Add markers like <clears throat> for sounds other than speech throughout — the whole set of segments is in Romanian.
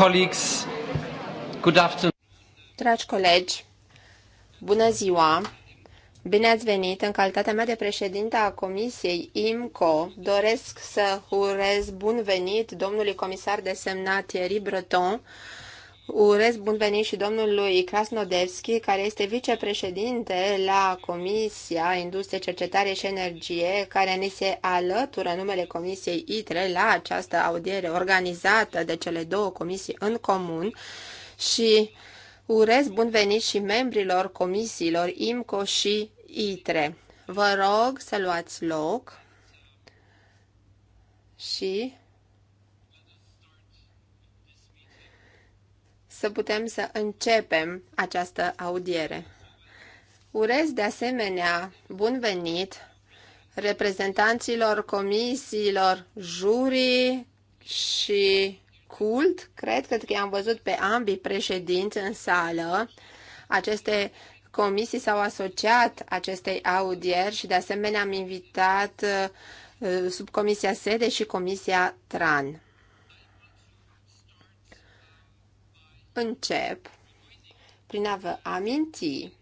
colleagues, good afternoon. Dragi colegi, bună ziua! Bine ați venit! În calitatea mea de președinte a Comisiei IMCO, doresc să urez bun venit domnului comisar desemnat Thierry Breton, Urez bun venit și domnului Krasnodevski, care este vicepreședinte la Comisia Industrie, Cercetare și Energie, care ne se alătură numele Comisiei ITRE la această audiere organizată de cele două comisii în comun și urez bun venit și membrilor comisiilor IMCO și ITRE. Vă rog să luați loc și să putem să începem această audiere. Urez de asemenea bun venit reprezentanților comisiilor jurii și cult. Cred, cred că i-am văzut pe ambii președinți în sală. Aceste comisii s-au asociat acestei audieri și de asemenea am invitat uh, subcomisia sede și comisia TRAN. încep prin a vă aminti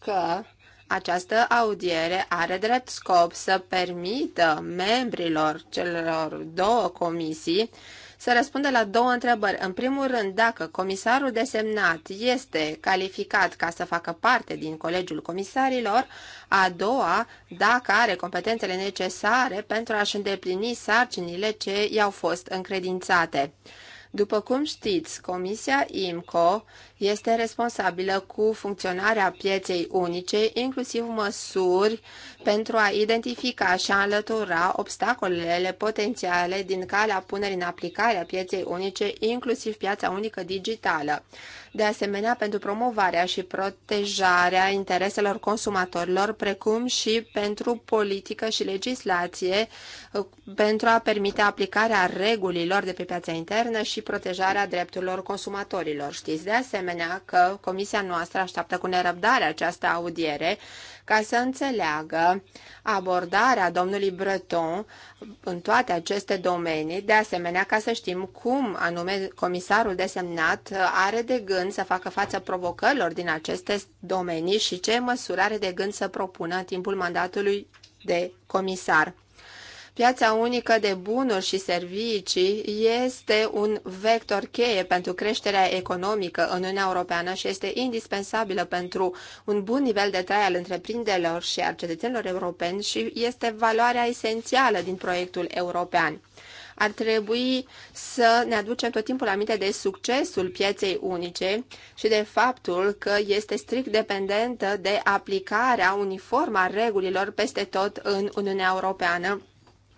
că această audiere are drept scop să permită membrilor celor două comisii să răspundă la două întrebări. În primul rând, dacă comisarul desemnat este calificat ca să facă parte din Colegiul Comisarilor, a doua, dacă are competențele necesare pentru a-și îndeplini sarcinile ce i-au fost încredințate. După cum știți, Comisia IMCO este responsabilă cu funcționarea pieței unice, inclusiv măsuri pentru a identifica și a înlătura obstacolele potențiale din calea punerii în aplicare a pieței unice, inclusiv piața unică digitală. De asemenea, pentru promovarea și protejarea intereselor consumatorilor, precum și pentru politică și legislație, pentru a permite aplicarea regulilor de pe piața internă și protejarea drepturilor consumatorilor. Știți, de asemenea, asemenea că comisia noastră așteaptă cu nerăbdare această audiere ca să înțeleagă abordarea domnului Breton în toate aceste domenii, de asemenea ca să știm cum anume comisarul desemnat are de gând să facă față provocărilor din aceste domenii și ce măsuri are de gând să propună în timpul mandatului de comisar. Piața unică de bunuri și servicii este un vector cheie pentru creșterea economică în Uniunea Europeană și este indispensabilă pentru un bun nivel de trai al întreprinderilor și al cetățenilor europeni și este valoarea esențială din proiectul european ar trebui să ne aducem tot timpul aminte de succesul pieței unice și de faptul că este strict dependentă de aplicarea uniformă a regulilor peste tot în Uniunea Europeană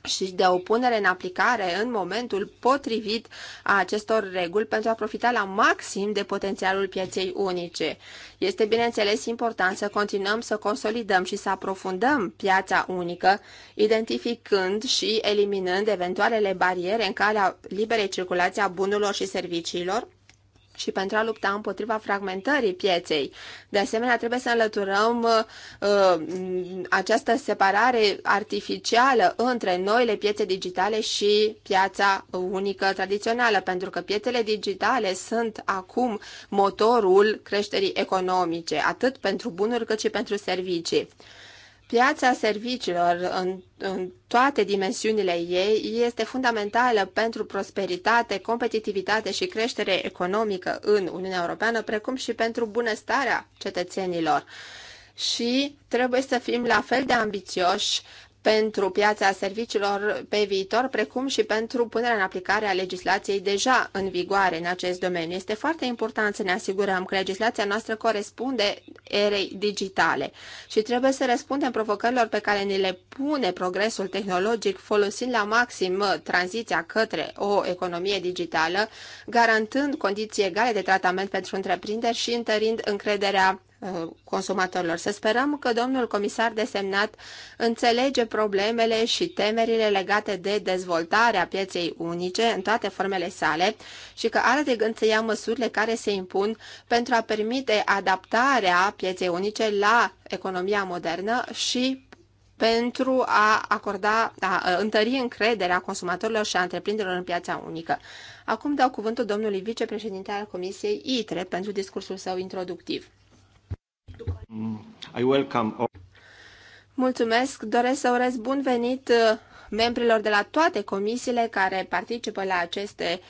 și de o punere în aplicare în momentul potrivit a acestor reguli pentru a profita la maxim de potențialul pieței unice. Este bineînțeles important să continuăm să consolidăm și să aprofundăm piața unică, identificând și eliminând eventualele bariere în calea liberei circulații a bunurilor și serviciilor, și pentru a lupta împotriva fragmentării pieței. De asemenea, trebuie să înlăturăm uh, această separare artificială între noile piețe digitale și piața unică tradițională, pentru că piețele digitale sunt acum motorul creșterii economice, atât pentru bunuri cât și pentru servicii. Piața serviciilor în, în toate dimensiunile ei este fundamentală pentru prosperitate, competitivitate și creștere economică în Uniunea Europeană, precum și pentru bunăstarea cetățenilor. Și trebuie să fim la fel de ambițioși pentru piața serviciilor pe viitor, precum și pentru punerea în aplicare a legislației deja în vigoare în acest domeniu. Este foarte important să ne asigurăm că legislația noastră corespunde erei digitale și trebuie să răspundem provocărilor pe care ni le pune progresul tehnologic, folosind la maxim tranziția către o economie digitală, garantând condiții egale de tratament pentru întreprinderi și întărind încrederea Uh, consumatorilor. Să sperăm că domnul comisar desemnat înțelege problemele și temerile legate de dezvoltarea pieței unice în toate formele sale și că are de gând să ia măsurile care se impun pentru a permite adaptarea pieței unice la economia modernă și pentru a acorda, a întări încrederea consumatorilor și a întreprinderilor în piața unică. Acum dau cuvântul domnului vicepreședinte al Comisiei ITRE pentru discursul său introductiv. I welcome all... Mulțumesc, doresc să urez bun venit uh, membrilor de la toate comisiile care participă la aceste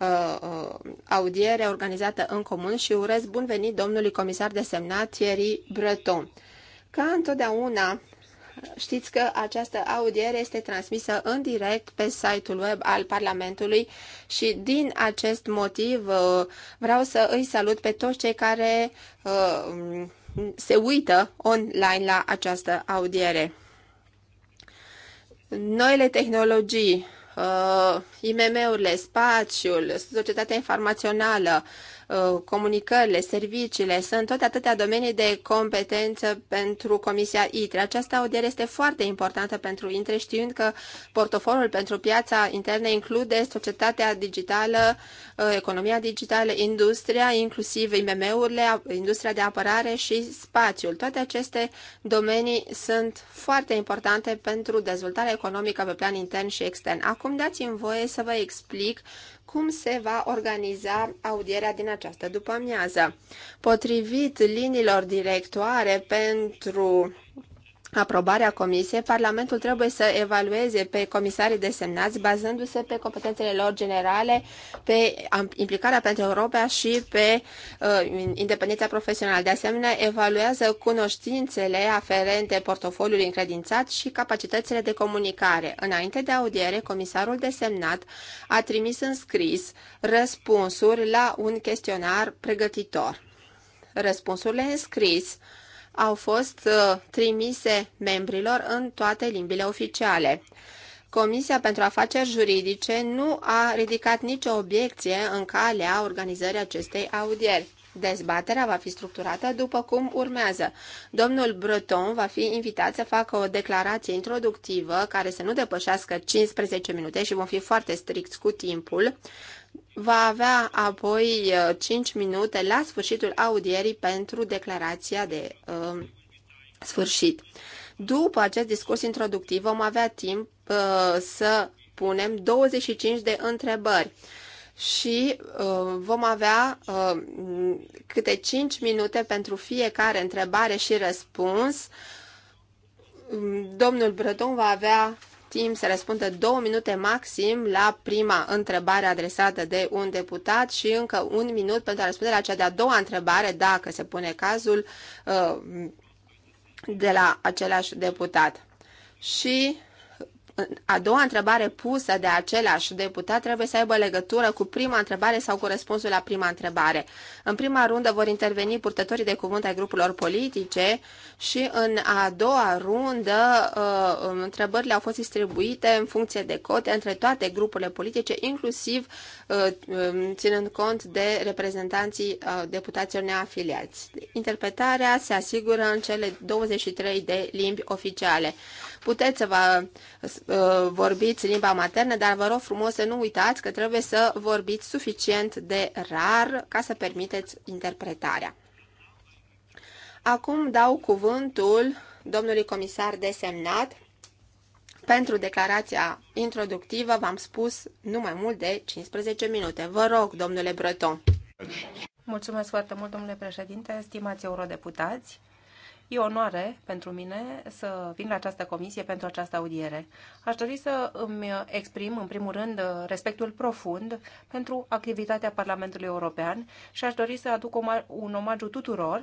uh, uh, audiere organizată în comun și urez bun venit domnului comisar desemnat Thierry Breton. Ca întotdeauna, știți că această audiere este transmisă în direct pe site-ul web al Parlamentului și din acest motiv uh, vreau să îi salut pe toți cei care uh, se uită online la această audiere. Noile tehnologii, uh, IMM-urile, spațiul, societatea informațională, Uh, comunicările, serviciile, sunt toate atâtea domenii de competență pentru Comisia ITRE. Această audiere este foarte importantă pentru ITRE, știind că portofoliul pentru piața internă include societatea digitală, uh, economia digitală, industria, inclusiv IMM-urile, industria de apărare și spațiul. Toate aceste domenii sunt foarte importante pentru dezvoltarea economică pe plan intern și extern. Acum dați-mi voie să vă explic cum se va organiza audierea din această după-amiază. Potrivit liniilor directoare pentru aprobarea comisiei, Parlamentul trebuie să evalueze pe comisarii desemnați bazându-se pe competențele lor generale, pe implicarea pentru Europa și pe uh, independența profesională. De asemenea, evaluează cunoștințele aferente portofoliului încredințat și capacitățile de comunicare. Înainte de audiere, comisarul desemnat a trimis în scris răspunsuri la un chestionar pregătitor. Răspunsurile în scris au fost uh, trimise membrilor în toate limbile oficiale. Comisia pentru Afaceri Juridice nu a ridicat nicio obiecție în calea organizării acestei audieri. Dezbaterea va fi structurată după cum urmează. Domnul Breton va fi invitat să facă o declarație introductivă care să nu depășească 15 minute și vom fi foarte stricți cu timpul va avea apoi 5 uh, minute la sfârșitul audierii pentru declarația de uh, sfârșit. După acest discurs introductiv vom avea timp uh, să punem 25 de întrebări și uh, vom avea uh, câte 5 minute pentru fiecare întrebare și răspuns. Mm, domnul Brădon va avea timp să răspundă două minute maxim la prima întrebare adresată de un deputat și încă un minut pentru a răspunde la cea de-a doua întrebare, dacă se pune cazul, uh, de la același deputat. Și a doua întrebare pusă de același deputat trebuie să aibă legătură cu prima întrebare sau cu răspunsul la prima întrebare. În prima rundă vor interveni purtătorii de cuvânt ai grupurilor politice și în a doua rundă uh, um, întrebările au fost distribuite în funcție de cote între toate grupurile politice, inclusiv uh, um, ținând cont de reprezentanții uh, deputaților neafiliați. Interpretarea se asigură în cele 23 de limbi oficiale. Puteți să vă uh, vorbiți limba maternă, dar vă rog frumos să nu uitați că trebuie să vorbiți suficient de rar ca să permiteți interpretarea. Acum dau cuvântul domnului comisar desemnat pentru declarația introductivă. V-am spus numai mult de 15 minute. Vă rog, domnule Breton. Mulțumesc foarte mult, domnule președinte, stimați eurodeputați. E onoare pentru mine să vin la această comisie pentru această audiere. Aș dori să îmi exprim, în primul rând, respectul profund pentru activitatea Parlamentului European și aș dori să aduc un omagiu tuturor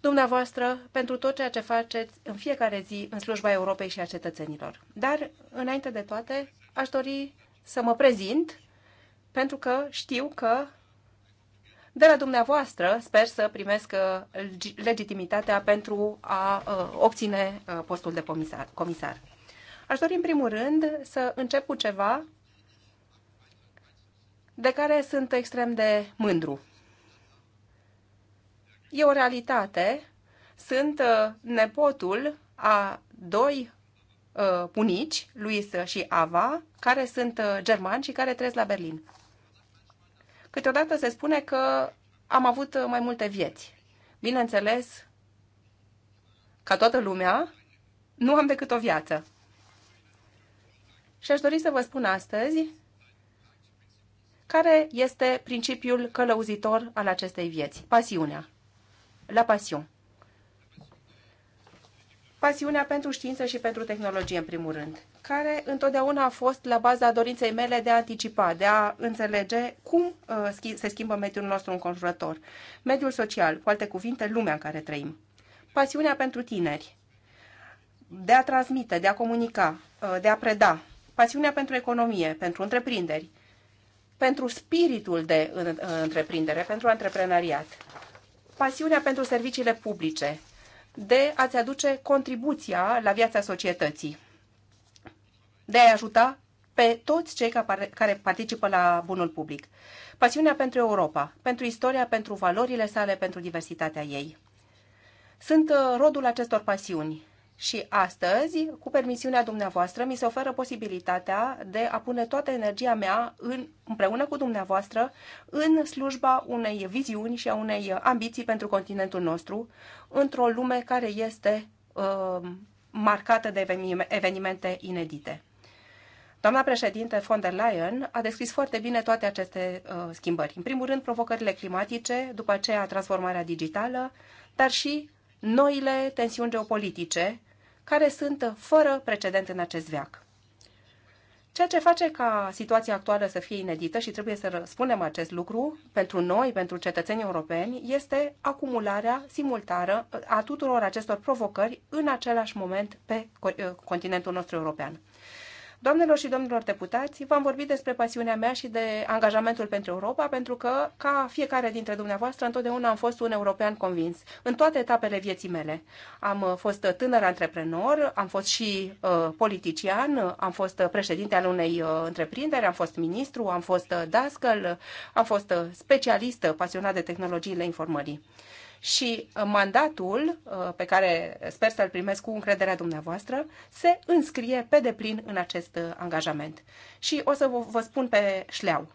dumneavoastră pentru tot ceea ce faceți în fiecare zi în slujba Europei și a cetățenilor. Dar, înainte de toate, aș dori să mă prezint pentru că știu că de la dumneavoastră sper să primesc uh, legitimitatea pentru a uh, obține uh, postul de comisar. Aș dori în primul rând să încep cu ceva de care sunt extrem de mândru. E o realitate. Sunt nepotul a doi punici, Luis și Ava, care sunt germani și care trăiesc la Berlin. Câteodată se spune că am avut mai multe vieți. Bineînțeles, ca toată lumea, nu am decât o viață. Și aș dori să vă spun astăzi care este principiul călăuzitor al acestei vieți. Pasiunea. La pasiune. Pasiunea pentru știință și pentru tehnologie, în primul rând care întotdeauna a fost la baza dorinței mele de a anticipa, de a înțelege cum uh, se schimbă mediul nostru înconjurător, mediul social, cu alte cuvinte, lumea în care trăim. Pasiunea pentru tineri, de a transmite, de a comunica, uh, de a preda, pasiunea pentru economie, pentru întreprinderi, pentru spiritul de uh, întreprindere, pentru antreprenariat, pasiunea pentru serviciile publice, de a-ți aduce contribuția la viața societății de a ajuta pe toți cei care participă la bunul public. Pasiunea pentru Europa, pentru istoria, pentru valorile sale, pentru diversitatea ei. Sunt uh, rodul acestor pasiuni și astăzi, cu permisiunea dumneavoastră, mi se oferă posibilitatea de a pune toată energia mea în, împreună cu dumneavoastră în slujba unei viziuni și a unei ambiții pentru continentul nostru, într-o lume care este uh, marcată de evenimente inedite. Doamna președinte von der Leyen a descris foarte bine toate aceste uh, schimbări. În primul rând, provocările climatice, după aceea transformarea digitală, dar și noile tensiuni geopolitice, care sunt fără precedent în acest veac. Ceea ce face ca situația actuală să fie inedită și trebuie să spunem acest lucru pentru noi, pentru cetățenii europeni, este acumularea simultară uh, a tuturor acestor provocări în același moment pe uh, continentul nostru european. Doamnelor și domnilor deputați, v-am vorbit despre pasiunea mea și de angajamentul pentru Europa, pentru că, ca fiecare dintre dumneavoastră, întotdeauna am fost un european convins, în toate etapele vieții mele. Am uh, fost tânăr antreprenor, am fost și uh, politician, am fost președinte al unei uh, întreprinderi, am fost ministru, am fost uh, dascăl, am fost uh, specialist pasionat de tehnologiile informării și uh, mandatul uh, pe care sper să-l primesc cu încrederea dumneavoastră se înscrie pe deplin în acest uh, angajament. Și o să vă spun pe șleau.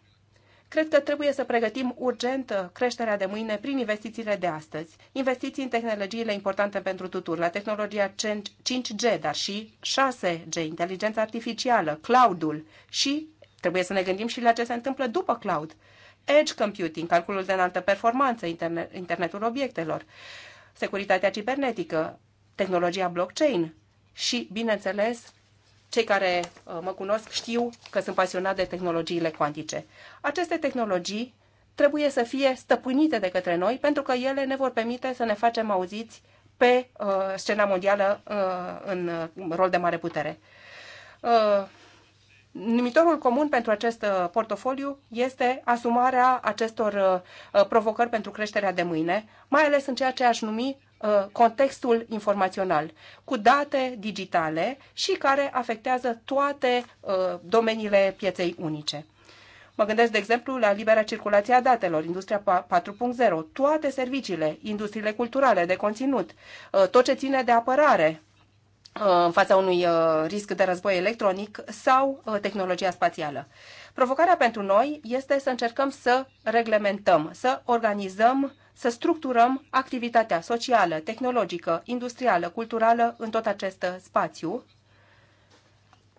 Cred că trebuie să pregătim urgent creșterea de mâine prin investițiile de astăzi. Investiții în tehnologiile importante pentru tuturor, la tehnologia 5G, dar și 6G, inteligența artificială, cloud-ul și trebuie să ne gândim și la ce se întâmplă după cloud edge computing, calculul de înaltă performanță, internetul obiectelor, securitatea cibernetică, tehnologia blockchain și, bineînțeles, cei care uh, mă cunosc știu că sunt pasionat de tehnologiile cuantice. Aceste tehnologii trebuie să fie stăpânite de către noi pentru că ele ne vor permite să ne facem auziți pe uh, scena mondială uh, în uh, rol de mare putere. Uh, Numitorul comun pentru acest uh, portofoliu este asumarea acestor uh, provocări pentru creșterea de mâine, mai ales în ceea ce aș numi uh, contextul informațional, cu date digitale și care afectează toate domeniile pieței unice. Mă gândesc, de exemplu, la libera circulație a datelor, industria 4.0, toate serviciile, industriile culturale, de conținut, tot ce ține de apărare, Uh, în fața unui uh, risc de război electronic sau uh, tehnologia spațială. Provocarea pentru noi este să încercăm să reglementăm, să organizăm, să structurăm activitatea socială, tehnologică, industrială, culturală în tot acest spațiu,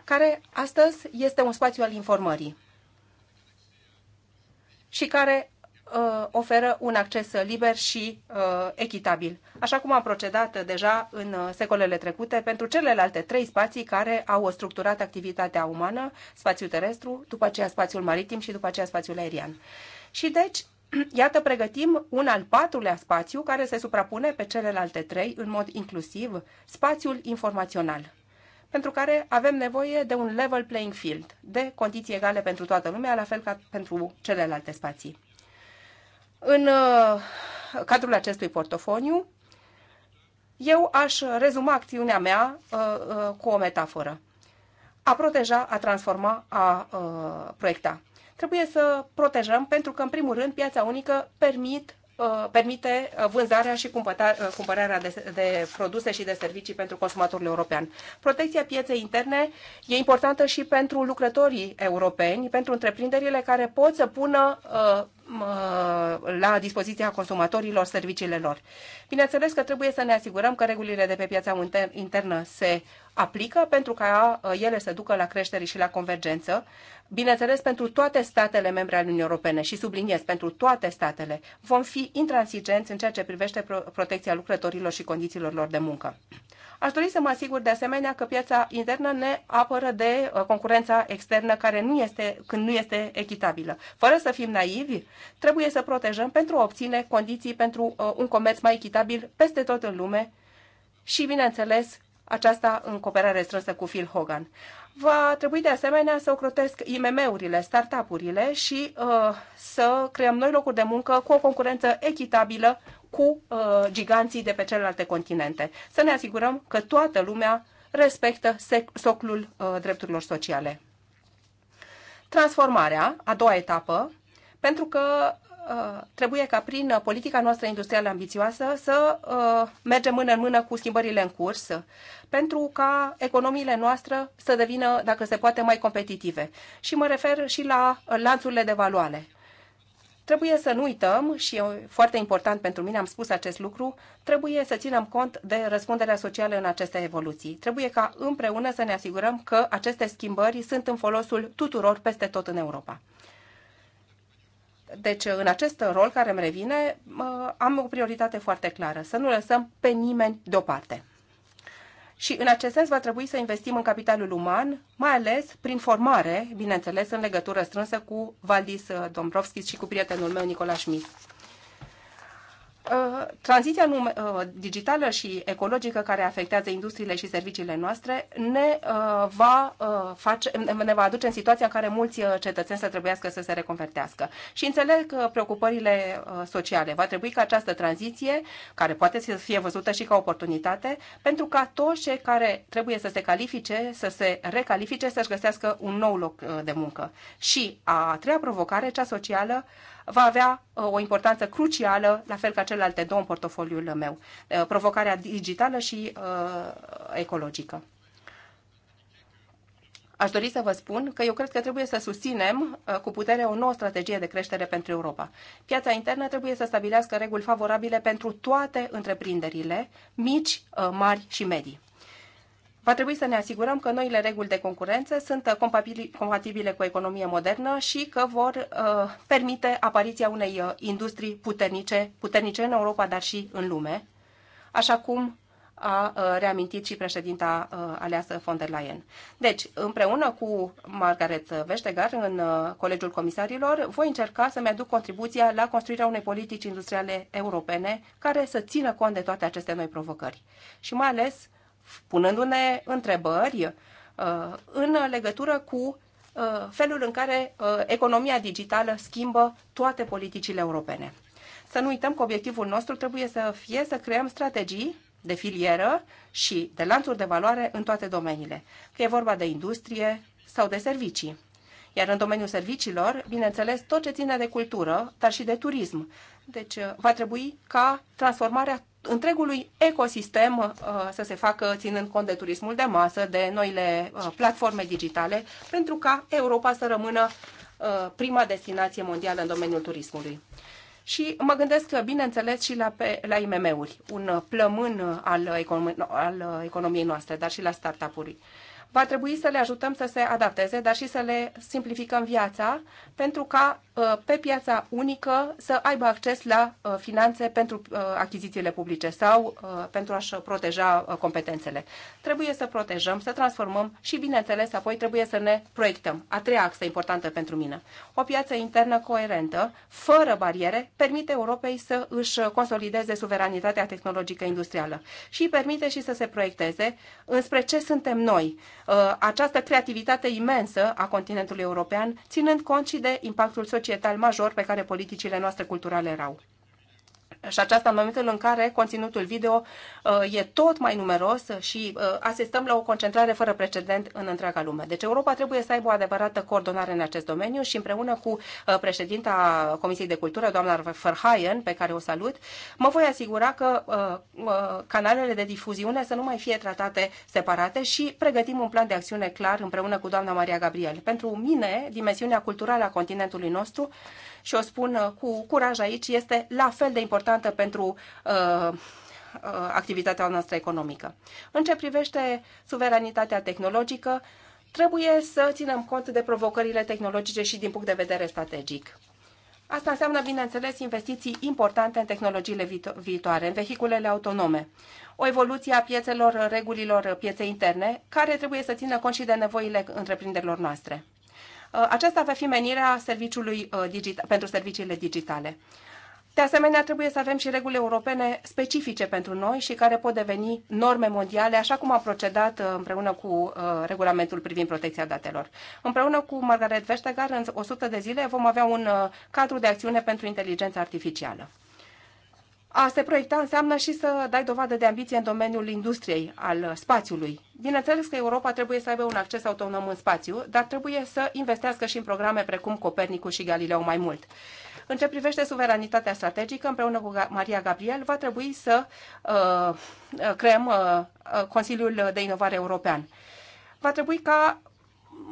care astăzi este un spațiu al informării și care Uh, oferă un acces liber și uh, echitabil, așa cum am procedat deja în uh, secolele trecute pentru celelalte trei spații care au structurat activitatea umană, spațiul terestru, după aceea spațiul maritim și după aceea spațiul aerian. Și deci, <clears throat> iată, pregătim un al patrulea spațiu care se suprapune pe celelalte trei în mod inclusiv, spațiul informațional pentru care avem nevoie de un level playing field, de condiții egale pentru toată lumea, la fel ca pentru celelalte spații. În uh, cadrul acestui portofoliu, eu aș rezuma acțiunea mea uh, uh, cu o metaforă. A proteja, a transforma, a proiecta trebuie să protejăm, pentru că, în primul rând, piața unică permit, Uh, permite uh, vânzarea și uh, cumpărarea de, de produse și de servicii pentru consumatorul european. Protecția pieței interne e importantă și pentru lucrătorii europeni, pentru întreprinderile care pot să pună la dispoziția consumatorilor serviciile lor. Bineînțeles că trebuie să ne asigurăm că regulile de pe piața internă se aplică pentru ca uh, ele să ducă la creștere și la convergență, bineînțeles pentru toate statele membre ale Uniunii Europene și subliniez pentru toate statele, vom fi intransigenți în ceea ce privește protecția lucrătorilor și condițiilor lor de muncă. Aș dori să mă asigur de asemenea că piața internă ne apără de uh, concurența externă care nu este, când nu este echitabilă. Fără să fim naivi, trebuie să protejăm pentru a obține condiții pentru uh, un comerț mai echitabil peste tot în lume și, bineînțeles, aceasta în cooperare strânsă cu Phil Hogan. Va trebui de asemenea să ocrotesc IMM-urile, startup-urile și uh, să creăm noi locuri de muncă cu o concurență echitabilă cu uh, giganții de pe celelalte continente. Să ne asigurăm că toată lumea respectă soclul uh, drepturilor sociale. Transformarea, a doua etapă, pentru că Uh, trebuie ca prin politica noastră industrială ambițioasă să uh, mergem mână în mână cu schimbările în curs pentru ca economiile noastre să devină, dacă se poate, mai competitive. Și mă refer și la lanțurile de valoare. Trebuie să nu uităm, și e foarte important pentru mine, am spus acest lucru, trebuie să ținem cont de răspunderea socială în aceste evoluții. Trebuie ca împreună să ne asigurăm că aceste schimbări sunt în folosul tuturor peste tot în Europa. Deci, în acest rol care îmi revine, am o prioritate foarte clară, să nu lăsăm pe nimeni deoparte. Și în acest sens va trebui să investim în capitalul uman, mai ales prin formare, bineînțeles, în legătură strânsă cu Valdis uh, Dombrovskis și cu prietenul meu Nicola Schmidt. Uh, tranziția uh, digitală și ecologică care afectează industriile și serviciile noastre ne uh, va, face, ne va aduce în situația în care mulți cetățeni să trebuiască să se reconvertească. Și înțeleg preocupările sociale. Va trebui ca această tranziție, care poate să fie văzută și ca oportunitate, pentru ca toți cei care trebuie să se califice, să se recalifice, să-și găsească un nou loc de muncă. Și a treia provocare, cea socială, va avea uh, o importanță crucială, la fel ca celelalte două în portofoliul meu, uh, provocarea digitală și uh, ecologică. Aș dori să vă spun că eu cred că trebuie să susținem cu putere o nouă strategie de creștere pentru Europa. Piața internă trebuie să stabilească reguli favorabile pentru toate întreprinderile, mici, mari și medii. Va trebui să ne asigurăm că noile reguli de concurență sunt compatibile cu economie modernă și că vor uh, permite apariția unei uh, industrii puternice, puternice în Europa, dar și în lume, așa cum a uh, reamintit și președinta aleasă von der Leyen. Deci, împreună cu Margaret Veștegar în Colegiul Comisarilor, voi încerca să-mi aduc contribuția la construirea unei politici industriale europene care să țină cont de toate aceste noi provocări și mai ales punându-ne întrebări uh, în legătură cu uh, felul în care uh, economia digitală schimbă toate politicile europene. Să nu uităm că obiectivul nostru trebuie să fie să creăm strategii de filieră și de lanțuri de valoare în toate domeniile, că e vorba de industrie sau de servicii. Iar în domeniul serviciilor, bineînțeles, tot ce ține de cultură, dar și de turism. Deci va trebui ca transformarea întregului ecosistem uh, să se facă ținând cont de turismul de masă, de noile uh, platforme digitale, pentru ca Europa să rămână uh, prima destinație mondială în domeniul turismului. Și mă gândesc, bineînțeles, și la, pe, la IMM-uri, un plămân al, econom- al economiei noastre, dar și la startup-uri. Va trebui să le ajutăm să se adapteze, dar și să le simplificăm viața, pentru ca Uh, pe piața unică să aibă acces la uh, finanțe pentru uh, achizițiile publice sau pentru a-și proteja competențele. Trebuie să protejăm, să transformăm și, bineînțeles, apoi trebuie să ne proiectăm. A treia axă importantă pentru mine. O piață internă coerentă, fără bariere, permite Europei să își consolideze suveranitatea tehnologică industrială și permite și să se proiecteze înspre ce suntem noi, această creativitate imensă a continentului european, ținând cont și de impactul social societal major pe care politicile noastre culturale erau și aceasta în momentul în care conținutul video uh, e tot mai numeros și uh, asistăm la o concentrare fără precedent în întreaga lume. Deci Europa trebuie să aibă o adevărată coordonare în acest domeniu și împreună cu uh, președinta Comisiei de Cultură, doamna Verheyen, pe care o salut, mă voi asigura că canalele de difuziune să nu mai fie tratate separate și pregătim un plan de acțiune clar împreună cu doamna Maria Gabriel. Pentru mine, dimensiunea culturală a continentului nostru și o spun uh, cu curaj aici, este la fel de importantă pentru uh, uh, activitatea noastră economică. În ce privește suveranitatea tehnologică, trebuie să ținem cont de provocările tehnologice și din punct de vedere strategic. Asta înseamnă, bineînțeles, investiții importante în tehnologiile viitoare, în vehiculele autonome, o evoluție a piețelor regulilor pieței interne, care trebuie să țină cont și de nevoile întreprinderilor noastre. Uh, aceasta va fi menirea serviciului uh, digital, pentru serviciile digitale. De asemenea, trebuie să avem și reguli europene specifice pentru noi și care pot deveni norme mondiale, așa cum a procedat uh, împreună cu regulamentul privind protecția datelor. Împreună cu Margaret Vestager, în 100 de zile vom avea un cadru de acțiune pentru inteligența artificială. A se proiecta înseamnă și să dai dovadă de ambiție în domeniul industriei, al spațiului. Bineînțeles că Europa trebuie să aibă un acces autonom în spațiu, dar trebuie să investească și în programe precum Copernicus și Galileo mai mult. În ce privește suveranitatea strategică, împreună cu Maria Gabriel, va trebui să uh, creăm uh, uh Consiliul de Inovare European. Va trebui ca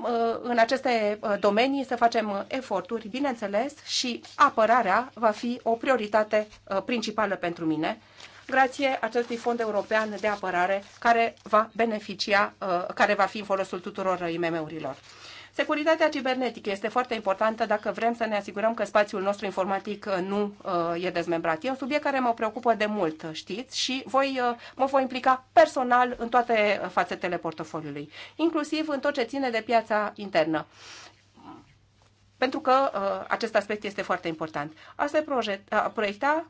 Uh, în aceste uh, domenii să facem uh, eforturi, bineînțeles, și apărarea va fi o prioritate principală pentru mine, grație acestui fond european de apărare care va beneficia, care va fi în folosul tuturor IMM-urilor. Securitatea cibernetică este foarte importantă dacă vrem să ne asigurăm că spațiul nostru informatic uh, nu uh, e dezmembrat. E un subiect care mă preocupă de mult, știți, și voi, uh, mă voi implica personal în toate fațetele portofoliului, inclusiv în tot ce ține de piața internă pentru că uh, acest aspect este foarte important. A se proiecta, proiecta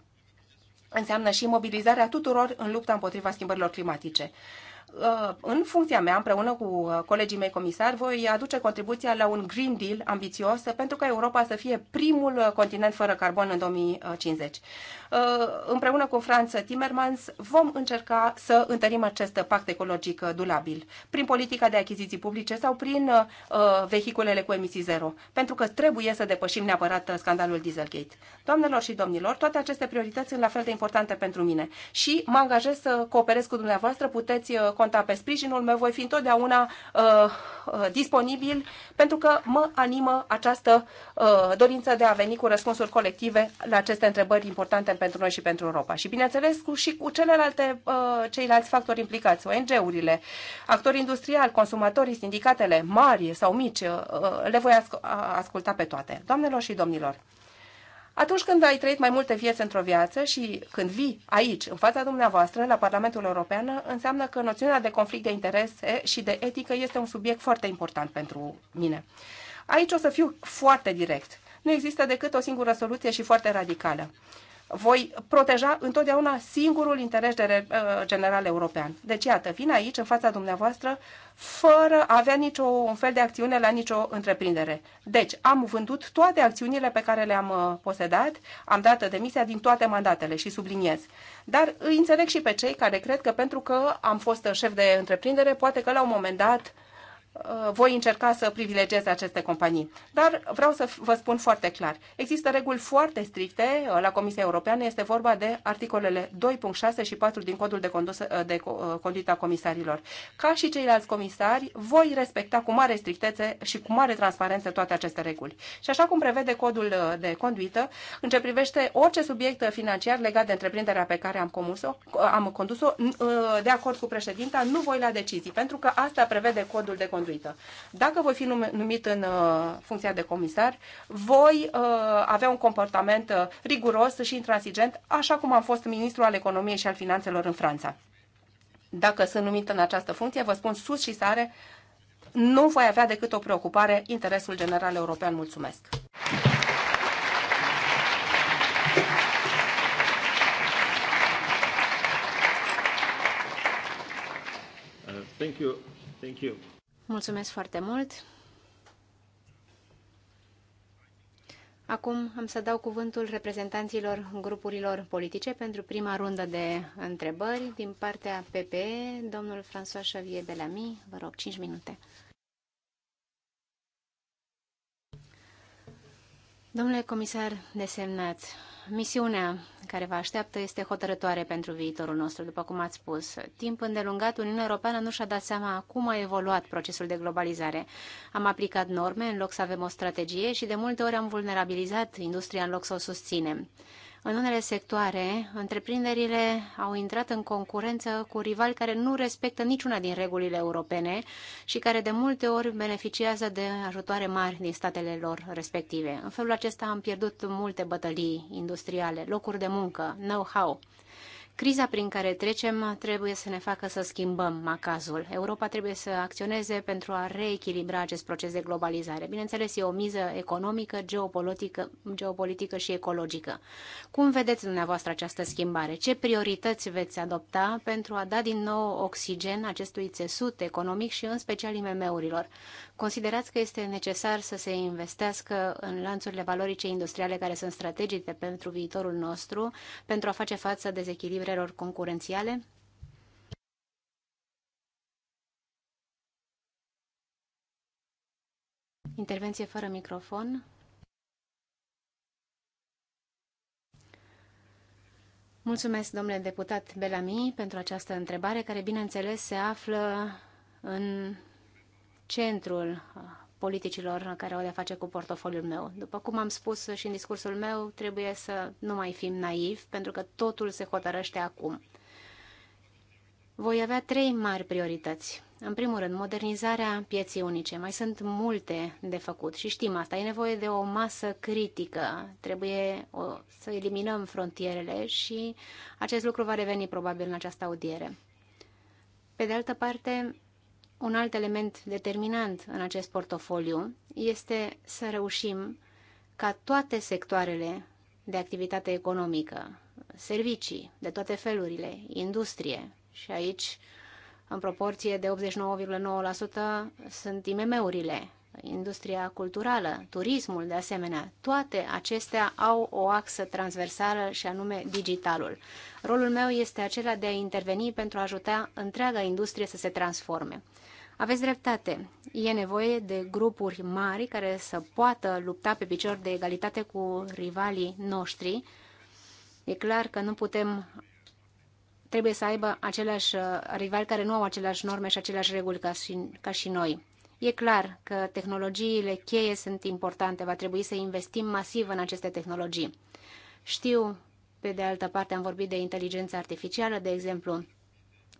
înseamnă și mobilizarea tuturor în lupta împotriva schimbărilor climatice. Uh, în funcția mea, împreună cu uh, colegii mei comisari, voi aduce contribuția la un Green Deal ambițios pentru ca Europa să fie primul uh, continent fără carbon în 2050. Împreună cu Franța, Timmermans vom încerca să întărim acest pact ecologic durabil prin politica de achiziții publice sau prin vehiculele cu emisii zero, pentru că trebuie să depășim neapărat scandalul Dieselgate. Doamnelor și domnilor, toate aceste priorități sunt la fel de importante pentru mine și mă angajez să cooperez cu dumneavoastră, puteți conta pe sprijinul meu, voi fi întotdeauna uh, uh, disponibil pentru că mă animă această uh, dorință de a veni cu răspunsuri colective la aceste întrebări importante pentru noi și pentru Europa. Și bineînțeles cu, și cu celelalte, uh, ceilalți factori implicați, ONG-urile, actori industriali, consumatorii, sindicatele mari sau mici, uh, le voi asculta pe toate. Doamnelor și domnilor, atunci când ai trăit mai multe vieți într-o viață și când vii aici, în fața dumneavoastră, la Parlamentul European, înseamnă că noțiunea de conflict de interese și de etică este un subiect foarte important pentru mine. Aici o să fiu foarte direct. Nu există decât o singură soluție și foarte radicală voi proteja întotdeauna singurul interes de, uh, general european. Deci, iată, vin aici, în fața dumneavoastră, fără a avea niciun fel de acțiune la nicio întreprindere. Deci, am vândut toate acțiunile pe care le-am uh, posedat, am dat demisia din toate mandatele și subliniez. Dar îi înțeleg și pe cei care cred că pentru că am fost șef de întreprindere, poate că la un moment dat Uh, voi încerca să privilegieze aceste companii. Dar vreau să vă spun foarte clar. Există reguli foarte stricte uh, la Comisia Europeană. Este vorba de articolele 2.6 și 4 din codul de, condus, uh, de conduită a comisarilor. Ca și ceilalți comisari, voi respecta cu mare strictețe și cu mare transparență toate aceste reguli. Și așa cum prevede codul de conduită, în ce privește orice subiect financiar legat de întreprinderea pe care am, comus-o, am condus-o, de acord cu președinta, nu voi la decizii, pentru că asta prevede codul de conduită înlocuită. Dacă voi fi numit în uh, funcția de comisar, voi uh, avea un comportament uh, riguros și intransigent, așa cum am fost ministru al economiei și al finanțelor în Franța. Dacă sunt numit în această funcție, vă spun sus și sare, nu voi avea decât o preocupare, interesul general european. Mulțumesc! Thank you. Thank you. Mulțumesc foarte mult! Acum am să dau cuvântul reprezentanților grupurilor politice pentru prima rundă de întrebări. Din partea PPE, domnul François Xavier Bellamy, vă rog, 5 minute. Domnule comisar desemnat, Misiunea care vă așteaptă este hotărătoare pentru viitorul nostru, după cum ați spus. Timp îndelungat, Uniunea Europeană nu și-a dat seama cum a evoluat procesul de globalizare. Am aplicat norme în loc să avem o strategie și de multe ori am vulnerabilizat industria în loc să o susținem. În unele sectoare, întreprinderile au intrat în concurență cu rivali care nu respectă niciuna din regulile europene și care de multe ori beneficiază de ajutoare mari din statele lor respective. În felul acesta am pierdut multe bătălii industriale, locuri de muncă, know-how. Criza prin care trecem trebuie să ne facă să schimbăm macazul. Europa trebuie să acționeze pentru a reechilibra acest proces de globalizare. Bineînțeles, e o miză economică, geopolitică, geopolitică și ecologică. Cum vedeți dumneavoastră această schimbare? Ce priorități veți adopta pentru a da din nou oxigen acestui țesut economic și în special IMM-urilor? Considerați că este necesar să se investească în lanțurile valorice industriale care sunt strategice pentru viitorul nostru, pentru a face față dezechilibrelor concurențiale? Intervenție fără microfon. Mulțumesc, domnule deputat Belami, pentru această întrebare, care, bineînțeles, se află în centrul uh, politicilor care au de face cu portofoliul meu. După cum am spus și în discursul meu, trebuie să nu mai fim naivi, pentru că totul se hotărăște acum. Voi avea trei mari priorități. În primul rând, modernizarea pieții unice. Mai sunt multe de făcut și știm asta. E nevoie de o masă critică. Trebuie o, să eliminăm frontierele și acest lucru va reveni probabil în această audiere. Pe de altă parte, un alt element determinant în acest portofoliu este să reușim ca toate sectoarele de activitate economică, servicii de toate felurile, industrie și aici în proporție de 89,9% sunt IMM-urile industria culturală, turismul de asemenea. Toate acestea au o axă transversală și anume digitalul. Rolul meu este acela de a interveni pentru a ajuta întreaga industrie să se transforme. Aveți dreptate. E nevoie de grupuri mari care să poată lupta pe picior de egalitate cu rivalii noștri. E clar că nu putem trebuie să aibă aceleași uh, rivali care nu au aceleași norme și aceleași reguli ca și, ca și noi. E clar că tehnologiile cheie sunt importante, va trebui să investim masiv în aceste tehnologii. Știu, pe de altă parte, am vorbit de inteligența artificială, de exemplu.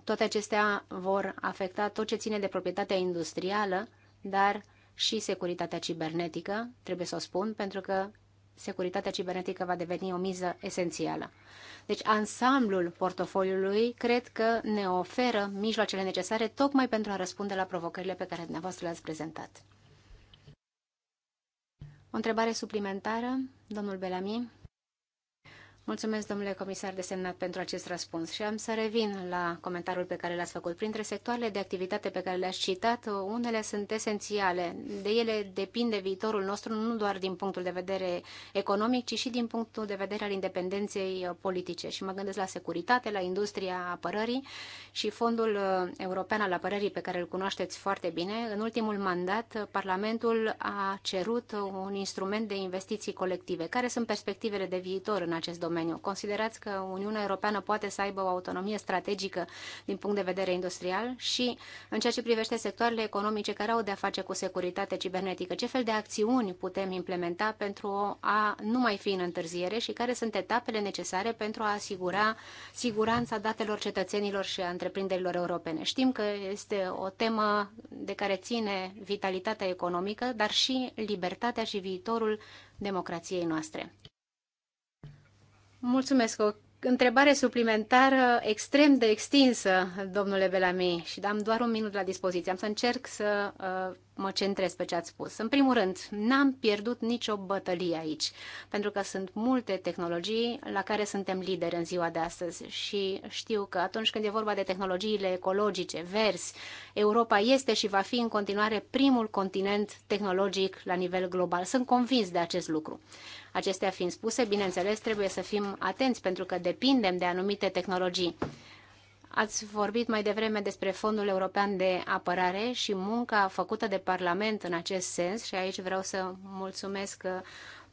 Toate acestea vor afecta tot ce ține de proprietatea industrială, dar și securitatea cibernetică, trebuie să o spun, pentru că securitatea cibernetică va deveni o miză esențială. Deci ansamblul portofoliului cred că ne oferă mijloacele necesare tocmai pentru a răspunde la provocările pe care dumneavoastră le-ați prezentat. O întrebare suplimentară, domnul Belami? Mulțumesc, domnule comisar desemnat, pentru acest răspuns și am să revin la comentariul pe care l-ați făcut. Printre sectoarele de activitate pe care le-ați citat, unele sunt esențiale. De ele depinde viitorul nostru, nu doar din punctul de vedere economic, ci și din punctul de vedere al independenței uh, politice. Și mă gândesc la securitate, la industria apărării și Fondul uh, European al Apărării, pe care îl cunoașteți foarte bine. În ultimul mandat, uh, Parlamentul a cerut un instrument de investiții colective. Care sunt perspectivele de viitor în acest domeniu? domeniu. Considerați că Uniunea Europeană poate să aibă o autonomie strategică din punct de vedere industrial și în ceea ce privește sectoarele economice care au de-a face cu securitatea cibernetică, ce fel de acțiuni putem implementa pentru a nu mai fi în întârziere și care sunt etapele necesare pentru a asigura siguranța datelor cetățenilor și a întreprinderilor europene. Știm că este o temă de care ține vitalitatea economică, dar și libertatea și viitorul democrației noastre. Mulțumesc. O întrebare suplimentară extrem de extinsă, domnule Belami, și am doar un minut la dispoziție. Am să încerc să uh, mă centrez pe ce ați spus. În primul rând, n-am pierdut nicio bătălie aici, pentru că sunt multe tehnologii la care suntem lideri în ziua de astăzi și știu că atunci când e vorba de tehnologiile ecologice, verzi, Europa este și va fi în continuare primul continent tehnologic la nivel global. Sunt convins de acest lucru. Acestea fiind spuse, bineînțeles, trebuie să fim atenți pentru că depindem de anumite tehnologii. Ați vorbit mai devreme despre Fondul European de Apărare și munca făcută de Parlament în acest sens și aici vreau să mulțumesc uh,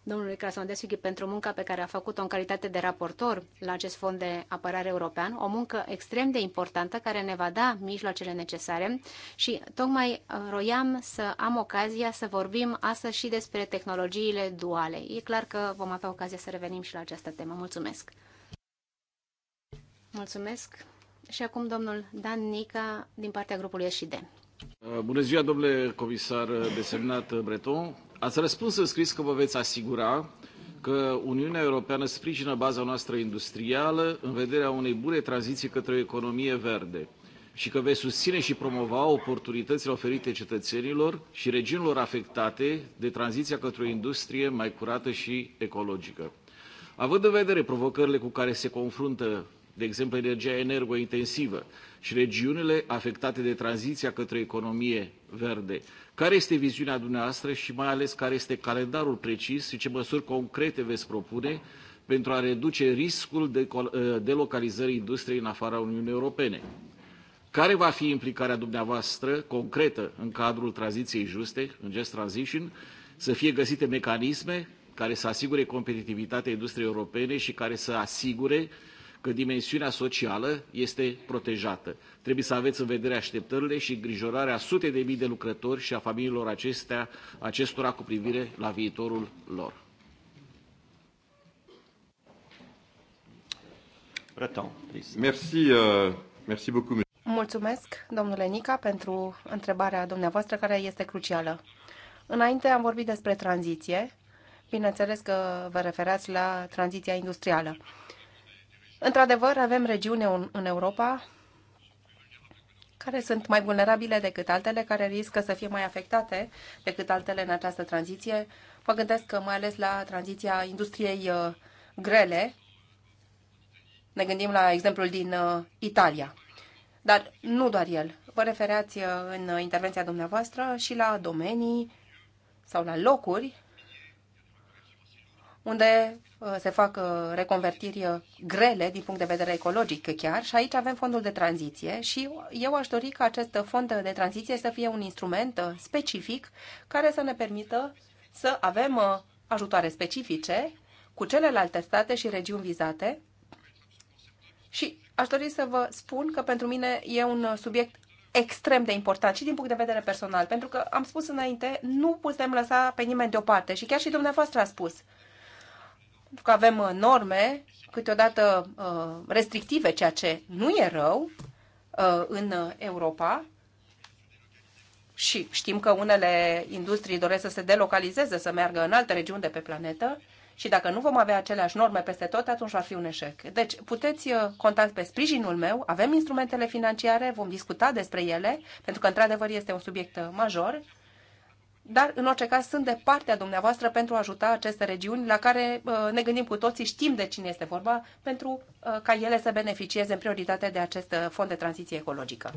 domnului Krasnodeschi pentru munca pe care a făcut-o în calitate de raportor la acest fond de apărare european, o muncă extrem de importantă care ne va da mijloacele necesare și tocmai uh, roiam să am ocazia să vorbim astăzi și despre tehnologiile duale. E clar că vom avea ocazia să revenim și la această temă. Mulțumesc! Mulțumesc! Și acum domnul Dan Nica din partea grupului SID. Bună ziua, domnule comisar desemnat Breton. Ați răspuns în scris că vă veți asigura că Uniunea Europeană sprijină baza noastră industrială în vederea unei bune tranziții către o economie verde și că veți susține și promova oportunitățile oferite cetățenilor și regiunilor afectate de tranziția către o industrie mai curată și ecologică. Având în vedere provocările cu care se confruntă, de exemplu, energia energointensivă și regiunile afectate de tranziția către o economie verde, care este viziunea dumneavoastră și mai ales care este calendarul precis și ce măsuri concrete veți propune pentru a reduce riscul de ă, delocalizării industriei în afara Uniunii Europene? Care va fi implicarea dumneavoastră concretă în cadrul tranziției juste, în Just Transition, să fie găsite mecanisme care să asigure competitivitatea industriei europene și care să asigure uh, că dimensiunea socială este protejată. Trebuie să aveți în vedere așteptările și îngrijorarea sute de mii de lucrători și a familiilor acestea, acestora cu privire la viitorul lor. Breton, Merci, uh, merci beaucoup. Mulțumesc, domnule Nica, pentru întrebarea dumneavoastră, care este crucială. Înainte am vorbit despre tranziție. Bineînțeles că vă referați la tranziția industrială. Într-adevăr, avem regiuni în Europa care sunt mai vulnerabile decât altele, care riscă să fie mai afectate decât altele în această tranziție. Mă gândesc că mai ales la tranziția industriei uh, grele. Ne gândim la exemplul din uh, Italia. Dar nu doar el. Vă refereați uh, în intervenția dumneavoastră și la domenii sau la locuri unde uh, se fac uh, reconvertiri uh, grele din punct de vedere ecologic chiar și aici avem fondul de tranziție și eu aș dori ca acest fond de tranziție să fie un instrument specific care să ne permită să avem ajutoare specifice cu celelalte state și regiuni vizate și aș dori să vă spun că pentru mine e un subiect extrem de important și din punct de vedere personal, pentru că am spus înainte, nu putem lăsa pe nimeni deoparte și chiar și dumneavoastră a spus că avem uh, norme câteodată uh, restrictive, ceea ce nu e rău uh, în Europa. Și știm că unele industrii doresc să se delocalizeze, să meargă în alte regiuni de pe planetă. Și dacă nu vom avea aceleași norme peste tot, atunci va fi un eșec. Deci, puteți contact pe sprijinul meu, avem instrumentele financiare, vom discuta despre ele, pentru că, într-adevăr, este un subiect major dar în orice caz sunt de partea dumneavoastră pentru a ajuta aceste regiuni la care uh, ne gândim cu toții, știm de cine este vorba, pentru uh, ca ele să beneficieze în prioritate de acest uh, fond de tranziție ecologică.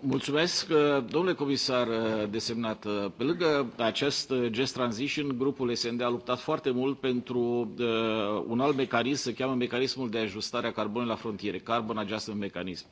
Mulțumesc, domnule comisar desemnat. Pe lângă acest gest transition, grupul SND a luptat foarte mult pentru un alt mecanism, se cheamă mecanismul de ajustare a carbonului la frontiere, Carbon Adjustment Mechanism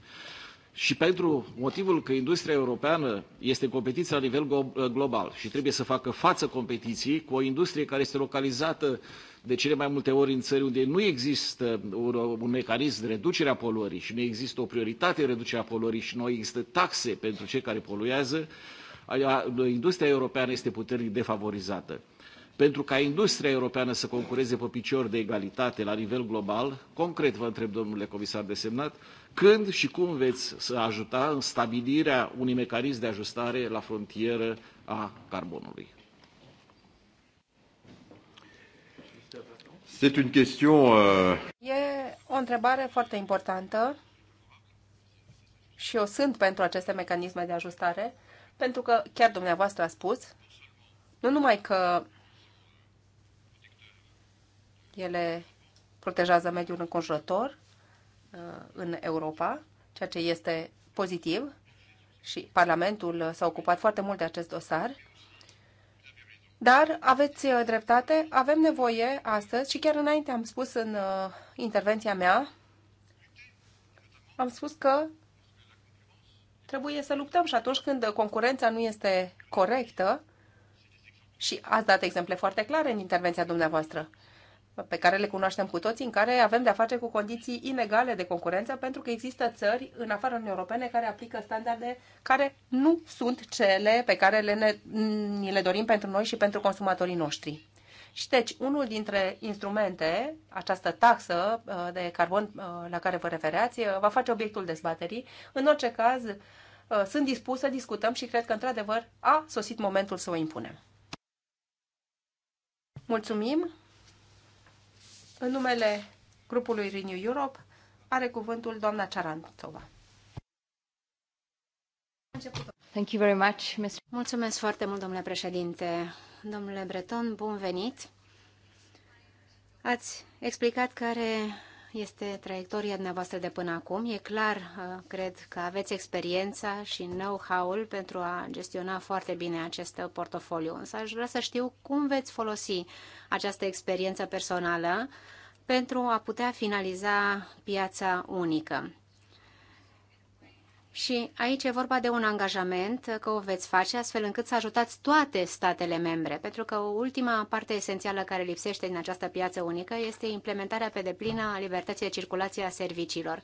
și pentru motivul că industria europeană este competiție la nivel global și trebuie să facă față competiției cu o industrie care este localizată de cele mai multe ori în țări unde nu există un, un mecanism de reducere a poluării și nu există o prioritate în reducerea poluării și nu există taxe pentru cei care poluează, industria europeană este puternic defavorizată. Pentru ca industria europeană să concureze pe picior de egalitate la nivel global, concret vă întreb, domnule comisar desemnat, când și cum veți să ajuta în stabilirea unui mecanism de ajustare la frontieră a carbonului? Euh, e o întrebare foarte importantă și eu sunt pentru aceste mecanisme de ajustare, pentru că chiar dumneavoastră a spus, nu numai că ele protejează mediul înconjurător uh, în Europa, ceea ce este pozitiv și Parlamentul s-a ocupat foarte mult de acest dosar. Dar aveți uh, dreptate, avem nevoie astăzi și chiar înainte am spus în uh, intervenția mea, am spus că trebuie să luptăm și atunci când concurența nu este corectă, și ați dat exemple foarte clare în intervenția dumneavoastră pe care le cunoaștem cu toții, în care avem de-a face cu condiții inegale de concurență, pentru că există țări în afara Uniunii Europene care aplică standarde care nu sunt cele pe care le ne, ni le dorim pentru noi și pentru consumatorii noștri. Și deci, unul dintre instrumente, această taxă uh, de carbon uh, la care vă refereați, uh, va face obiectul dezbaterii. În orice caz, sunt dispus să discutăm și cred că, într-adevăr, a sosit momentul să o impunem. Mulțumim! În numele grupului Renew Europe are cuvântul doamna Charantova. Thank you very much, Mr. Mulțumesc foarte mult, domnule președinte. Domnule Breton, bun venit. Ați explicat care este traiectoria dumneavoastră de până acum. E clar, uh, cred că aveți experiența și know-how-ul pentru a gestiona foarte bine acest portofoliu. Însă aș vrea să știu cum veți folosi această experiență personală pentru a putea finaliza piața unică. Și aici e vorba de un angajament că o veți face astfel încât să ajutați toate statele membre, pentru că ultima parte esențială care lipsește din această piață unică este implementarea pe deplină a libertății de circulație a serviciilor.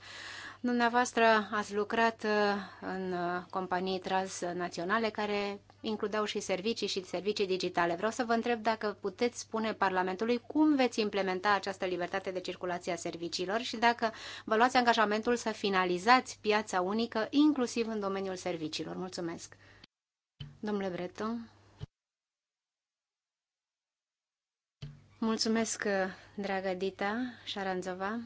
Dumneavoastră ați lucrat uh, în uh, companii transnaționale care includeau și servicii și servicii digitale. Vreau să vă întreb dacă puteți spune Parlamentului cum veți implementa această libertate de circulație a serviciilor și dacă vă luați angajamentul să finalizați piața unică, inclusiv în domeniul serviciilor. Mulțumesc! Domnule Breton. Mulțumesc, uh, dragă Dita Șaranzova.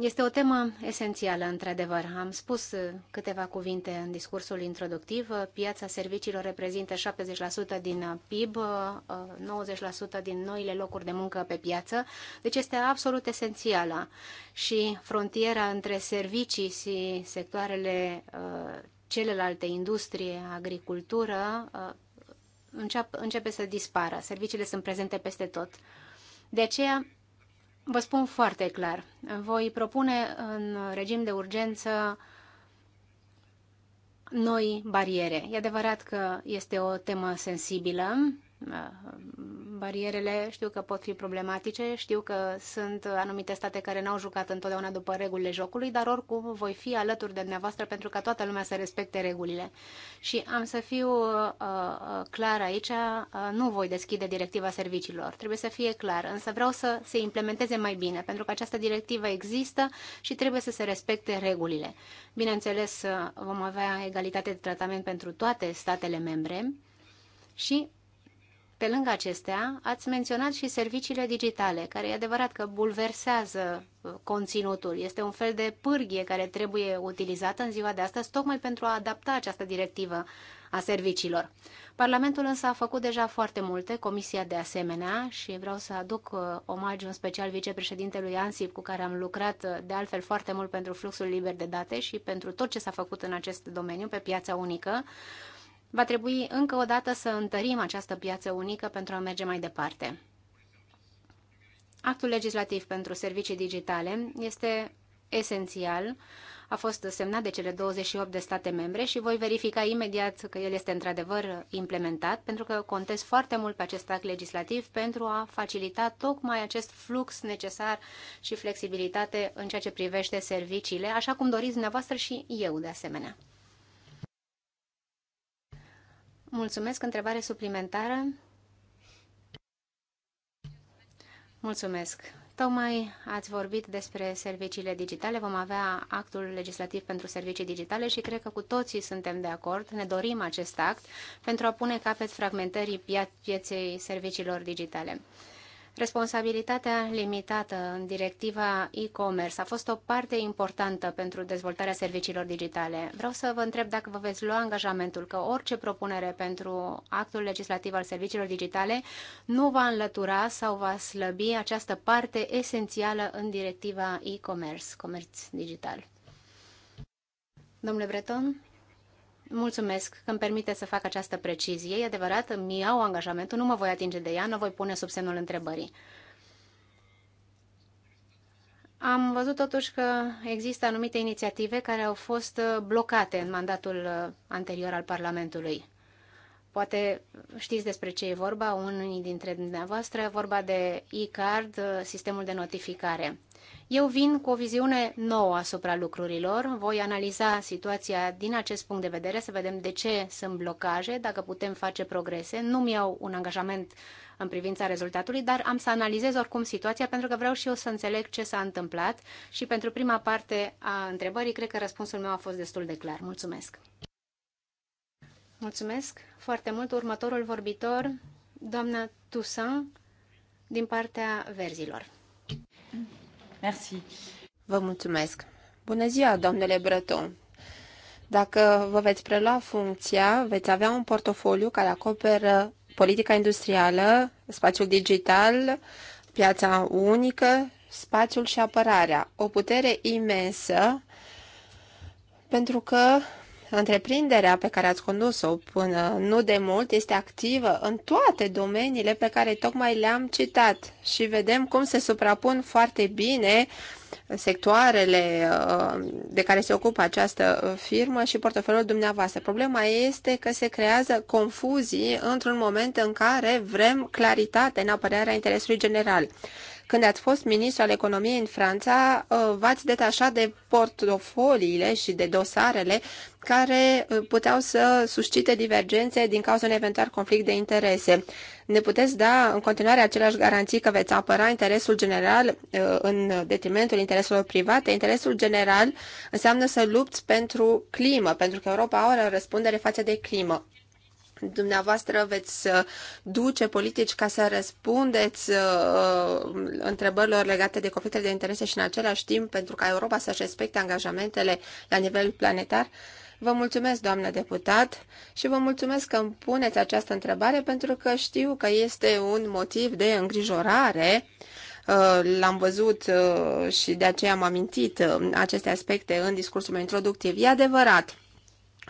Este o temă esențială, într-adevăr. Am spus uh, câteva cuvinte în discursul introductiv. Uh, piața serviciilor reprezintă 70% din uh, PIB, 90% din noile locuri de muncă pe piață, deci este absolut esențială. Și frontiera între servicii și sectoarele celelalte, industrie, agricultură, începe să dispară. Serviciile sunt prezente peste tot. De aceea, Vă spun foarte clar, voi propune în regim de urgență noi bariere. E adevărat că este o temă sensibilă Uh, barierele știu că pot fi problematice, știu că sunt anumite state care n-au jucat întotdeauna după regulile jocului, dar oricum voi fi alături de dumneavoastră pentru ca toată lumea să respecte regulile. Și am să fiu uh, uh clar aici, uh, nu voi deschide directiva serviciilor, trebuie să fie clar, însă vreau să se implementeze mai bine, pentru că această directivă există și trebuie să se respecte regulile. Bineînțeles, uh, vom avea egalitate de tratament pentru toate statele membre și pe lângă acestea, ați menționat și serviciile digitale, care e adevărat că bulversează uh, conținutul. Este un fel de pârghie care trebuie utilizată în ziua de astăzi, tocmai pentru a adapta această directivă a serviciilor. Parlamentul însă a făcut deja foarte multe, Comisia de asemenea, și vreau să aduc uh, omagiu în special vicepreședintelui Ansip, cu care am lucrat uh, de altfel foarte mult pentru fluxul liber de date și pentru tot ce s-a făcut în acest domeniu pe piața unică. Va trebui încă o dată să întărim această piață unică pentru a merge mai departe. Actul legislativ pentru servicii digitale este esențial. A fost semnat de cele 28 de state membre și voi verifica imediat că el este într-adevăr implementat, pentru că contez foarte mult pe acest act legislativ pentru a facilita tocmai acest flux necesar și flexibilitate în ceea ce privește serviciile, așa cum doriți dumneavoastră și eu de asemenea. Mulțumesc. Întrebare suplimentară? Mulțumesc. Tocmai ați vorbit despre serviciile digitale, vom avea actul legislativ pentru servicii digitale și cred că cu toții suntem de acord, ne dorim acest act pentru a pune capăt fragmentării pieței serviciilor digitale. Responsabilitatea limitată în directiva e-commerce a fost o parte importantă pentru dezvoltarea serviciilor digitale. Vreau să vă întreb dacă vă veți lua angajamentul că orice propunere pentru actul legislativ al serviciilor digitale nu va înlătura sau va slăbi această parte esențială în directiva e-commerce, comerț digital. Domnule Breton, Mulțumesc că îmi permite să fac această precizie. E adevărat, îmi iau angajamentul, nu mă voi atinge de ea, nu voi pune sub semnul întrebării. Am văzut totuși că există anumite inițiative care au fost blocate în mandatul anterior al Parlamentului. Poate știți despre ce e vorba, unii dintre dumneavoastră, vorba de e-card, sistemul de notificare. Eu vin cu o viziune nouă asupra lucrurilor, voi analiza situația din acest punct de vedere, să vedem de ce sunt blocaje, dacă putem face progrese. Nu-mi iau un angajament în privința rezultatului, dar am să analizez oricum situația pentru că vreau și eu să înțeleg ce s-a întâmplat și pentru prima parte a întrebării cred că răspunsul meu a fost destul de clar. Mulțumesc! Mulțumesc foarte mult. Următorul vorbitor, doamna Toussaint, din partea verzilor. Merci. Vă mulțumesc. Bună ziua, domnule Breton. Dacă vă veți prelua funcția, veți avea un portofoliu care acoperă politica industrială, spațiul digital, piața unică, spațiul și apărarea. O putere imensă, pentru că întreprinderea pe care ați condus-o până nu de mult este activă în toate domeniile pe care tocmai le-am citat și vedem cum se suprapun foarte bine sectoarele uh, de care se ocupă această firmă și portofelul dumneavoastră. Problema este că se creează confuzii într-un moment în care vrem claritate în apărarea interesului general. Când ați fost ministru al economiei în Franța, uh, v-ați detașat de portofoliile și de dosarele care uh, puteau să suscite divergențe din cauza unui eventual conflict de interese. Ne puteți da în continuare aceleași garanții că veți apăra interesul general uh, în detrimentul intereselor private? Interesul general înseamnă să lupți pentru climă, pentru că Europa are o răspundere față de climă dumneavoastră veți uh, duce politici ca să răspundeți uh, uh, întrebărilor legate de conflictele de interese și în același timp pentru ca Europa să-și respecte angajamentele la nivel planetar? Vă mulțumesc, doamnă deputat, și vă mulțumesc că îmi puneți această întrebare pentru că știu că este un motiv de îngrijorare. Uh, l-am văzut și de aceea am amintit aceste aspecte în discursul meu introductiv. E adevărat,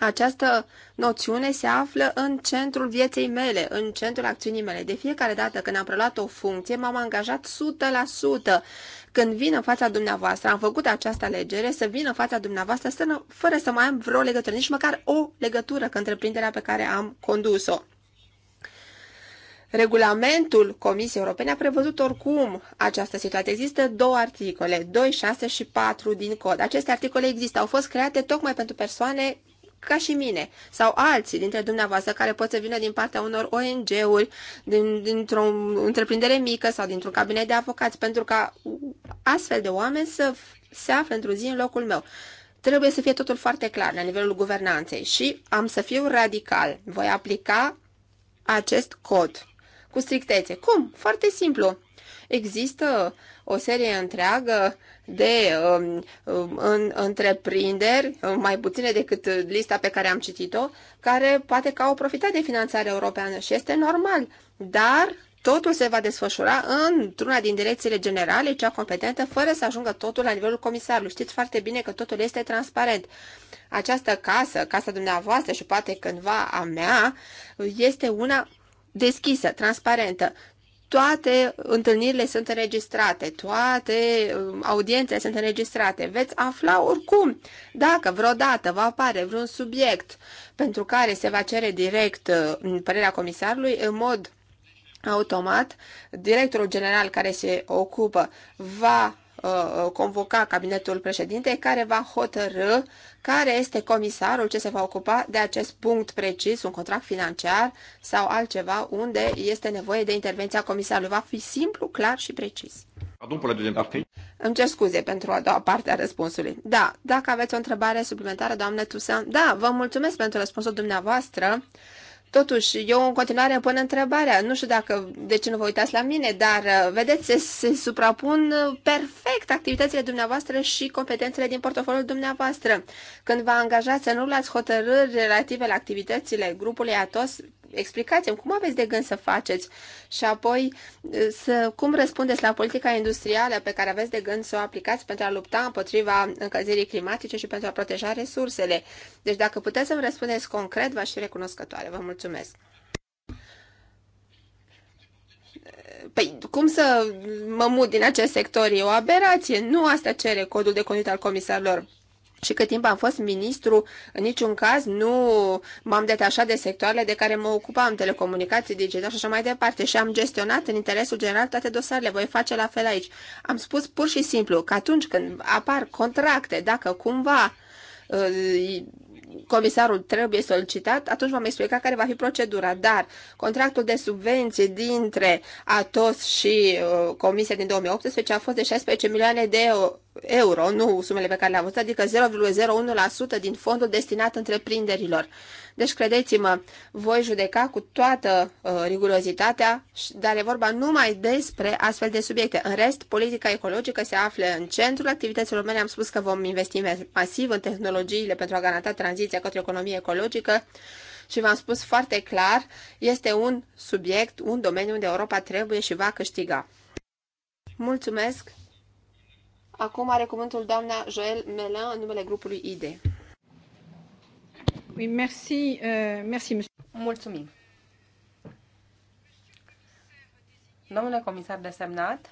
această noțiune se află în centrul vieții mele, în centrul acțiunii mele. De fiecare dată când am preluat o funcție, m-am angajat 100%. Când vin în fața dumneavoastră, am făcut această alegere să vin în fața dumneavoastră să nu, fără să mai am vreo legătură, nici măcar o legătură cu întreprinderea pe care am condus-o. Regulamentul Comisiei Europene a prevăzut oricum această situație. Există două articole, 2, 6 și 4 din cod. Aceste articole există, au fost create tocmai pentru persoane ca și mine sau alții dintre dumneavoastră care pot să vină din partea unor ONG-uri, din, dintr-o întreprindere mică sau dintr-un cabinet de avocați, pentru ca astfel de oameni să se afle într-o zi în locul meu. Trebuie să fie totul foarte clar la nivelul guvernanței și am să fiu radical. Voi aplica acest cod cu strictețe. Cum? Foarte simplu. Există o serie întreagă de um, um în, întreprinderi, um, mai puține decât lista pe care am citit-o, care poate că au profitat de finanțare europeană și este normal, dar totul se va desfășura într-una din direcțiile generale, cea competentă, fără să ajungă totul la nivelul comisarului. Știți foarte bine că totul este transparent. Această casă, casa dumneavoastră și poate cândva a mea, este una deschisă, transparentă toate întâlnirile sunt înregistrate, toate um, audiențele sunt înregistrate. Veți afla oricum dacă vreodată va apare vreun subiect pentru care se va cere direct uh, părerea comisarului în mod automat, directorul general care se ocupă va Uh, convoca cabinetul președintei care va hotărâ care este comisarul ce se va ocupa de acest punct precis, un contract financiar sau altceva unde este nevoie de intervenția comisarului. Va fi simplu, clar și precis. Îmi cer scuze pentru a doua parte a răspunsului. Da, dacă aveți o întrebare suplimentară, doamne Tusan, da, vă mulțumesc pentru răspunsul dumneavoastră. Totuși, eu în continuare îmi pun întrebarea, nu știu dacă, de ce nu vă uitați la mine, dar uh, vedeți, se, se suprapun uh, perfect activitățile dumneavoastră și competențele din portofoliul dumneavoastră. Când vă angajați să nu luați hotărâri relative la activitățile grupului ATOS, explicați-mi cum aveți de gând să faceți și apoi să, cum răspundeți la politica industrială pe care aveți de gând să o aplicați pentru a lupta împotriva încălzirii climatice și pentru a proteja resursele. Deci dacă puteți să-mi răspundeți concret, v-aș fi recunoscătoare. Vă mulțumesc! Păi, cum să mă mut din acest sector? E o aberație. Nu asta cere codul de conduită al comisarilor și cât timp am fost ministru, în niciun caz nu m-am detașat de sectoarele de care mă ocupam, telecomunicații, digital și așa mai departe, și am gestionat în interesul general toate dosarele. Voi face la fel aici. Am spus pur și simplu că atunci când apar contracte, dacă cumva comisarul trebuie solicitat, atunci vom explica care va fi procedura. Dar contractul de subvenție dintre ATOS și uh, Comisia din 2018 a fost de 16 milioane de euro, nu sumele pe care le-am văzut, adică 0,01% din fondul destinat întreprinderilor. Deci, credeți-mă, voi judeca cu toată uh, rigurozitatea, dar e vorba numai despre astfel de subiecte. În rest, politica ecologică se află în centrul activităților mele. Am spus că vom investi masiv în tehnologiile pentru a garanta tranziția către economie ecologică și v-am spus foarte clar, este un subiect, un domeniu unde Europa trebuie și va câștiga. Mulțumesc! Acum are cuvântul doamna Joel Melan în numele grupului IDE. Oui, merci, euh, merci, Mulțumim. Domnule comisar desemnat,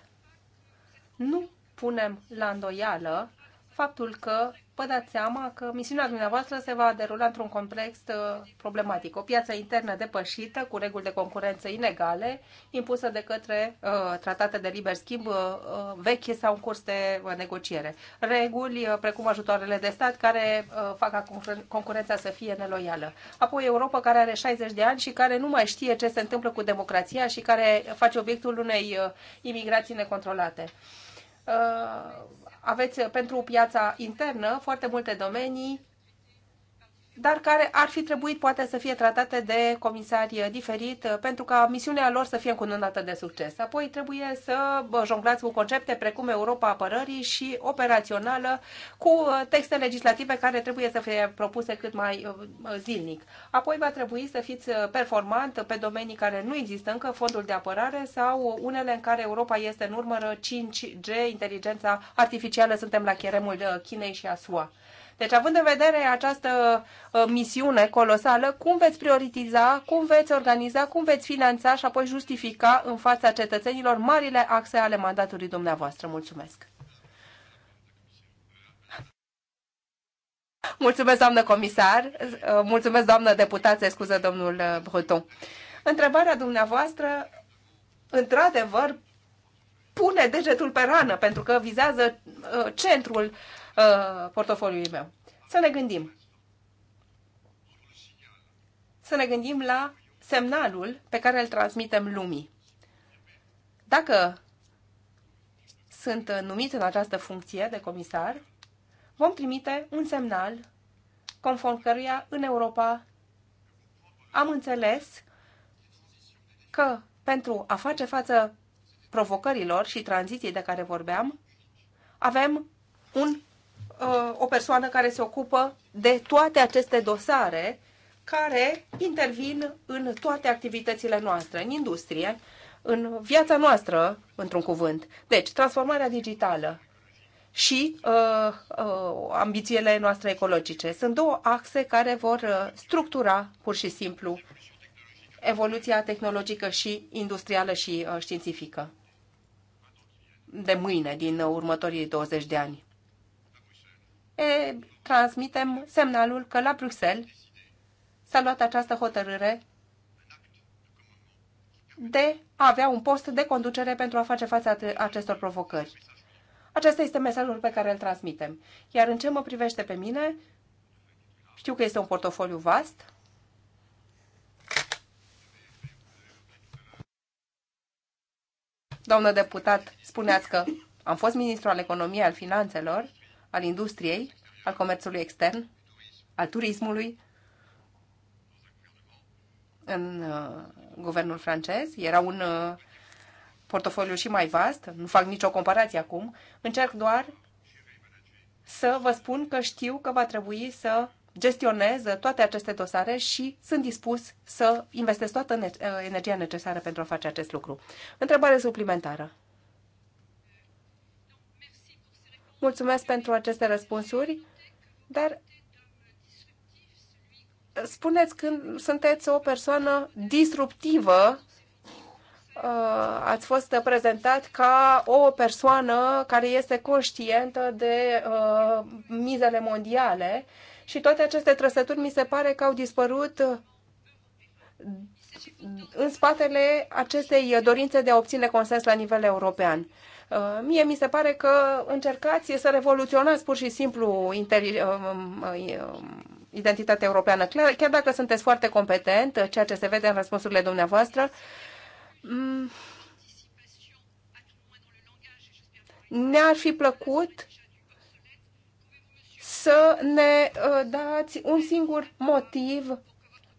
nu punem la îndoială faptul că vă dați seama că misiunea dumneavoastră se va derula într-un complex uh, problematic. O piață internă depășită, cu reguli de concurență inegale, impusă de către uh, tratate de liber schimb uh, uh vechi sau în curs de uh, negociere. Reguli uh, precum ajutoarele de stat care uh, fac ca concurența să fie neloială. Apoi Europa care are 60 de ani și care nu mai știe ce se întâmplă cu democrația și care face obiectul unei uh, imigrații necontrolate aveți pentru piața internă foarte multe domenii dar care ar fi trebuit poate să fie tratate de comisari diferit uh, pentru ca misiunea lor să fie încununată de succes. Apoi trebuie să jonglați cu concepte precum Europa apărării și operațională cu uh, texte legislative care trebuie să fie propuse cât mai uh, zilnic. Apoi va trebui să fiți performant pe domenii care nu există încă, fondul de apărare sau unele în care Europa este în urmă, 5G, inteligența artificială, suntem la cheremul Chinei și a SUA. Deci, având în vedere această uh, misiune colosală, cum veți prioritiza, cum veți organiza, cum veți finanța și apoi justifica în fața cetățenilor marile axe ale mandatului dumneavoastră? Mulțumesc! Mulțumesc, doamnă comisar. Uh, mulțumesc, doamnă deputată, scuză domnul uh, Breton. Întrebarea dumneavoastră, într-adevăr, pune degetul pe rană, pentru că vizează centrul Uh, portofoliului meu. Să ne gândim. Să ne gândim la semnalul pe care îl transmitem lumii. Dacă sunt numit în această funcție de comisar, vom trimite un semnal conform căruia în Europa am înțeles că pentru a face față provocărilor și tranziției de care vorbeam, avem un uh, o persoană care se ocupă de toate aceste dosare care intervin în toate activitățile noastre, în industrie, în viața noastră, într-un cuvânt. Deci, transformarea digitală și uh, uh, ambițiile noastre ecologice sunt două axe care vor uh, structura pur și simplu evoluția tehnologică și industrială și uh, științifică de mâine, din următorii 20 de ani e, transmitem semnalul că la Bruxelles s-a luat această hotărâre de a avea un post de conducere pentru a face față acestor provocări. Acesta este mesajul pe care îl transmitem. Iar în ce mă privește pe mine, știu că este un portofoliu vast, Doamnă deputat, spuneați că am fost ministru al economiei, al finanțelor al industriei, al comerțului extern, al turismului, în uh, guvernul francez. Era un uh, portofoliu și mai vast, nu fac nicio comparație acum. Încerc doar să vă spun că știu că va trebui să gestionez toate aceste dosare și sunt dispus să investesc toată uh, energia necesară pentru a face acest lucru. Întrebare suplimentară. Mulțumesc pentru aceste răspunsuri, dar spuneți când sunteți o persoană disruptivă, uh, ați fost prezentat ca o persoană care este conștientă de uh, mizele mondiale și toate aceste trăsături mi se pare că au dispărut uh, în spatele acestei dorințe de a obține consens la nivel european. Uh, mie mi se pare că încercați să revoluționați pur și simplu uh, um, uh, identitatea europeană. Chiar dacă sunteți foarte competent, ceea ce se vede în răspunsurile dumneavoastră, mm, ne-ar fi plăcut să ne dați un singur motiv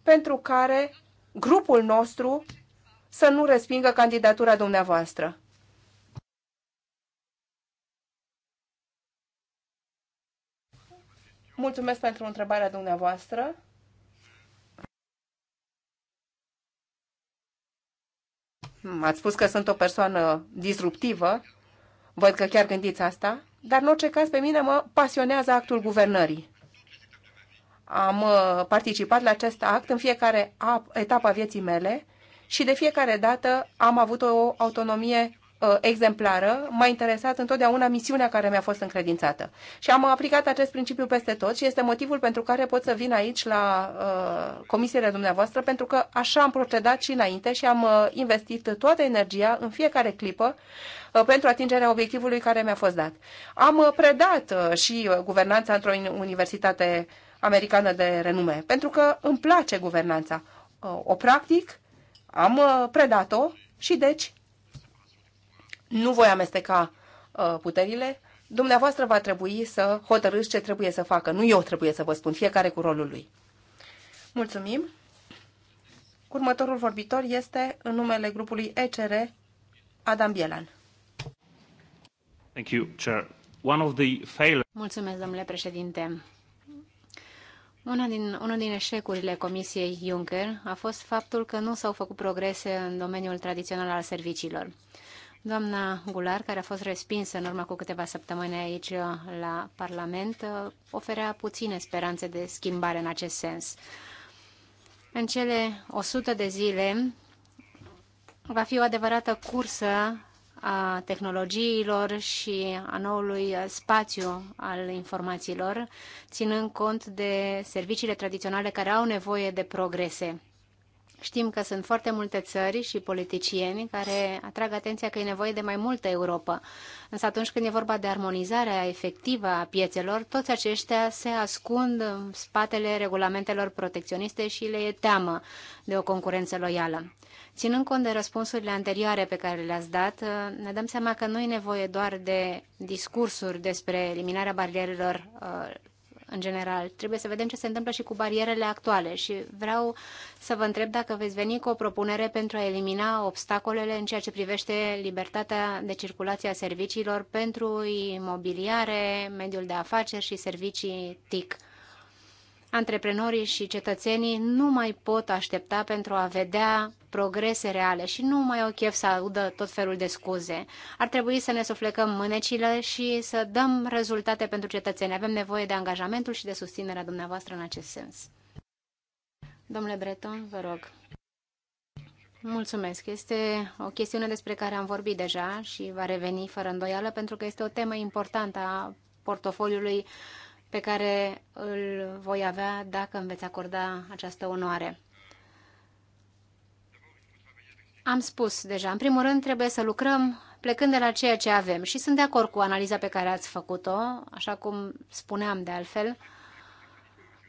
pentru care grupul nostru să nu respingă candidatura dumneavoastră. Mulțumesc pentru întrebarea dumneavoastră. Ați spus că sunt o persoană disruptivă. Văd că chiar gândiți asta. Dar, în orice caz, pe mine mă pasionează actul guvernării. Am uh, participat la acest act în fiecare etapă a vieții mele și de fiecare dată am avut o autonomie Uh, exemplară, m-a interesat întotdeauna misiunea care mi-a fost încredințată. Și am aplicat acest principiu peste tot și este motivul pentru care pot să vin aici la uh, comisiile dumneavoastră, pentru că așa am procedat și înainte și am uh, investit toată energia în fiecare clipă uh, pentru atingerea obiectivului care mi-a fost dat. Am uh, predat uh, și uh, guvernanța într-o universitate americană de renume, pentru că îmi place guvernanța. Uh, o practic, am uh, predat-o și deci nu voi amesteca uh, puterile, dumneavoastră va trebui să hotărâți ce trebuie să facă. Nu eu trebuie să vă spun, fiecare cu rolul lui. Mulțumim. Următorul vorbitor este, în numele grupului ECR, Adam Bielan. Thank you, Chair. One of the fail... Mulțumesc, domnule președinte. Una din, unul din eșecurile Comisiei Juncker a fost faptul că nu s-au făcut progrese în domeniul tradițional al serviciilor. Doamna Gular, care a fost respinsă în urmă cu câteva săptămâni aici la Parlament, oferea puține speranțe de schimbare în acest sens. În cele 100 de zile va fi o adevărată cursă a tehnologiilor și a noului spațiu al informațiilor, ținând cont de serviciile tradiționale care au nevoie de progrese. Știm că sunt foarte multe țări și politicieni care atrag atenția că e nevoie de mai multă Europa. Însă atunci când e vorba de armonizarea efectivă a piețelor, toți aceștia se ascund în spatele regulamentelor protecționiste și le e teamă de o concurență loială. Ținând cont de răspunsurile anterioare pe care le-ați dat, ne dăm seama că nu e nevoie doar de discursuri despre eliminarea barierelor uh, în general. Trebuie să vedem ce se întâmplă și cu barierele actuale și vreau să vă întreb dacă veți veni cu o propunere pentru a elimina obstacolele în ceea ce privește libertatea de circulație a serviciilor pentru imobiliare, mediul de afaceri și servicii TIC antreprenorii și cetățenii nu mai pot aștepta pentru a vedea progrese reale și nu mai au chef să audă tot felul de scuze. Ar trebui să ne suflecăm mânecile și să dăm rezultate pentru cetățeni. Avem nevoie de angajamentul și de susținerea dumneavoastră în acest sens. Domnule Breton, vă rog. Mulțumesc. Este o chestiune despre care am vorbit deja și va reveni fără îndoială pentru că este o temă importantă a portofoliului uh, pe care îl voi avea dacă îmi veți acorda această onoare. Am spus deja, în primul rând trebuie să lucrăm plecând de la ceea ce avem și sunt de acord cu analiza pe care ați făcut-o, așa cum spuneam de altfel.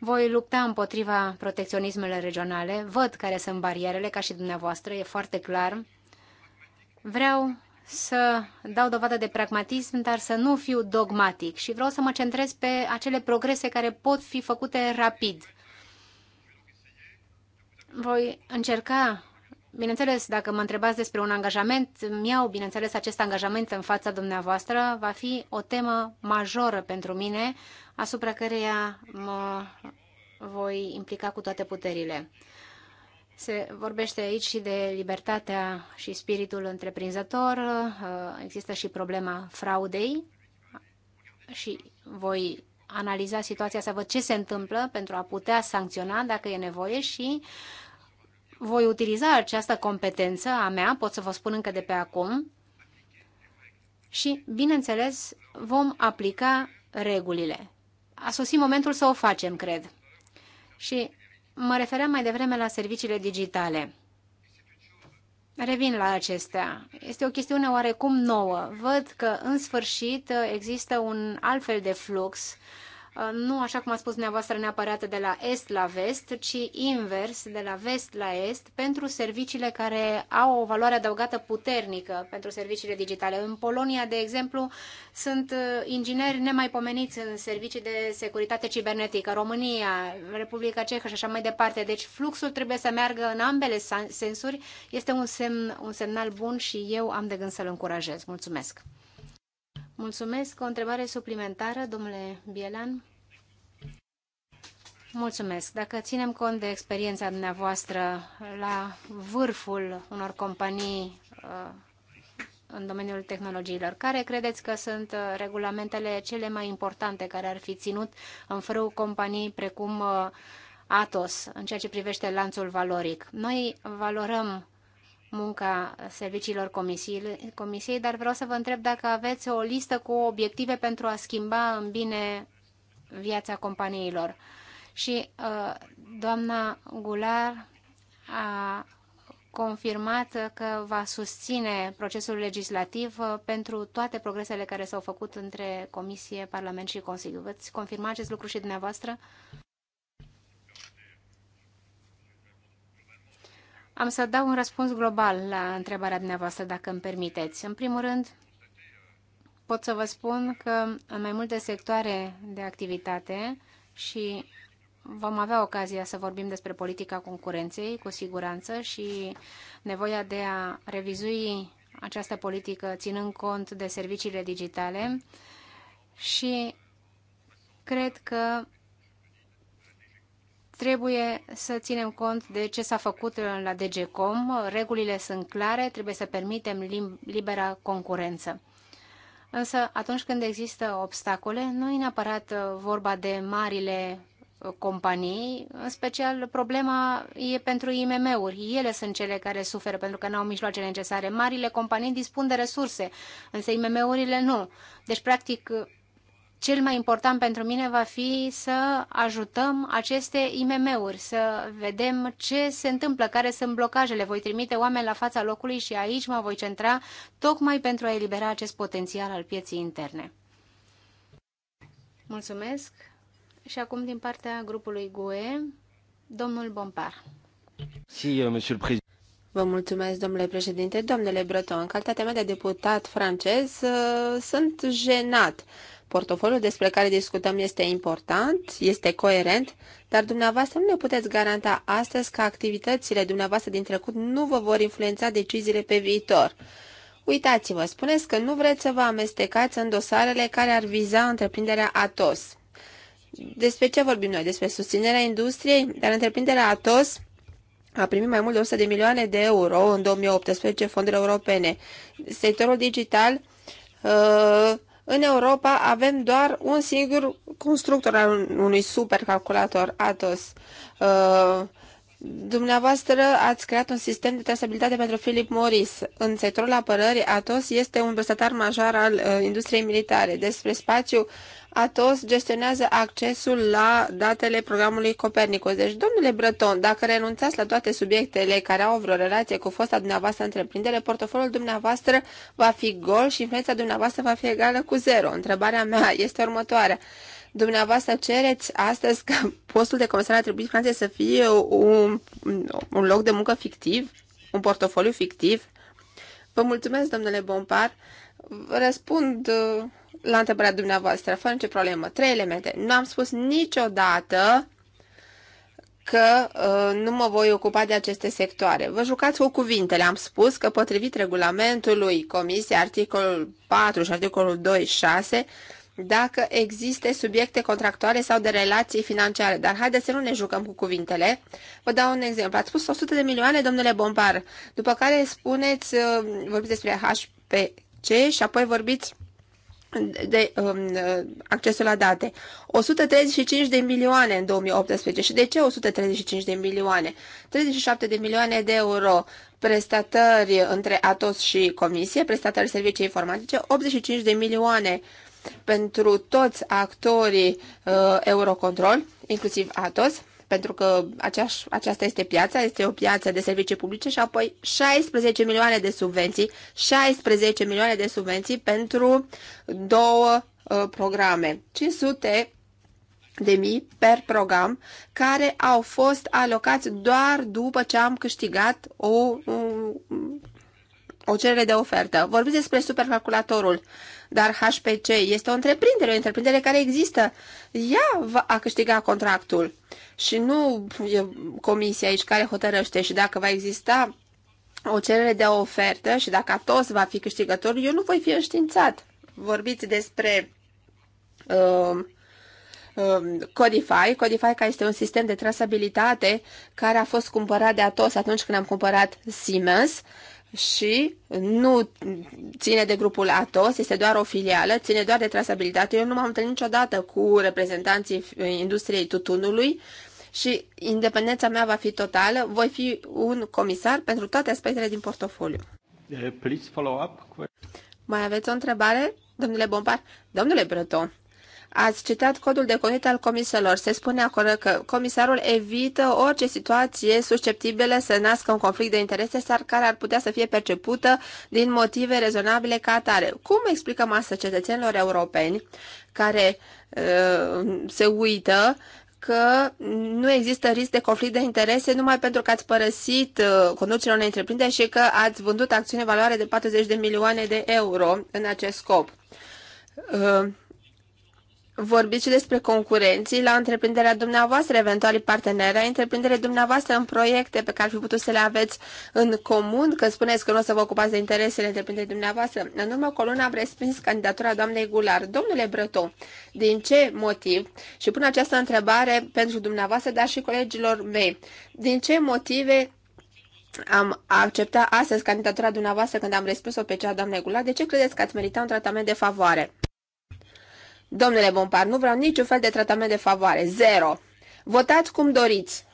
Voi lupta împotriva protecționismelor regionale, văd care sunt barierele, ca și dumneavoastră, e foarte clar. Vreau să dau dovadă de pragmatism, dar să nu fiu dogmatic și vreau să mă centrez pe acele progrese care pot fi făcute rapid. Voi încerca, bineînțeles, dacă mă întrebați despre un angajament, mi-au, bineînțeles, acest angajament în fața dumneavoastră, va fi o temă majoră pentru mine, asupra căreia mă voi implica cu toate puterile. Se vorbește aici și de libertatea și spiritul întreprinzător, uh, există și problema fraudei și voi analiza situația să văd ce se întâmplă pentru a putea sancționa dacă e nevoie și voi utiliza această competență a mea, pot să vă spun încă de pe acum, și, bineînțeles, vom aplica regulile. A sosit momentul să o facem, cred. Și Mă refeream mai devreme la serviciile digitale. Revin la acestea. Este o chestiune oarecum nouă. Văd că, în sfârșit, există un alt fel de flux Uh, nu așa cum a spus dumneavoastră neapărat de la est la vest, ci invers, de la vest la est, pentru serviciile care au o valoare adăugată puternică pentru serviciile digitale. În Polonia, de exemplu, sunt uh, ingineri nemaipomeniți în servicii de securitate cibernetică, România, Republica Cehă și așa mai departe. Deci fluxul trebuie să meargă în ambele sensuri. Este un, semn, un semnal bun și eu am de gând să-l încurajez. Mulțumesc! Mulțumesc. O întrebare suplimentară, domnule Bielan? Mulțumesc. Dacă ținem cont de experiența dumneavoastră la vârful unor companii uh, în domeniul tehnologiilor, care credeți că sunt uh, regulamentele cele mai importante care ar fi ținut în frâu companii precum uh, Atos în ceea ce privește lanțul valoric? Noi valorăm munca serviciilor comisiei, comisiei, dar vreau să vă întreb dacă aveți o listă cu obiective pentru a schimba în bine viața companiilor. Și uh, doamna Gular a confirmat că va susține procesul legislativ uh, pentru toate progresele care s-au făcut între Comisie, Parlament și Consiliu. Veți confirma acest lucru și dumneavoastră? Am să dau un răspuns global la întrebarea dumneavoastră, dacă îmi permiteți. În primul rând, pot să vă spun că în mai multe sectoare de activitate și vom avea ocazia să vorbim despre politica concurenței, cu siguranță, și nevoia de a revizui această politică ținând cont de serviciile digitale și cred că Trebuie să ținem cont de ce s-a făcut la DGCOM, regulile sunt clare, trebuie să permitem libera concurență. Însă, atunci când există obstacole, nu e neapărat uh, vorba de marile uh, companii, în special problema e pentru IMM-uri. Ele sunt cele care suferă pentru că nu au mijloace necesare. Marile companii dispun de resurse, însă IMM-urile nu. Deci, practic, cel mai important pentru mine va fi să ajutăm aceste IMM-uri, să vedem ce se întâmplă, care sunt blocajele. Voi trimite oameni la fața locului și aici mă voi centra tocmai pentru a elibera acest potențial al pieții interne. Mulțumesc. Și acum din partea grupului GUE, domnul Bompar. Si, euh, monsieur le président. Vă mulțumesc, domnule președinte. Domnule Breton, în calitatea mea de deputat francez, sunt jenat Portofoliul despre care discutăm este important, este coerent, dar dumneavoastră nu ne puteți garanta astăzi că activitățile dumneavoastră din trecut nu vă vor influența deciziile pe viitor. Uitați-vă, spuneți că nu vreți să vă amestecați în dosarele care ar viza întreprinderea Atos. Despre ce vorbim noi? Despre susținerea industriei? Dar întreprinderea Atos a primit mai mult de 100 de milioane de euro în 2018 fonduri europene. Sectorul digital uh, în Europa avem doar un singur constructor al unui supercalculator, Atos. Uh, Dumneavoastră ați creat un sistem de trasabilitate pentru Philip Morris. În sectorul apărării, Atos este un prestătar major al uh, industriei militare. Despre spațiu Atos gestionează accesul la datele programului Copernicus. Deci, domnule Breton, dacă renunțați la toate subiectele care au vreo relație cu fosta dumneavoastră întreprindere, portofoliul dumneavoastră va fi gol și influența dumneavoastră va fi egală cu zero. Întrebarea mea <laughs> este următoarea. Dumneavoastră cereți astăzi că <laughs> postul de comisar a trebuit Franței să fie un, un loc de muncă fictiv? Un portofoliu fictiv? Vă mulțumesc, domnule Bompar. Răspund uh, la întrebarea dumneavoastră, fără nicio problemă, trei elemente. Nu am spus niciodată că uh, nu mă voi ocupa de aceste sectoare. Vă jucați cu cuvintele. Am spus că potrivit regulamentului Comisiei, articolul 4 și articolul 6, dacă există subiecte contractuale sau de relații financiare. Dar haideți să nu ne jucăm cu cuvintele. Vă dau un exemplu. Ați spus 100 de milioane, domnule Bompar, după care spuneți, uh, vorbiți despre HPC și apoi vorbiți de um, accesul la date. 135 de milioane în 2018. Și de ce 135 de milioane? 37 de milioane de euro prestatări între Atos și Comisie, prestatări servicii informatice, 85 de milioane pentru toți actorii uh, Eurocontrol, inclusiv Atos, pentru că aceași, aceasta este piața, este o piață de servicii publice și apoi 16 milioane de subvenții, 16 milioane de subvenții pentru două uh, programe, 500 de mii per program, care au fost alocați doar după ce am câștigat o, o, o cerere de ofertă. Vorbiți despre supercalculatorul, dar HPC este o întreprindere, o întreprindere care există. Ea va a câștigat contractul și nu e comisia aici care hotărăște și dacă va exista o cerere de ofertă și dacă tot va fi câștigător, eu nu voi fi înștiințat. Vorbiți despre uh, Codify. Codify care este un sistem de trasabilitate care a fost cumpărat de Atos atunci când am cumpărat Siemens și nu ține de grupul Atos, este doar o filială, ține doar de trasabilitate. Eu nu m-am întâlnit niciodată cu reprezentanții industriei tutunului și independența mea va fi totală. Voi fi un comisar pentru toate aspectele din portofoliu. Eh, please follow up. Mai aveți o întrebare, domnule Bompar? Domnule Breton, Ați citat codul de conduită al comiselor. Se spune acolo că comisarul evită orice situație susceptibilă să nască un conflict de interese, dar care ar putea să fie percepută din motive rezonabile ca atare. Cum explicăm asta cetățenilor europeni care uh, se uită că nu există risc de conflict de interese numai pentru că ați părăsit uh, conducerea unei întreprinderi și că ați vândut acțiuni valoare de 40 de milioane de euro în acest scop. Uh, vorbiți și despre concurenții la întreprinderea dumneavoastră, eventualii parteneri, a întreprinderea dumneavoastră în proiecte pe care ar fi putut să le aveți în comun, că spuneți că nu o să vă ocupați de interesele întreprinderii dumneavoastră. În urmă cu o lună am respins candidatura doamnei Gular. Domnule Brăto, din ce motiv, și pun această întrebare pentru dumneavoastră, dar și colegilor mei, din ce motive am acceptat astăzi candidatura dumneavoastră când am respins-o pe cea doamnei Gular, de ce credeți că ați meritat un tratament de favoare? Domnule Bompar, nu vreau niciun fel de tratament de favoare. Zero. Votați cum doriți.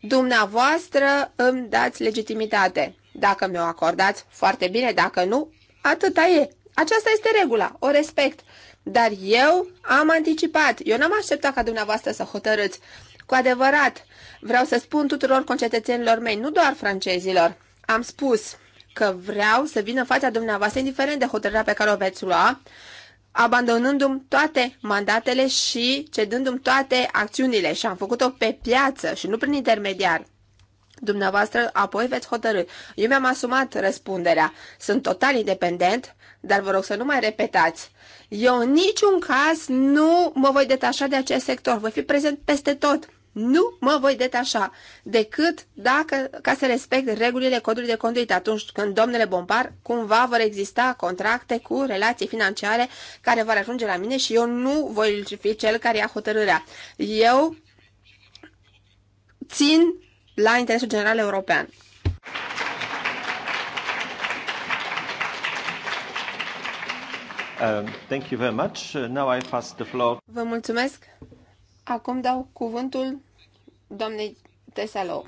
Dumneavoastră îmi dați legitimitate. Dacă mi-o acordați, foarte bine. Dacă nu, atâta e. Aceasta este regula. O respect. Dar eu am anticipat. Eu n-am așteptat ca dumneavoastră să hotărâți. Cu adevărat, vreau să spun tuturor concetățenilor mei, nu doar francezilor. Am spus că vreau să vin în fața dumneavoastră, indiferent de hotărârea pe care o veți lua, abandonându-mi toate mandatele și cedându-mi toate acțiunile și am făcut-o pe piață și nu prin intermediar. Dumneavoastră apoi veți hotărâ. Eu mi-am asumat răspunderea. Sunt total independent, dar vă rog să nu mai repetați. Eu în niciun caz nu mă voi detașa de acest sector. Voi fi prezent peste tot nu mă voi detașa, decât dacă, ca să respect regulile codului de conduită atunci când, domnule Bompar, cumva vor exista contracte cu relații financiare care vor ajunge la mine și eu nu voi fi cel care ia hotărârea. Eu țin la interesul general european. Um, thank you very much. Uh, now I pass the floor. Vă mulțumesc. Acum dau cuvântul doamnei Tesalo.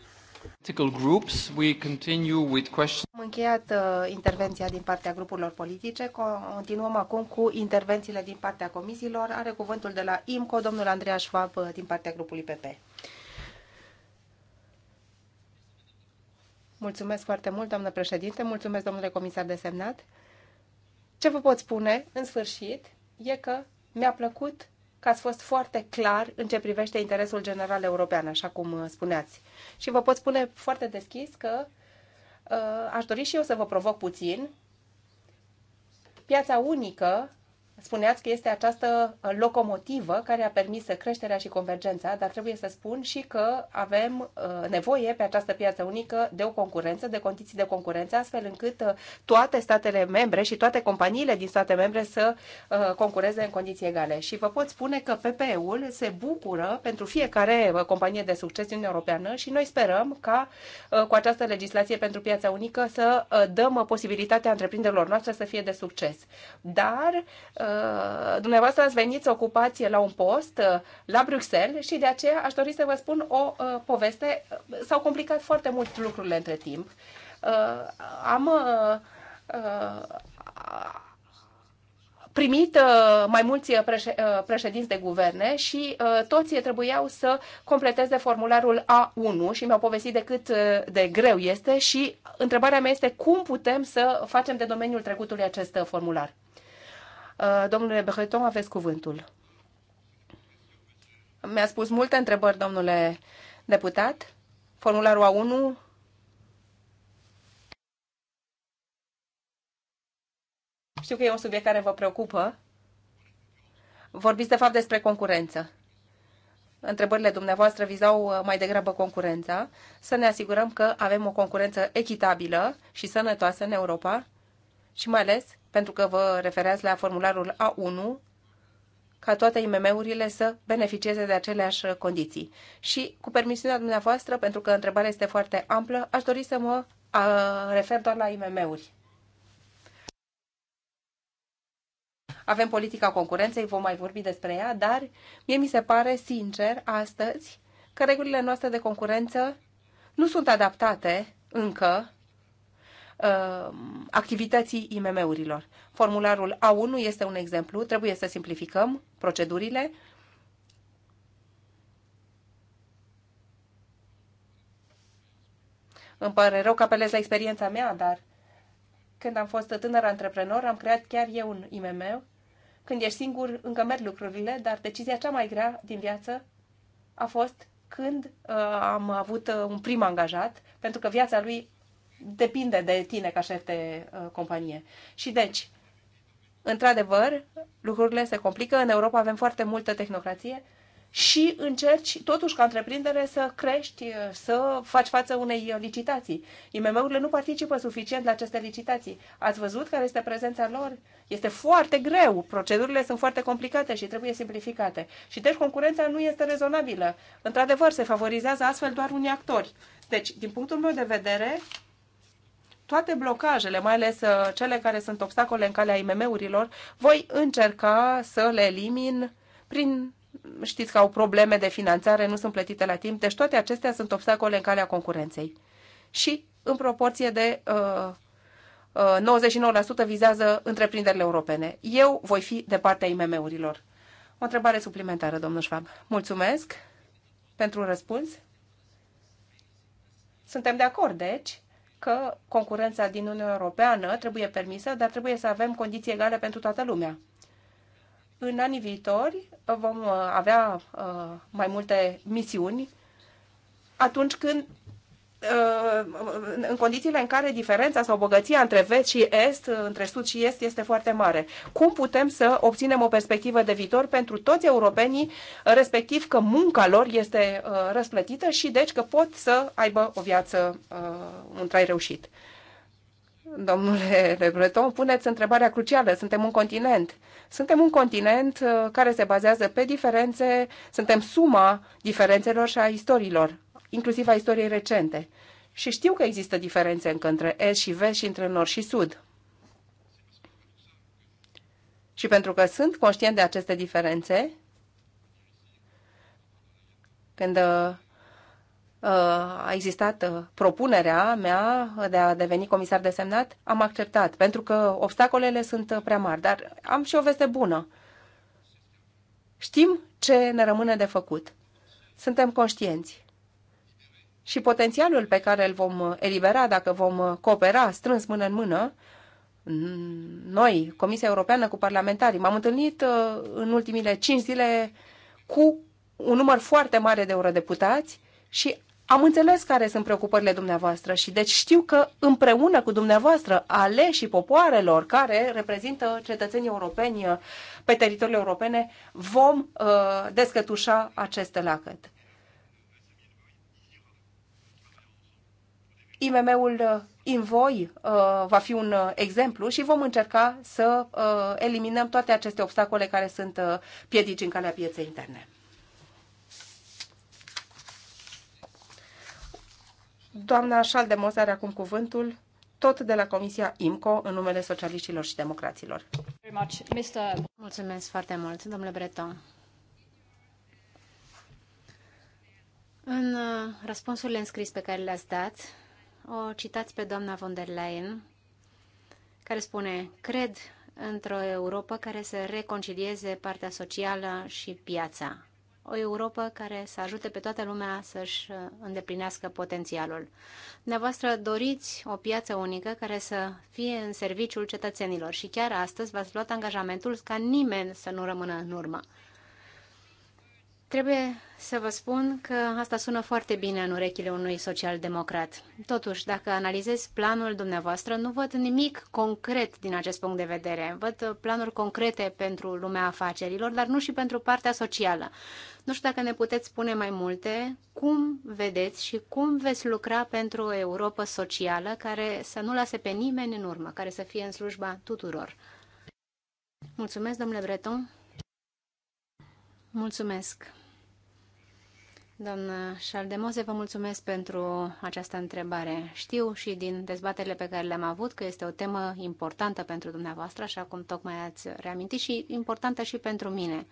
Groups, we continue with questions. Am încheiat uh, intervenția din partea grupurilor politice. Continuăm acum cu intervențiile din partea comisiilor. Are cuvântul de la IMCO, domnul Andreea Schwab, uh, din partea grupului PP. Mulțumesc foarte mult, doamnă președinte, mulțumesc, domnule comisar desemnat. Ce vă pot spune, în sfârșit, e că mi-a plăcut că ați fost foarte clar în ce privește interesul general european, așa cum uh, spuneați. Și vă pot spune foarte deschis că uh, aș dori și eu să vă provoc puțin. Piața unică spuneați că este această locomotivă care a permis creșterea și convergența, dar trebuie să spun și că avem uh, nevoie pe această piață unică de o concurență, de condiții de concurență, astfel încât uh, toate statele membre și toate companiile din state membre să uh, concureze în condiții egale. Și vă pot spune că PPE-ul se bucură pentru fiecare companie de succes din Europeană și noi sperăm ca cu această legislație pentru piața unică să dăm posibilitatea întreprinderilor noastre să fie de succes. Dar Uh, dumneavoastră ați venit să ocupați la un post uh, la Bruxelles și de aceea aș dori să vă spun o uh, poveste. S-au complicat foarte mult lucrurile între timp. Am primit mai mulți președinți de guverne și toți trebuiau să completeze formularul A1 și mi-au povestit de cât de greu este și întrebarea mea este cum putem să facem de domeniul trecutului acest formular. Uh, domnule Breton, aveți cuvântul. Mi-a spus multe întrebări, domnule deputat. Formularul A1 Știu că e un subiect care vă preocupă. Vorbiți, de fapt, despre concurență. Întrebările dumneavoastră vizau uh, mai degrabă concurența. Să ne asigurăm că avem o concurență echitabilă și sănătoasă în Europa și mai ales pentru că vă refereați la formularul A1, ca toate IMM-urile să beneficieze de aceleași condiții. Și, cu permisiunea dumneavoastră, pentru că întrebarea este foarte amplă, aș dori să mă a, refer doar la IMM-uri. Avem politica concurenței, vom mai vorbi despre ea, dar mie mi se pare, sincer, astăzi, că regulile noastre de concurență nu sunt adaptate încă Uh, activității IMM-urilor. Formularul A1 este un exemplu, trebuie să simplificăm procedurile. Îmi pare rău că apelez la experiența mea, dar când am fost tânăr antreprenor, am creat chiar eu un IMM. Când ești singur, încă merg lucrurile, dar decizia cea mai grea din viață a fost când uh, am avut uh, un prim angajat, pentru că viața lui depinde de tine ca șef de uh, companie. Și deci, într-adevăr, lucrurile se complică. În Europa avem foarte multă tehnocrație și încerci, totuși, ca întreprindere, să crești, uh, să faci față unei licitații. IMM-urile nu participă suficient la aceste licitații. Ați văzut care este prezența lor? Este foarte greu, procedurile sunt foarte complicate și trebuie simplificate. Și deci concurența nu este rezonabilă. Într-adevăr, se favorizează astfel doar unii actori. Deci, din punctul meu de vedere, toate blocajele, mai ales uh, cele care sunt obstacole în calea IMM-urilor, voi încerca să le elimin prin știți că au probleme de finanțare, nu sunt plătite la timp, deci toate acestea sunt obstacole în calea concurenței. Și în proporție de uh, 99% uh, vizează întreprinderile europene. Eu voi fi de partea IMM-urilor. O întrebare suplimentară, domnul Schwab. Mulțumesc pentru răspuns. Suntem de acord, deci, că concurența din Uniunea Europeană trebuie permisă, dar trebuie să avem condiții egale pentru toată lumea. În anii viitori vom uh, avea uh, mai multe misiuni atunci când Uh, în condițiile în care diferența sau bogăția între vest și est, uh, între sud și est, este foarte mare. Cum putem să obținem o perspectivă de viitor pentru toți europenii, uh, respectiv că munca lor este răsplătită și deci că pot să aibă o viață, un trai reușit? Domnule Le Breton, puneți întrebarea crucială. Suntem un continent. Suntem un continent care se bazează pe diferențe, suntem suma diferențelor și a istoriilor inclusiv a istoriei recente. Și știu că există diferențe încă între est și vest și între nord și sud. Și pentru că sunt conștient de aceste diferențe, când uh, uh, a existat uh, propunerea mea de a deveni comisar desemnat, am acceptat, pentru că obstacolele sunt prea mari. Dar am și o veste bună. Știm ce ne rămâne de făcut. Suntem conștienți și potențialul pe care îl vom elibera dacă vom coopera strâns mână în mână, noi, Comisia Europeană cu parlamentarii, m-am întâlnit uh, în ultimile cinci zile cu un număr foarte mare de eurodeputați și am înțeles care sunt preocupările dumneavoastră și deci știu că împreună cu dumneavoastră, aleșii popoarelor care reprezintă cetățenii europeni uh, pe teritoriul europene, vom uh, descătușa aceste lacăt. IMM-ul uh, Invoi uh, va fi un uh, exemplu și vom încerca să eliminăm toate aceste obstacole care sunt piedici în calea pieței interne. Doamna Șaldemos are acum cuvântul, tot de la Comisia IMCO, în numele socialiștilor și democraților. Mulțumesc foarte mult, domnule Breton. În răspunsurile înscris pe care le-ați dat, o citați pe doamna von der Leyen, care spune, cred într-o Europa care să reconcilieze partea socială și piața. O Europa care să ajute pe toată lumea să-și uh, îndeplinească potențialul. Dumneavoastră doriți o piață unică care să fie în serviciul cetățenilor și chiar astăzi v-ați luat angajamentul ca nimeni să nu rămână în urmă. Trebuie să vă spun că asta sună foarte bine în urechile unui social-democrat. Totuși, dacă analizez planul dumneavoastră, nu văd nimic concret din acest punct de vedere. Văd planuri concrete pentru lumea afacerilor, dar nu și pentru partea socială. Nu știu dacă ne puteți spune mai multe cum vedeți și cum veți lucra pentru o Europa socială care să nu lase pe nimeni în urmă, care să fie în slujba tuturor. Mulțumesc, domnule Breton. Mulțumesc. Doamna Șaldemose, vă mulțumesc pentru această întrebare. Știu și din dezbaterile pe care le-am avut că este o temă importantă pentru dumneavoastră, așa cum tocmai ați reamintit, și importantă și pentru mine.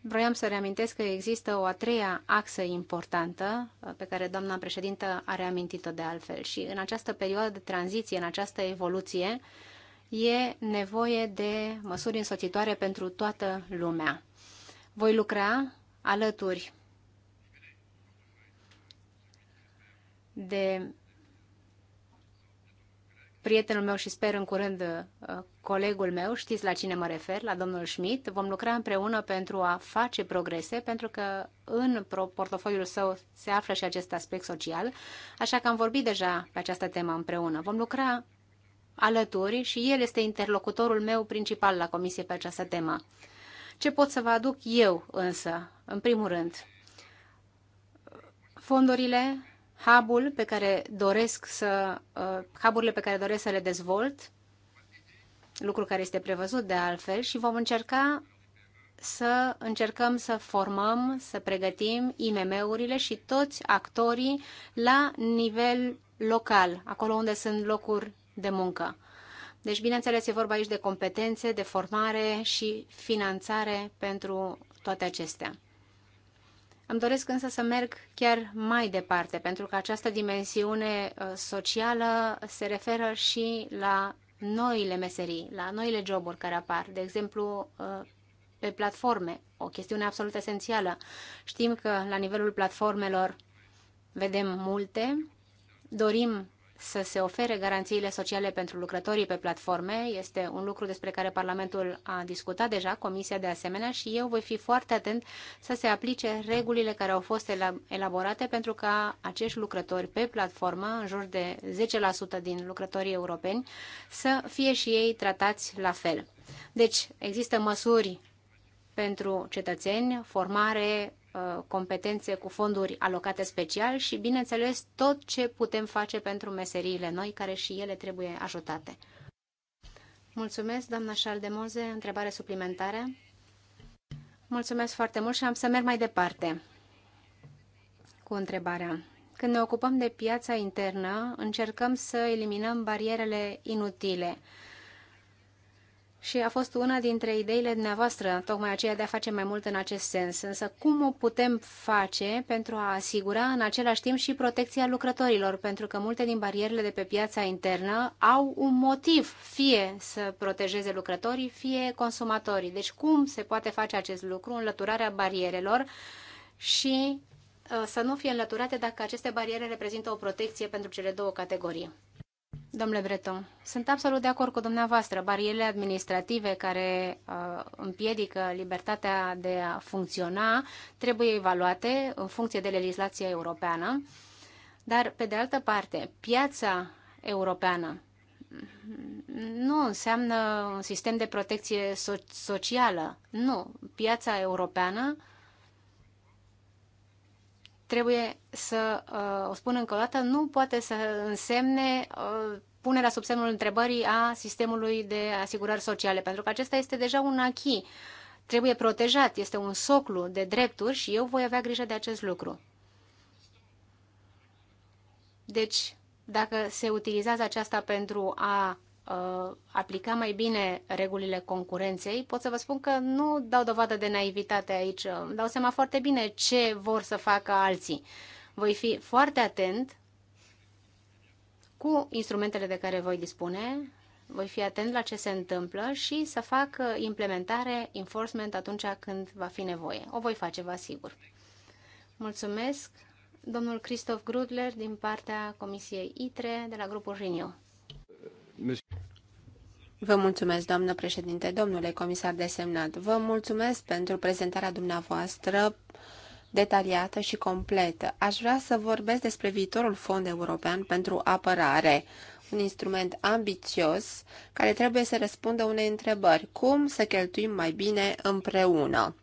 Vroiam să reamintesc că există o a treia axă importantă pe care doamna președintă a reamintit-o de altfel și în această perioadă de tranziție, în această evoluție, e nevoie de măsuri însoțitoare pentru toată lumea. Voi lucra alături de prietenul meu și sper în curând uh, colegul meu, știți la cine mă refer, la domnul Schmidt, vom lucra împreună pentru a face progrese, pentru că în portofoliul său se află și acest aspect social, așa că am vorbit deja pe această temă împreună. Vom lucra alături și el este interlocutorul meu principal la comisie pe această temă. Ce pot să vă aduc eu însă, în primul rând? Fondurile, hub pe care doresc să, uh, hub pe care doresc să le dezvolt, lucru care este prevăzut de altfel și vom încerca să încercăm să formăm, să pregătim IMM-urile și toți actorii la nivel local, acolo unde sunt locuri de muncă. Deci, bineînțeles, e vorba aici de competențe, de formare și finanțare pentru toate acestea. Îmi doresc însă să merg chiar mai departe, pentru că această dimensiune uh, socială se referă și la noile meserii, la noile joburi care apar, de exemplu uh, pe platforme, o chestiune absolut esențială. Știm că la nivelul platformelor vedem multe, dorim să se ofere garanțiile sociale pentru lucrătorii pe platforme. Este un lucru despre care Parlamentul a discutat deja, Comisia de asemenea, și eu voi fi foarte atent să se aplice regulile care au fost elaborate pentru ca acești lucrători pe platformă, în jur de 10% din lucrătorii europeni, să fie și ei tratați la fel. Deci există măsuri pentru cetățeni, formare, Uh, competențe cu fonduri alocate special și, bineînțeles, tot ce putem face pentru meseriile noi, care și ele trebuie ajutate. Mulțumesc, doamna Moze. Întrebare suplimentară. Mulțumesc foarte mult și am să merg mai departe cu întrebarea. Când ne ocupăm de piața internă, încercăm să eliminăm barierele inutile și a fost una dintre ideile dumneavoastră, tocmai aceea de a face mai mult în acest sens. Însă cum o putem face pentru a asigura în același timp și protecția lucrătorilor? Pentru că multe din barierele de pe piața internă au un motiv, fie să protejeze lucrătorii, fie consumatorii. Deci cum se poate face acest lucru, înlăturarea barierelor și uh, să nu fie înlăturate dacă aceste bariere reprezintă o protecție pentru cele două categorii? Domnule Breton, sunt absolut de acord cu dumneavoastră. Barierele administrative care uh, împiedică libertatea de a funcționa trebuie evaluate în funcție de legislația europeană, dar, pe de altă parte, piața europeană nu înseamnă un sistem de protecție so- socială. Nu. Piața europeană uh, trebuie să uh, o spun încă o dată, nu poate să însemne uh, punerea sub semnul întrebării a sistemului de asigurări sociale, pentru că acesta este deja un achi. Trebuie protejat, este un soclu de drepturi și eu voi avea grijă de acest lucru. Deci, dacă se utilizează aceasta pentru a uh, aplica mai bine regulile concurenței, pot să vă spun că nu dau dovadă de naivitate aici. Îmi dau seama foarte bine ce vor să facă alții. Voi fi foarte atent cu instrumentele de care voi dispune, voi fi atent la ce se întâmplă și să fac uh, implementare, enforcement atunci când va fi nevoie. O voi face, vă asigur. Mulțumesc, domnul Christoph Grudler din partea Comisiei ITRE de la grupul Renew. Vă mulțumesc, doamnă președinte, domnule comisar desemnat. Vă mulțumesc pentru prezentarea dumneavoastră detaliată și completă. Aș vrea să vorbesc despre viitorul Fond European pentru Apărare, un instrument ambițios care trebuie să răspundă unei întrebări. Cum să cheltuim mai bine împreună?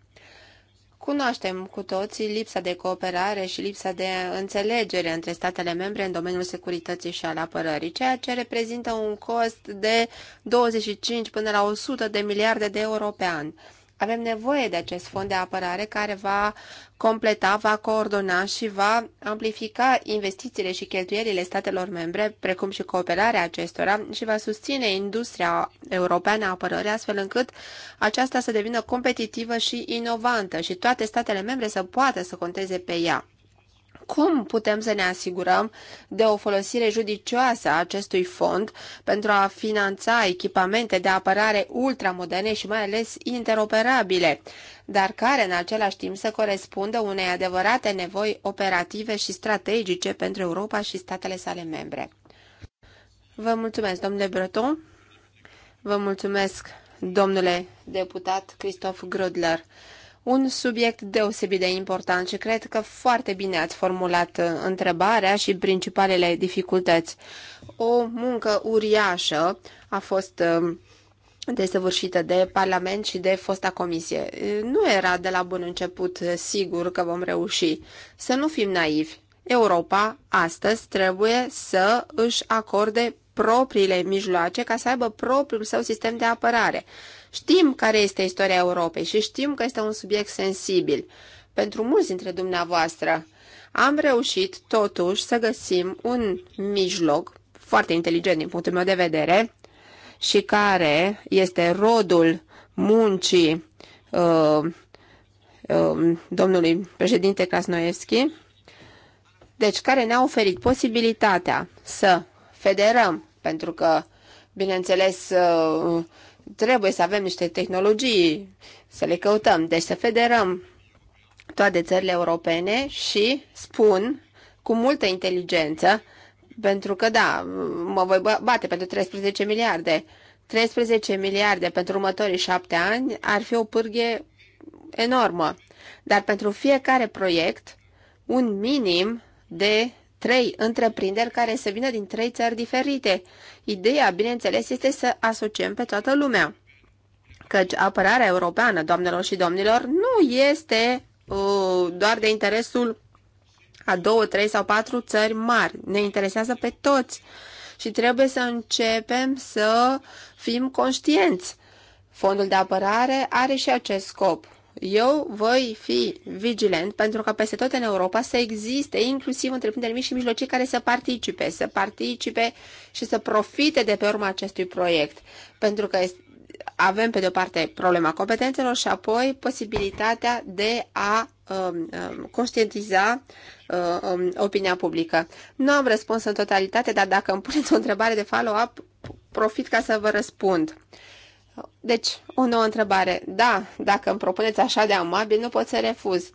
Cunoaștem cu toții lipsa de cooperare și lipsa de înțelegere între statele membre în domeniul securității și al apărării, ceea ce reprezintă un cost de 25 până la 100 de miliarde de euro pe an. Avem nevoie de acest fond de apărare care va completa, va coordona și va amplifica investițiile și cheltuielile statelor membre, precum și cooperarea acestora și va susține industria europeană a apărării, astfel încât aceasta să devină competitivă și inovantă și toate statele membre să poată să conteze pe ea. Cum putem să ne asigurăm de o folosire judicioasă a acestui fond pentru a finanța echipamente de apărare ultramoderne și mai ales interoperabile, dar care în același timp să corespundă unei adevărate nevoi operative și strategice pentru Europa și statele sale membre? Vă mulțumesc, domnule Breton. Vă mulțumesc, domnule deputat Christoph Grödler un subiect deosebit de important și cred că foarte bine ați formulat uh, întrebarea și principalele dificultăți. O muncă uriașă a fost uh, desăvârșită de Parlament și de fosta comisie. Uh, nu era de la bun început sigur că vom reuși. Să nu fim naivi. Europa astăzi trebuie să își acorde propriile mijloace ca să aibă propriul său sistem de apărare Știm care este istoria Europei și știm că este un subiect sensibil pentru mulți dintre dumneavoastră. Am reușit, totuși, să găsim un mijloc foarte inteligent din punctul meu de vedere și care este rodul muncii uh, uh, domnului președinte Krasnoevski, deci care ne-a oferit posibilitatea să federăm, pentru că, bineînțeles, uh, trebuie să avem niște tehnologii, să le căutăm. Deci să federăm toate țările europene și spun cu multă inteligență, pentru că da, mă voi bate pentru 13 miliarde. 13 miliarde pentru următorii șapte ani ar fi o pârghie enormă. Dar pentru fiecare proiect, un minim de trei întreprinderi care se vină din trei țări diferite. Ideea, bineînțeles, este să asociem pe toată lumea. Căci apărarea europeană, doamnelor și domnilor, nu este uh, doar de interesul a două, trei sau patru țări mari. Ne interesează pe toți și trebuie să începem să fim conștienți. Fondul de apărare are și acest scop. Eu voi fi vigilent pentru că peste tot în Europa să existe inclusiv întreprinderi mici și mijlocii care să participe, să participe și să profite de pe urma acestui proiect. Pentru că avem pe de o parte problema competențelor și apoi posibilitatea de a um, um, conștientiza um, opinia publică. Nu am răspuns în totalitate, dar dacă îmi puneți o întrebare de follow-up, profit ca să vă răspund. Deci, o nouă întrebare. Da, dacă îmi propuneți așa de amabil, nu pot să refuz.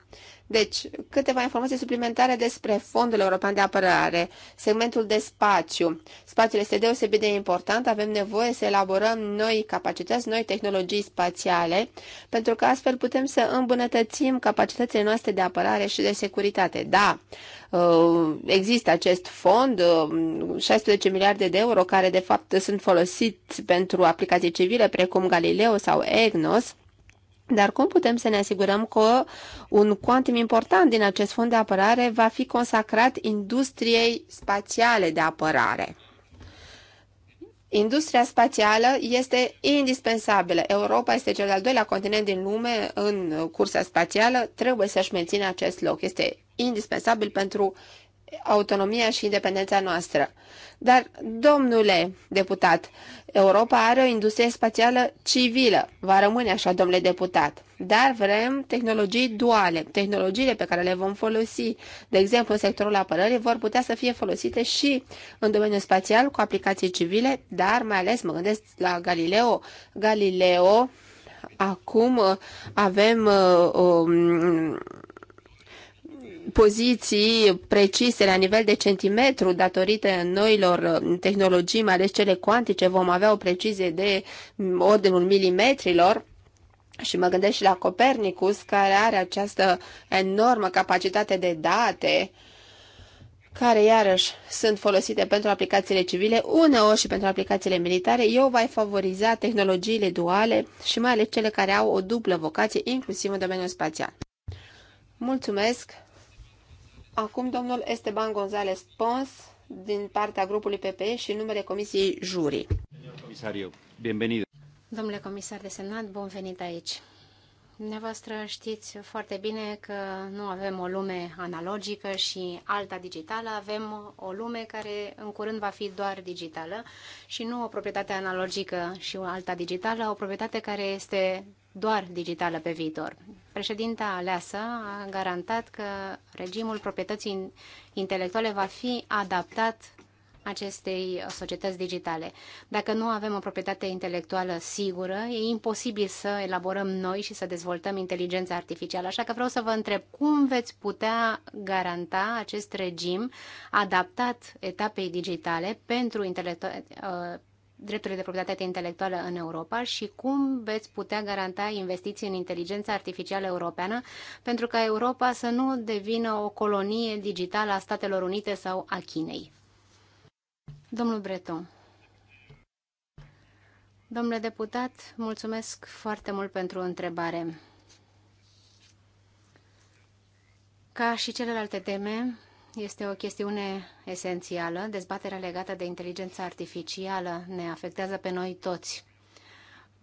Deci, câteva informații suplimentare despre Fondul European de Apărare, segmentul de spațiu. Spațiul este deosebit de important, avem nevoie să elaborăm noi capacități, noi tehnologii spațiale, pentru că astfel putem să îmbunătățim capacitățile noastre de apărare și de securitate. Da, uh, există acest fond, 16 uh, miliarde de euro, care de fapt sunt folosiți pentru aplicații civile, precum Galileo sau EGNOS, dar cum putem să ne asigurăm că un cuantum important din acest fond de apărare va fi consacrat industriei spațiale de apărare? Industria spațială este indispensabilă. Europa este cel de-al doilea continent din lume în cursa spațială. Trebuie să-și mențină acest loc. Este indispensabil pentru autonomia și independența noastră. Dar, domnule deputat, Europa are o industrie spațială civilă. Va rămâne așa, domnule deputat. Dar vrem tehnologii duale. Tehnologiile pe care le vom folosi, de exemplu, în sectorul apărării, vor putea să fie folosite și în domeniul spațial cu aplicații civile, dar mai ales mă gândesc la Galileo. Galileo, acum avem uh, um, poziții precise la nivel de centimetru datorită noilor uh, tehnologii, mai ales cele cuantice, vom avea o precizie de mm, ordinul milimetrilor. Și mă gândesc și la Copernicus, care are această enormă capacitate de date, care iarăși sunt folosite pentru aplicațiile civile, uneori și pentru aplicațiile militare, eu voi favoriza tehnologiile duale și mai ales cele care au o dublă vocație, inclusiv în domeniul spațial. Mulțumesc! Acum domnul Esteban González Pons din partea grupului PPE și numele Comisiei Juri. Domnule comisar desemnat, bun venit aici. Dumneavoastră știți foarte bine că nu avem o lume analogică și alta digitală, avem o lume care în curând va fi doar digitală și nu o proprietate analogică și o alta digitală, o proprietate care este doar digitală pe viitor. Președinta aleasă a garantat că regimul proprietății intelectuale va fi adaptat acestei societăți digitale. Dacă nu avem o proprietate intelectuală sigură, e imposibil să elaborăm noi și să dezvoltăm inteligența artificială. Așa că vreau să vă întreb cum veți putea garanta acest regim adaptat etapei digitale pentru, intelectu- uh, drepturile de proprietate intelectuală în Europa și cum veți putea garanta investiții în inteligența artificială europeană pentru ca Europa să nu devină o colonie digitală a Statelor Unite sau a Chinei. Domnul Breton. Domnule deputat, mulțumesc foarte mult pentru întrebare. Ca și celelalte teme, este o chestiune esențială. Dezbaterea legată de inteligența artificială ne afectează pe noi toți.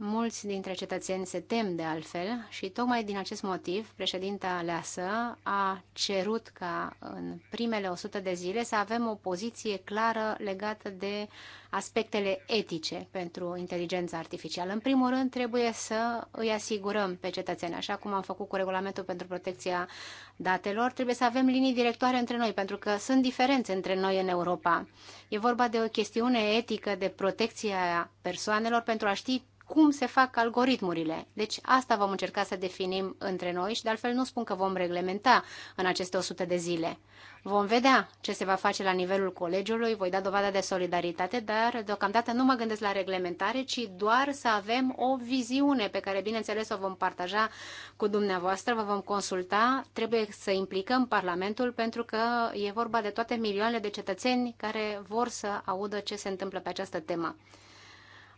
Mulți dintre cetățeni se tem de altfel și tocmai din acest motiv președinta Leasă a cerut ca în primele 100 de zile să avem o poziție clară legată de aspectele etice pentru inteligența artificială. În primul rând trebuie să îi asigurăm pe cetățeni, așa cum am făcut cu regulamentul pentru protecția datelor, trebuie să avem linii directoare între noi, pentru că sunt diferențe între noi în Europa. E vorba de o chestiune etică de protecție a persoanelor pentru a ști cum se fac algoritmurile. Deci asta vom încerca să definim între noi și de altfel nu spun că vom reglementa în aceste 100 de zile. Vom vedea ce se va face la nivelul colegiului, voi da dovada de solidaritate, dar deocamdată nu mă gândesc la reglementare, ci doar să avem o viziune pe care, bineînțeles, o vom partaja cu dumneavoastră, vă vom consulta. Trebuie să implicăm Parlamentul pentru că e vorba de toate milioanele de cetățeni care vor să audă ce se întâmplă pe această temă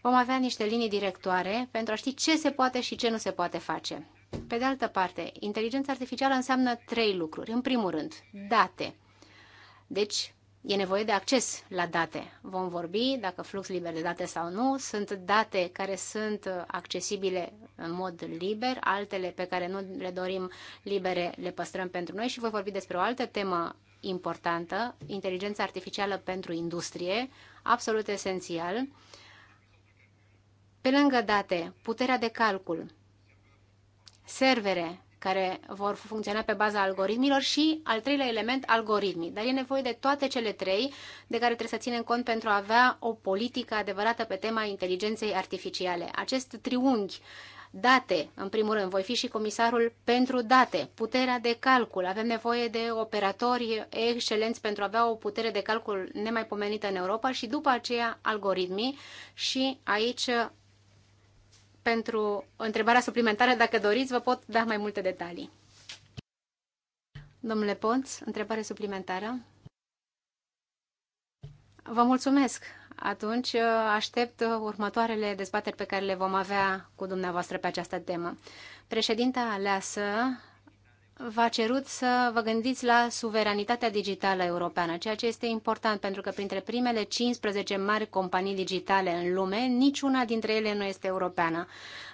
vom avea niște linii directoare pentru a ști ce se poate și ce nu se poate face. Pe de altă parte, inteligența artificială înseamnă trei lucruri. În primul rând, date. Deci, e nevoie de acces la date. Vom vorbi dacă flux liber de date sau nu. Sunt date care sunt accesibile în mod liber, altele pe care nu le dorim libere le păstrăm pentru noi și voi vorbi despre o altă temă importantă, inteligența artificială pentru industrie, absolut esențial. Pe lângă date, puterea de calcul, servere care vor funcționa pe baza algoritmilor și al treilea element, algoritmii. Dar e nevoie de toate cele trei de care trebuie să ținem cont pentru a avea o politică adevărată pe tema inteligenței artificiale. Acest triunghi date, în primul rând, voi fi și comisarul pentru date, puterea de calcul. Avem nevoie de operatori excelenți pentru a avea o putere de calcul nemaipomenită în Europa și după aceea algoritmii și aici pentru întrebarea suplimentară. Dacă doriți, vă pot da mai multe detalii. Domnule Ponț, întrebare suplimentară. Vă mulțumesc. Atunci uh, aștept uh, următoarele dezbateri pe care le vom avea cu dumneavoastră pe această temă. Președinta aleasă v-a cerut să vă gândiți la suveranitatea digitală europeană, ceea ce este important pentru că printre primele 15 mari companii digitale în lume, niciuna dintre ele nu este europeană.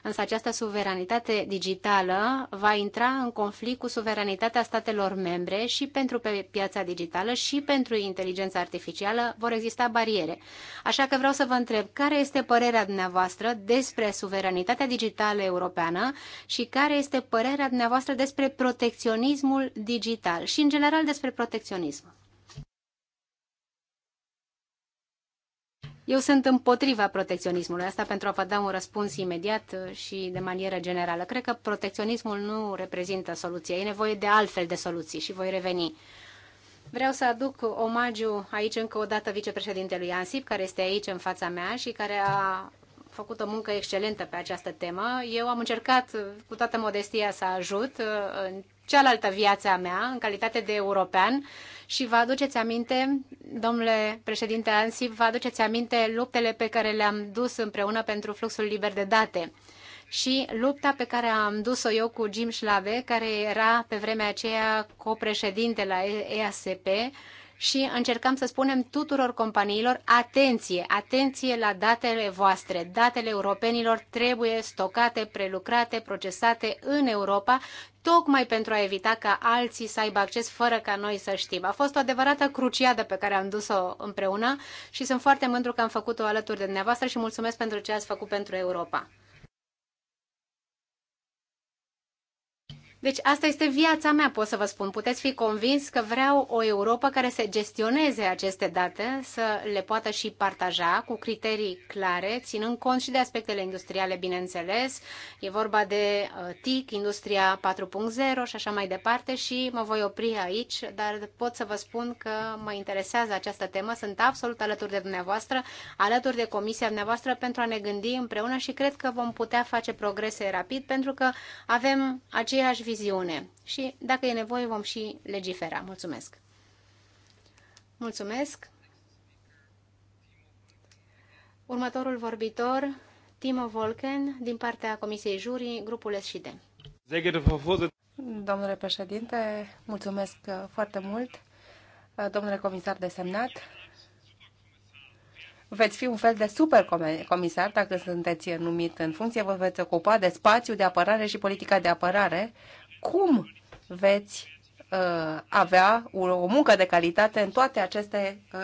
Însă această suveranitate digitală va intra în conflict cu suveranitatea statelor membre și pentru pe piața digitală și pentru inteligența artificială vor exista bariere. Așa că vreau să vă întreb care este părerea dumneavoastră despre suveranitatea digitală europeană și care este părerea dumneavoastră despre protecția protecționismul digital și, în general, despre protecționism. Eu sunt împotriva protecționismului, asta pentru a vă da un răspuns imediat și de manieră generală. Cred că protecționismul nu reprezintă soluția, e nevoie de altfel de soluții și voi reveni. Vreau să aduc omagiu aici încă o dată vicepreședintelui Ansip, care este aici în fața mea și care a făcut o muncă excelentă pe această temă. Eu am încercat cu toată modestia să ajut în cealaltă viață a mea în calitate de european și vă aduceți aminte, domnule președinte Ansip, vă aduceți aminte luptele pe care le-am dus împreună pentru fluxul liber de date și lupta pe care am dus-o eu cu Jim Schlave, care era pe vremea aceea copreședinte la EASP și încercăm să spunem tuturor companiilor, atenție, atenție la datele voastre. Datele europenilor trebuie stocate, prelucrate, procesate în Europa, tocmai pentru a evita ca alții să aibă acces fără ca noi să știm. A fost o adevărată cruciadă pe care am dus-o împreună și sunt foarte mândru că am făcut-o alături de dumneavoastră și mulțumesc pentru ce ați făcut pentru Europa. Deci asta este viața mea, pot să vă spun. Puteți fi convins că vreau o Europa care să gestioneze aceste date, să le poată și partaja cu criterii clare, ținând cont și de aspectele industriale, bineînțeles. E vorba de uh, TIC, Industria 4.0 și așa mai departe și mă voi opri aici, dar pot să vă spun că mă interesează această temă. Sunt absolut alături de dumneavoastră, alături de comisia dumneavoastră pentru a ne gândi împreună și cred că vom putea face progrese rapid pentru că avem aceeași viziune și, dacă e nevoie, vom și legifera. Mulțumesc! Mulțumesc! Următorul vorbitor, Timo Volken, din partea Comisiei Jurii, grupul SD. Domnule președinte, mulțumesc uh, foarte mult. Uh, domnule comisar desemnat, veți fi un fel de supercomisar dacă sunteți numit în funcție, vă veți ocupa de spațiu de apărare și politica de apărare. Cum veți uh, avea o, o muncă de calitate în toate aceste uh,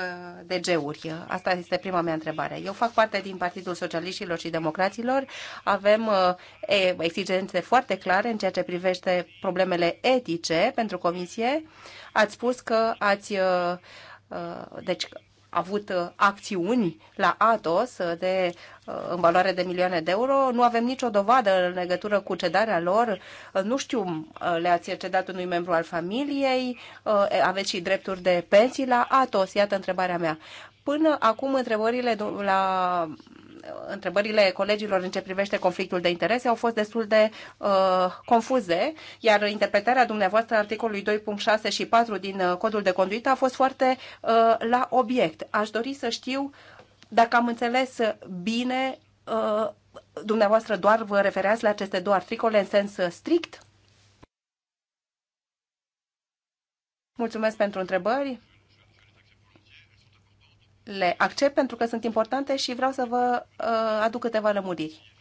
DG-uri? Asta este prima mea întrebare. Eu fac parte din Partidul Socialiștilor și Democraților. Avem uh, exigențe foarte clare în ceea ce privește problemele etice pentru comisie. Ați spus că ați. Uh, uh deci avut uh, acțiuni la Atos uh, de, uh, în valoare de milioane de euro. Nu avem nicio dovadă în legătură cu cedarea lor. Nu știu, le-ați cedat unui membru al familiei, aveți și drepturi de pensii la Atos. Iată întrebarea mea. Până acum, întrebările la întrebările colegilor în ce privește conflictul de interese au fost destul de uh, confuze, iar interpretarea dumneavoastră articolului 2.6 și 4 din uh, codul de conduită a fost foarte uh, la obiect. Aș dori să știu dacă am înțeles bine, uh, dumneavoastră doar vă refereați la aceste două articole în sens uh, strict? Mulțumesc pentru întrebări le accept pentru că sunt importante și vreau să vă uh, aduc câteva lămuriri.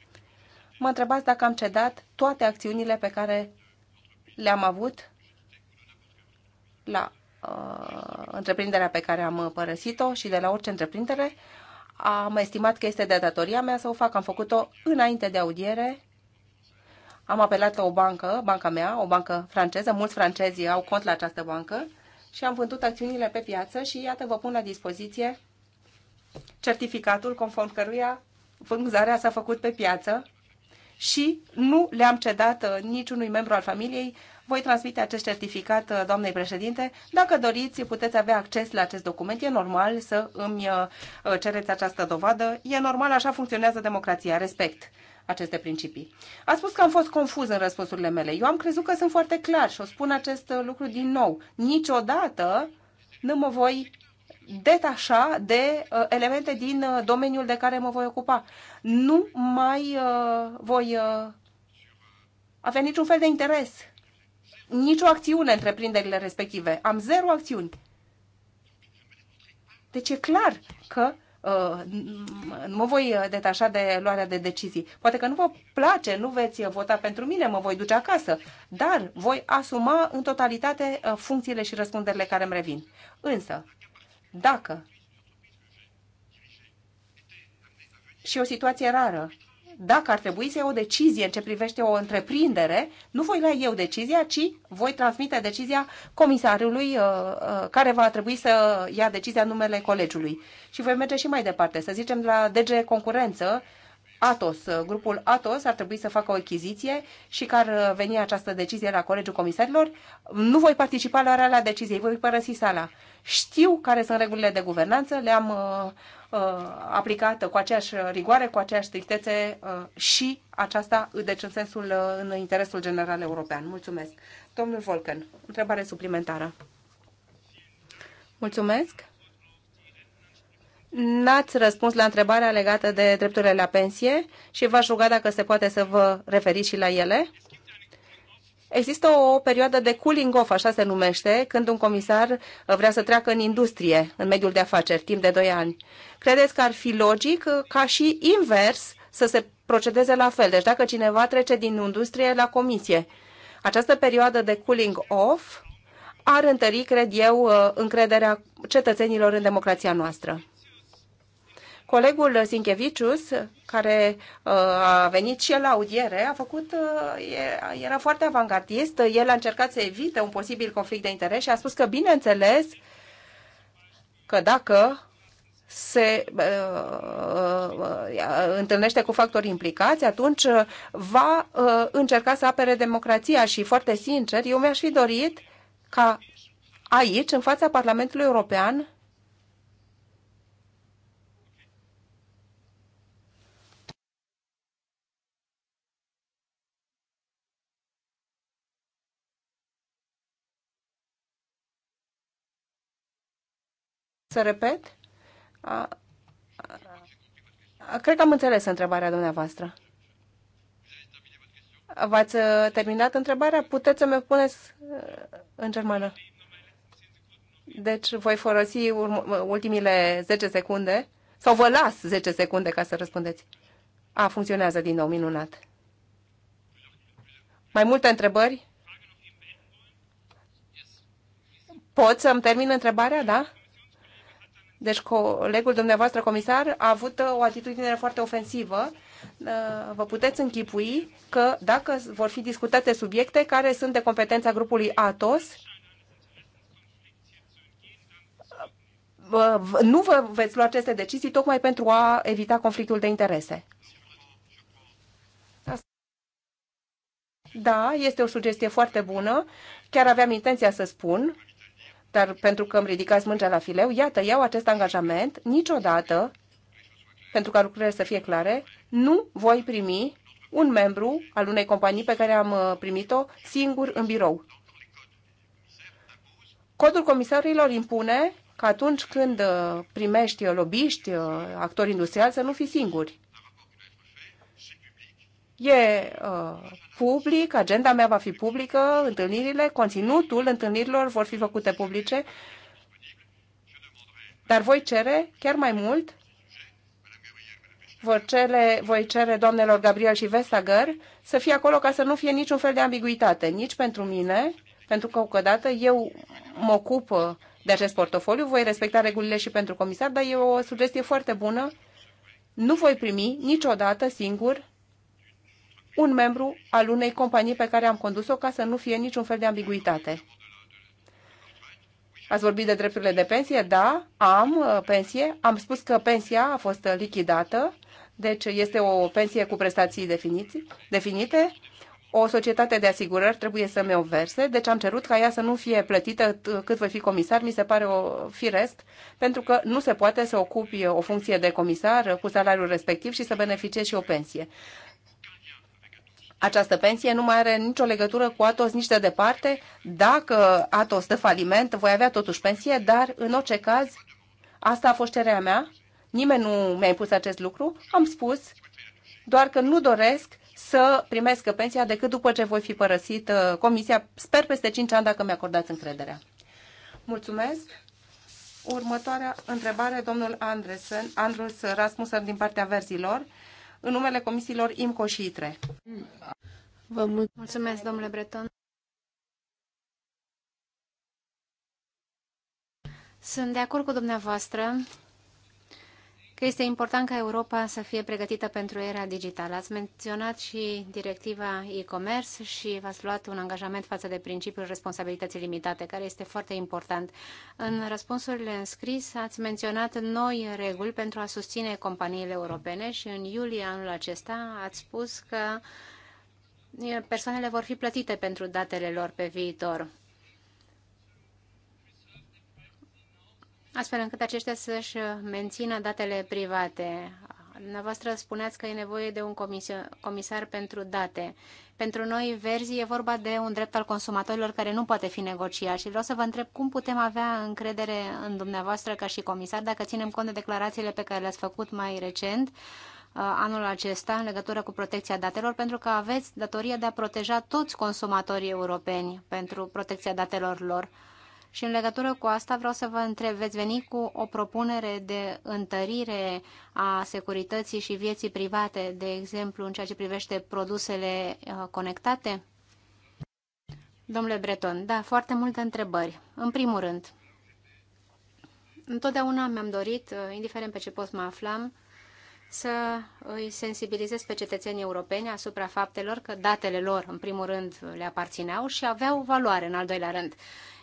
Mă întrebați dacă am cedat toate acțiunile pe care le-am avut la uh, întreprinderea pe care am părăsit-o și de la orice întreprindere. Am estimat că este de datoria mea să o fac. Am făcut-o înainte de audiere. Am apelat la o bancă, banca mea, o bancă franceză. Mulți francezi au cont la această bancă și am vândut acțiunile pe piață și iată vă pun la dispoziție certificatul conform căruia vânzarea s-a făcut pe piață și nu le-am cedat uh, niciunui membru al familiei. Voi transmite acest certificat uh, doamnei președinte. Dacă doriți, puteți avea acces la acest document. E normal să îmi uh, cereți această dovadă. E normal, așa funcționează democrația. Respect aceste principii. A spus că am fost confuz în răspunsurile mele. Eu am crezut că sunt foarte clar și o spun acest lucru din nou. Niciodată nu mă voi detașa de uh, elemente din uh, domeniul de care mă voi ocupa. Nu mai uh, voi uh, avea niciun fel de interes, nicio acțiune întreprinderile respective. Am zero acțiuni. Deci e clar că uh, nu mă voi uh, detașa de luarea de decizii. Poate că nu vă place, nu veți uh, vota pentru mine, mă voi duce acasă, dar voi asuma în totalitate funcțiile și răspunderile care îmi revin. Însă, dacă și o situație rară, dacă ar trebui să iau o decizie în ce privește o întreprindere, nu voi lua eu decizia, ci voi transmite decizia comisarului uh, uh, care va trebui să ia decizia în numele colegiului. Și voi merge și mai departe, să zicem la DG Concurență, Atos, grupul Atos ar trebui să facă o achiziție și că ar veni această decizie la Colegiul Comisarilor, nu voi participa la la decizie, voi părăsi sala. Știu care sunt regulile de guvernanță, le-am uh, uh, aplicat cu aceeași rigoare, cu aceeași strictețe uh, și aceasta, deci în sensul, uh, în interesul general european. Mulțumesc. Domnul Volcan, întrebare suplimentară. Mulțumesc. N-ați răspuns la întrebarea legată de drepturile la pensie și v-aș ruga dacă se poate să vă referiți și la ele. Există o perioadă de cooling off, așa se numește, când un comisar vrea să treacă în industrie, în mediul de afaceri, timp de 2 ani. Credeți că ar fi logic ca și invers să se procedeze la fel? Deci dacă cineva trece din industrie la comisie, această perioadă de cooling off ar întări, cred eu, încrederea cetățenilor în democrația noastră. Colegul Zinchevicius, care uh, a venit și el la audiere, a făcut, uh, era foarte avangardist, el a încercat să evite un posibil conflict de interes și a spus că, bineînțeles, că dacă se uh, uh, întâlnește cu factori implicați, atunci uh, va uh, încerca să apere democrația și, foarte sincer, eu mi-aș fi dorit ca aici, în fața Parlamentului European, Să repet? A, a, cred că am înțeles întrebarea dumneavoastră. V-ați uh, terminat întrebarea? Puteți să-mi puneți uh, în germană. Deci voi folosi ultimile 10 secunde sau vă las 10 secunde ca să răspundeți. A, funcționează din nou, minunat. Mai multe întrebări? Pot să-mi termin întrebarea, da? Deci colegul dumneavoastră comisar a avut uh, o atitudine foarte ofensivă. Uh, vă puteți închipui că dacă vor fi discutate subiecte care sunt de competența grupului ATOS, uh, nu vă veți lua aceste decizii tocmai pentru a evita conflictul de interese. Da, este o sugestie foarte bună. Chiar aveam intenția să spun dar pentru că îmi ridicați mângea la fileu, iată, iau acest angajament, niciodată, pentru ca lucrurile să fie clare, nu voi primi un membru al unei companii pe care am uh, primit-o singur în birou. Codul comisarilor impune că atunci când uh, primești uh, lobiști, actori industriali, să nu fii singuri. E uh, public, agenda mea va fi publică, întâlnirile, conținutul întâlnirilor vor fi făcute publice, dar voi cere chiar mai mult, voi cere, voi cere doamnelor Gabriel și Vestager să fie acolo ca să nu fie niciun fel de ambiguitate, nici pentru mine, pentru că, odată, eu mă ocup de acest portofoliu, voi respecta regulile și pentru comisar, dar e o sugestie foarte bună. Nu voi primi niciodată singur un membru al unei companii pe care am condus-o ca să nu fie niciun fel de ambiguitate. Ați vorbit de drepturile de pensie? Da, am uh, pensie. Am spus că pensia a fost uh, lichidată, deci este o pensie cu prestații definiți, definite. O societate de asigurări trebuie să mi-o verse, deci am cerut ca ea să nu fie plătită cât voi fi comisar, mi se pare o firesc, pentru că nu se poate să ocupi uh, o funcție de comisar cu salariul respectiv și să beneficiezi și o pensie această pensie nu mai are nicio legătură cu Atos nici de departe. Dacă Atos dă faliment, voi avea totuși pensie, dar în orice caz, asta a fost cererea mea. Nimeni nu mi-a impus acest lucru. Am spus doar că nu doresc să primesc pensia decât după ce voi fi părăsit uh, comisia, sper peste 5 ani dacă mi-acordați încrederea. Mulțumesc. Următoarea întrebare, domnul Andresen, Andrus Rasmussen din partea verzilor în numele comisiilor IMCO și ITRE. Vă mulțumesc, domnule Breton. Sunt de acord cu dumneavoastră că este important ca Europa să fie pregătită pentru era digitală. Ați menționat și directiva e-commerce și v-ați luat un angajament față de principiul responsabilității limitate, care este foarte important. În răspunsurile scris ați menționat noi reguli pentru a susține companiile europene și în iulie anul acesta ați spus că persoanele vor fi plătite pentru datele lor pe viitor. astfel încât aceștia să-și mențină datele private. Dumneavoastră spuneați că e nevoie de un comisar pentru date. Pentru noi, verzi, e vorba de un drept al consumatorilor care nu poate fi negociat și vreau să vă întreb cum putem avea încredere în dumneavoastră ca și comisar dacă ținem cont de declarațiile pe care le-ați făcut mai recent uh, anul acesta în legătură cu protecția datelor, pentru că aveți datoria de a proteja toți consumatorii europeni pentru protecția datelor lor. Și în legătură cu asta vreau să vă întreb, veți veni cu o propunere de întărire a securității și vieții private, de exemplu, în ceea ce privește produsele uh, conectate? Domnule Breton, da, foarte multe întrebări. În primul rând, întotdeauna mi-am dorit, uh, indiferent pe ce post mă aflam, să îi sensibilizez pe cetățenii europeni asupra faptelor că datele lor, în primul rând, le aparțineau și aveau valoare, în al doilea rând.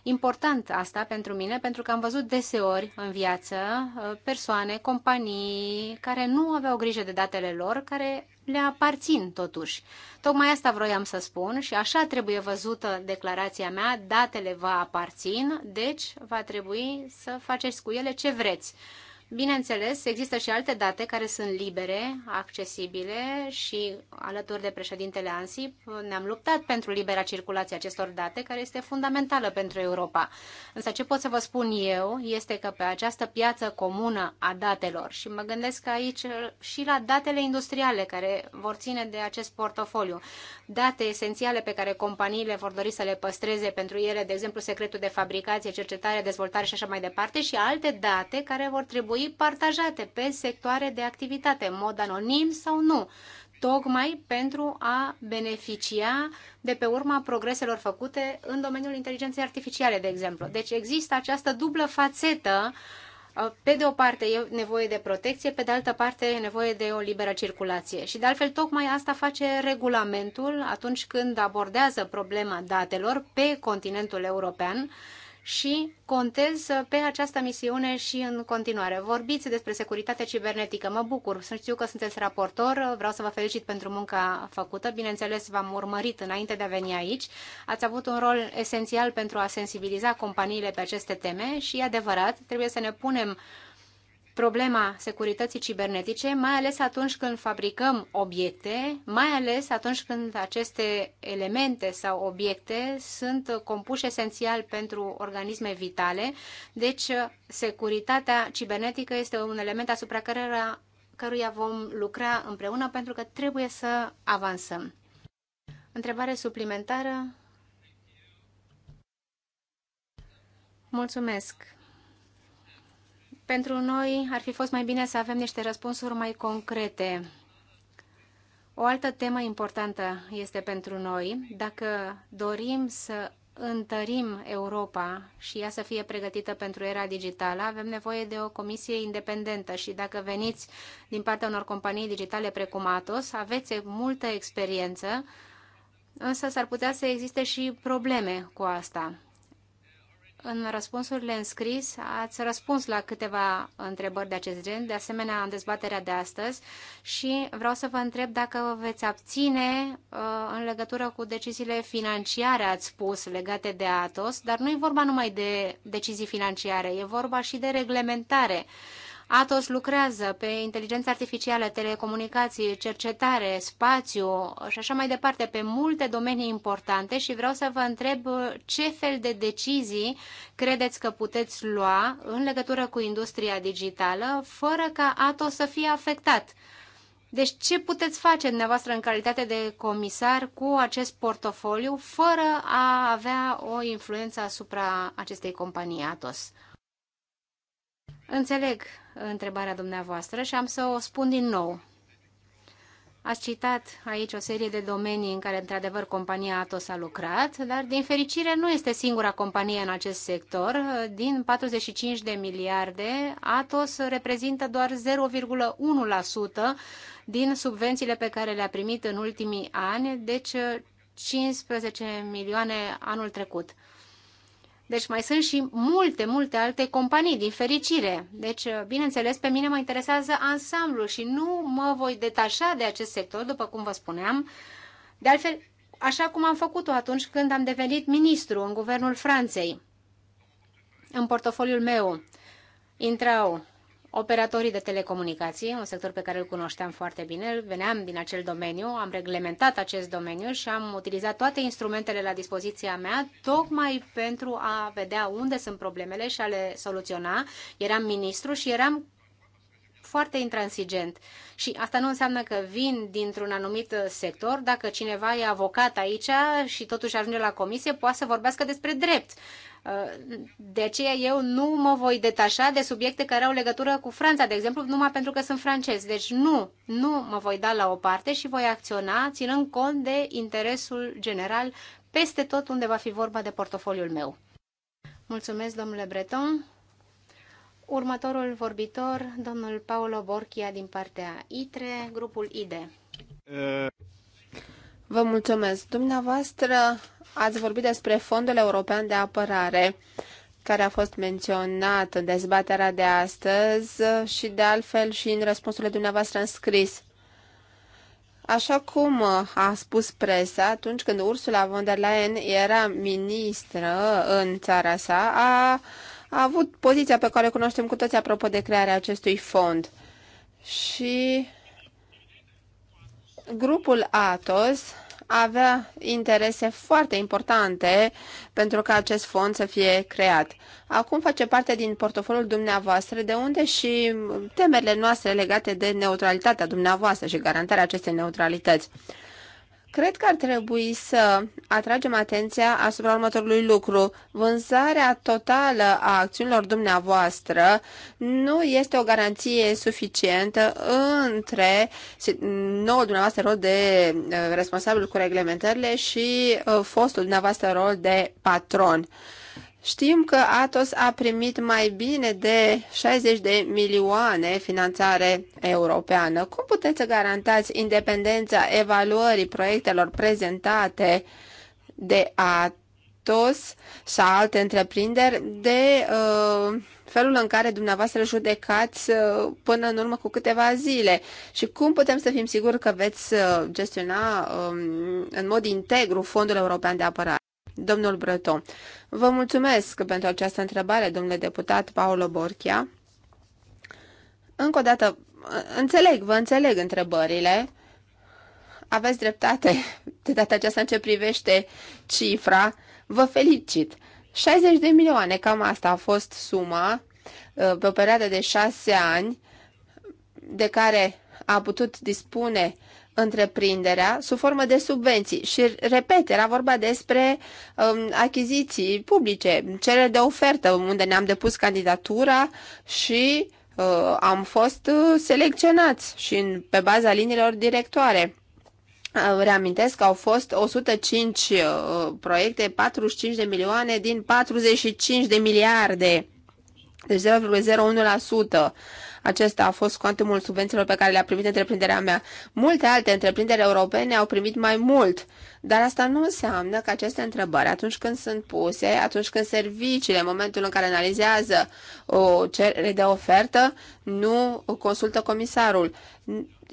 Important asta pentru mine, pentru că am văzut deseori în viață uh, persoane, companii care nu aveau grijă de datele lor, care le aparțin totuși. Tocmai asta vroiam să spun și așa trebuie văzută declarația mea, datele vă aparțin, deci va trebui să faceți cu ele ce vreți. Bineînțeles, există și alte date care sunt libere, accesibile și alături de președintele ANSIP ne-am luptat pentru libera circulație acestor date, care este fundamentală pentru Europa. Însă ce pot să vă spun eu este că pe această piață comună a datelor și mă gândesc aici și la datele industriale care vor ține de acest portofoliu, date esențiale pe care companiile vor dori să le păstreze pentru ele, de exemplu secretul de fabricație, cercetare, dezvoltare și așa mai departe și alte date care vor trebui trebui partajate pe sectoare de activitate, în mod anonim sau nu, tocmai pentru a beneficia de pe urma progreselor făcute în domeniul inteligenței artificiale, de exemplu. Deci există această dublă fațetă uh, pe de o parte e nevoie de protecție, pe de altă parte e nevoie de o liberă circulație. Și de altfel, tocmai asta face regulamentul atunci când abordează problema datelor pe continentul european și contez pe această misiune și în continuare. Vorbiți despre securitatea cibernetică, mă bucur, să știu că sunteți raportor, vreau să vă felicit pentru munca făcută, bineînțeles v-am urmărit înainte de a veni aici, ați avut un rol esențial pentru a sensibiliza companiile pe aceste teme și e adevărat, trebuie să ne punem uh, problema securității cibernetice, mai ales atunci când fabricăm obiecte, mai ales atunci când aceste elemente sau obiecte sunt compuși esențial pentru organisme vitale. Deci, securitatea cibernetică este un element asupra căruia, căruia vom lucra împreună pentru că trebuie să avansăm. Întrebare suplimentară? Mulțumesc! Pentru noi ar fi fost mai bine să avem niște răspunsuri mai concrete. O altă temă importantă este pentru noi, dacă dorim să întărim Europa și ea să fie pregătită pentru era digitală, avem nevoie de o comisie independentă și dacă veniți din partea unor companii digitale precum Atos, aveți multă experiență, însă s-ar putea să existe și probleme cu asta în răspunsurile înscris ați răspuns la câteva întrebări de acest gen, de asemenea în dezbaterea de astăzi și vreau să vă întreb dacă vă veți abține uh, în legătură cu deciziile financiare, ați spus, legate de Atos, dar nu e vorba numai de decizii financiare, e vorba și de reglementare. Atos lucrează pe inteligență artificială, telecomunicații, cercetare, spațiu și așa mai departe, pe multe domenii importante și vreau să vă întreb ce fel de decizii credeți că puteți lua în legătură cu industria digitală fără ca Atos să fie afectat. Deci ce puteți face dumneavoastră în calitate de comisar cu acest portofoliu fără a avea o influență asupra acestei companii Atos? Înțeleg întrebarea dumneavoastră și am să o spun din nou. Ați citat aici o serie de domenii în care, într-adevăr, compania Atos a lucrat, dar, din fericire, nu este singura companie în acest sector. Din 45 de miliarde, Atos reprezintă doar 0,1% din subvențiile pe care le-a primit în ultimii ani, deci 15 milioane anul trecut. Deci mai sunt și multe, multe alte companii, din fericire. Deci, uh, bineînțeles, pe mine mă interesează ansamblu și nu mă voi detașa de acest sector, după cum vă spuneam. De altfel, așa cum am făcut-o atunci când am devenit ministru în guvernul Franței. În portofoliul meu intrau Operatorii de telecomunicații, un sector pe care îl cunoșteam foarte bine, veneam din acel domeniu, am reglementat acest domeniu și am utilizat toate instrumentele la dispoziția mea tocmai pentru a vedea unde sunt problemele și a le soluționa. Eram ministru și eram foarte intransigent. Și asta nu înseamnă că vin dintr-un anumit sector. Dacă cineva e avocat aici și totuși ajunge la comisie, poate să vorbească despre drept. De aceea eu nu mă voi detașa de subiecte care au legătură cu Franța, de exemplu, numai pentru că sunt francez. Deci nu, nu mă voi da la o parte și voi acționa ținând cont de interesul general peste tot unde va fi vorba de portofoliul meu. Mulțumesc, domnule Breton. Următorul vorbitor, domnul Paolo Borchia din partea ITRE, grupul IDE. Vă mulțumesc. Dumneavoastră ați vorbit despre Fondul European de Apărare, care a fost menționat în dezbaterea de astăzi și de altfel și în răspunsurile dumneavoastră în scris. Așa cum a spus presa, atunci când Ursula von der Leyen era ministră în țara sa, a a avut poziția pe care o cunoaștem cu toți apropo de crearea acestui fond. Și grupul Atos avea interese foarte importante pentru ca acest fond să fie creat. Acum face parte din portofoliul dumneavoastră, de unde și temerile noastre legate de neutralitatea dumneavoastră și garantarea acestei neutralități. Cred că ar trebui să atragem atenția asupra următorului lucru. Vânzarea totală a acțiunilor dumneavoastră nu este o garanție suficientă între noul dumneavoastră rol de eh, responsabil cu reglementările și eh, fostul dumneavoastră rol de patron. Știm că Atos a primit mai bine de 60 de milioane finanțare europeană. Cum puteți să garantați independența evaluării proiectelor prezentate de Atos sau alte întreprinderi de uh, felul în care dumneavoastră judecați uh, până în urmă cu câteva zile și cum putem să fim siguri că veți uh, gestiona uh, în mod integru Fondul European de Apărare? domnul Brăto. Vă mulțumesc pentru această întrebare, domnule deputat Paolo Borchia. Încă o dată, înțeleg, vă înțeleg întrebările. Aveți dreptate de data aceasta în ce privește cifra. Vă felicit. 60 de milioane, cam asta a fost suma uh, pe o perioadă de șase ani de care a putut dispune întreprinderea sub formă de subvenții. Și, repet, era vorba despre um, achiziții publice, cereri de ofertă, unde ne-am depus candidatura și uh, am fost uh, selecționați și în, pe baza liniilor directoare. Uh, reamintesc că au fost 105 uh, proiecte, 45 de milioane din 45 de miliarde, deci 0,01%. Acesta a fost cuantumul subvențiilor pe care le-a primit întreprinderea mea. Multe alte întreprinderi europene au primit mai mult, dar asta nu înseamnă că aceste întrebări, atunci când sunt puse, atunci când serviciile, în momentul în care analizează o cerere de ofertă, nu consultă comisarul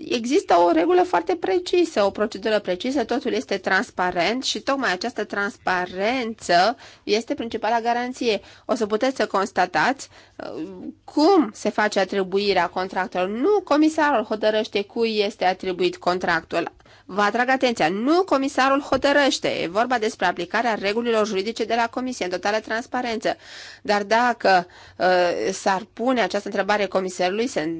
există o regulă foarte precisă, o procedură precisă, totul este transparent și tocmai această transparență este principala garanție. O să puteți să constatați uh, cum se face atribuirea contractelor. Nu comisarul hotărăște cui este atribuit contractul. Vă atrag atenția, nu comisarul hotărăște. E vorba despre aplicarea regulilor juridice de la comisie, în totală transparență. Dar dacă uh, s-ar pune această întrebare comisarului, se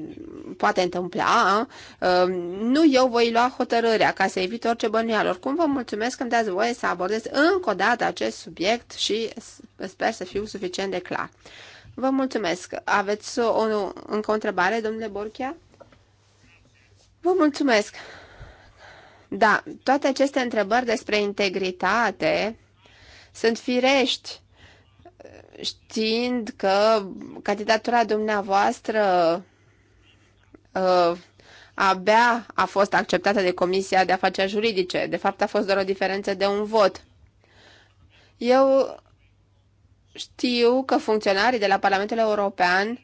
poate întâmpla, uh, Um, nu eu voi lua hotărârea ca să evit orice bănuială. Oricum vă mulțumesc că îmi dați voie să abordez încă o dată acest subiect și sper să fiu suficient de clar. Vă mulțumesc. Aveți o, încă o întrebare, domnule Borchia? Vă mulțumesc. Da, toate aceste întrebări despre integritate sunt firești, știind că candidatura dumneavoastră uh, abia a fost acceptată de Comisia de Afaceri Juridice. De fapt, a fost doar o diferență de un vot. Eu știu că funcționarii de la Parlamentul European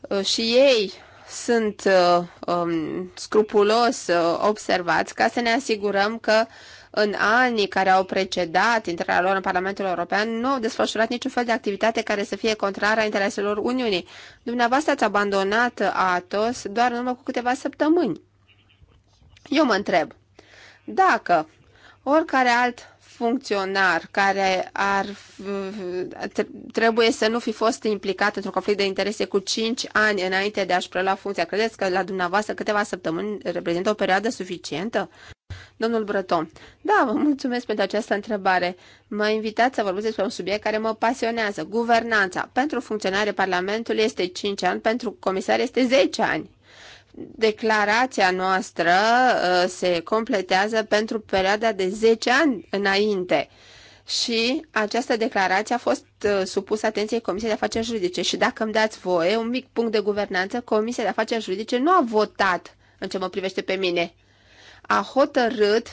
uh, și ei sunt uh, um, scrupulos uh, observați ca să ne asigurăm că uh, în anii care au precedat intrarea lor în Parlamentul European, nu au desfășurat niciun fel de activitate care să fie contrară intereselor Uniunii. Dumneavoastră ați abandonat Atos doar în urmă cu câteva săptămâni. Eu mă întreb, dacă oricare alt funcționar care ar trebuie să nu fi fost implicat într-un conflict de interese cu 5 ani înainte de a-și prelua funcția. Credeți că la dumneavoastră câteva săptămâni reprezintă o perioadă suficientă? Domnul Brăton, da, vă mulțumesc pentru această întrebare. Mă invitați să vorbesc despre un subiect care mă pasionează, guvernanța. Pentru funcționare Parlamentului este 5 ani, pentru comisar este 10 ani declarația noastră uh, se completează pentru perioada de 10 ani înainte și această declarație a fost uh, supusă atenției Comisiei de Afaceri Juridice și dacă îmi dați voie, un mic punct de guvernanță, Comisia de Afaceri Juridice nu a votat în ce mă privește pe mine. A hotărât,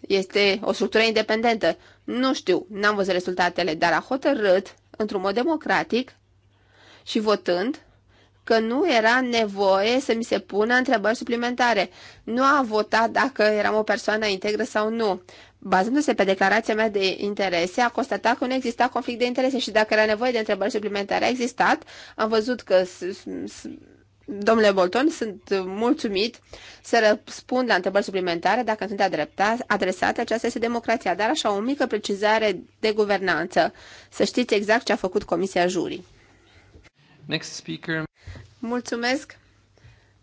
este o structură independentă, nu știu, n-am văzut rezultatele, dar a hotărât, într-un mod democratic și votând, că nu era nevoie să mi se pună întrebări suplimentare. Nu a votat dacă eram o persoană integră sau nu. Bazându-se pe declarația mea de interese, a constatat că nu exista conflict de interese și dacă era nevoie de întrebări suplimentare, a existat. Am văzut că Domnule Bolton, sunt mulțumit să răspund la întrebări suplimentare dacă sunt adresate. Aceasta este democrația, dar așa o mică precizare de guvernanță. Să știți exact ce a făcut Comisia Jurii. Next speaker. Mulțumesc,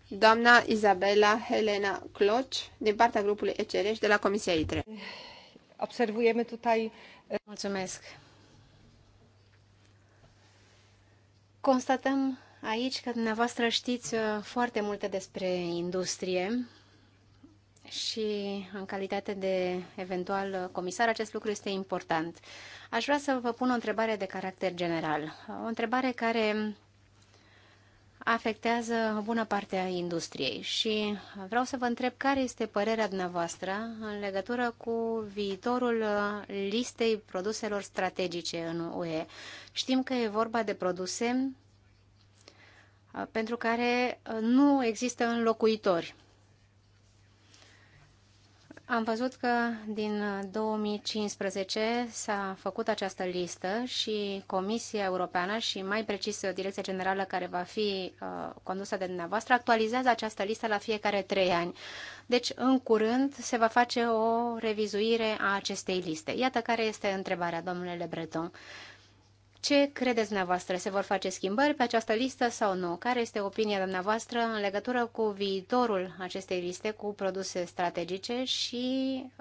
doamna Izabela Helena Cloci, din partea grupului ECR și de la Comisia ITRE. Observujemy tutaj... Mulțumesc. Constatăm aici că dumneavoastră știți foarte multe despre industrie și în calitate de eventual comisar acest lucru este important. Aș vrea să vă pun o întrebare de caracter general, o întrebare care afectează o bună parte a industriei și vreau să vă întreb care este părerea dumneavoastră în legătură cu viitorul listei produselor strategice în UE. Știm că e vorba de produse uh, pentru care uh, nu există înlocuitori. Am văzut că din 2015 uh, s-a făcut această listă și Comisia Europeană și mai precis Direcția generală care va fi uh, condusă de dumneavoastră actualizează această listă la fiecare trei ani. Deci, în curând, se va face o revizuire a acestei liste. Iată care este întrebarea, domnule Breton. Ce credeți dumneavoastră? Se vor face schimbări pe această listă sau nu? Care este opinia dumneavoastră în legătură cu viitorul acestei liste cu produse strategice și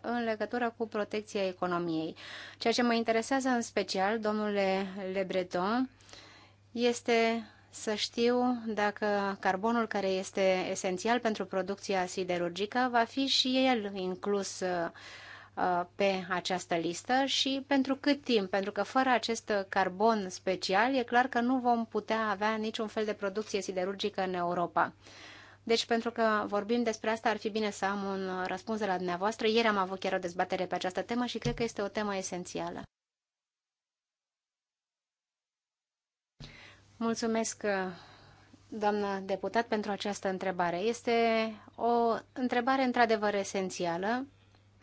în legătură cu protecția economiei? Ceea ce mă interesează în special, domnule Le Breton, este să știu dacă carbonul care este esențial pentru producția siderurgică va fi și el inclus Uh, pe această listă și pentru cât timp, pentru că fără acest carbon special e clar că nu vom putea avea niciun fel de producție siderurgică în Europa. Deci, pentru că vorbim despre asta, ar fi bine să am un răspuns de la dumneavoastră. Ieri am avut chiar o dezbatere pe această temă și cred că este o temă esențială. Mulțumesc, uh, doamnă deputat, pentru această întrebare. Este o întrebare într-adevăr esențială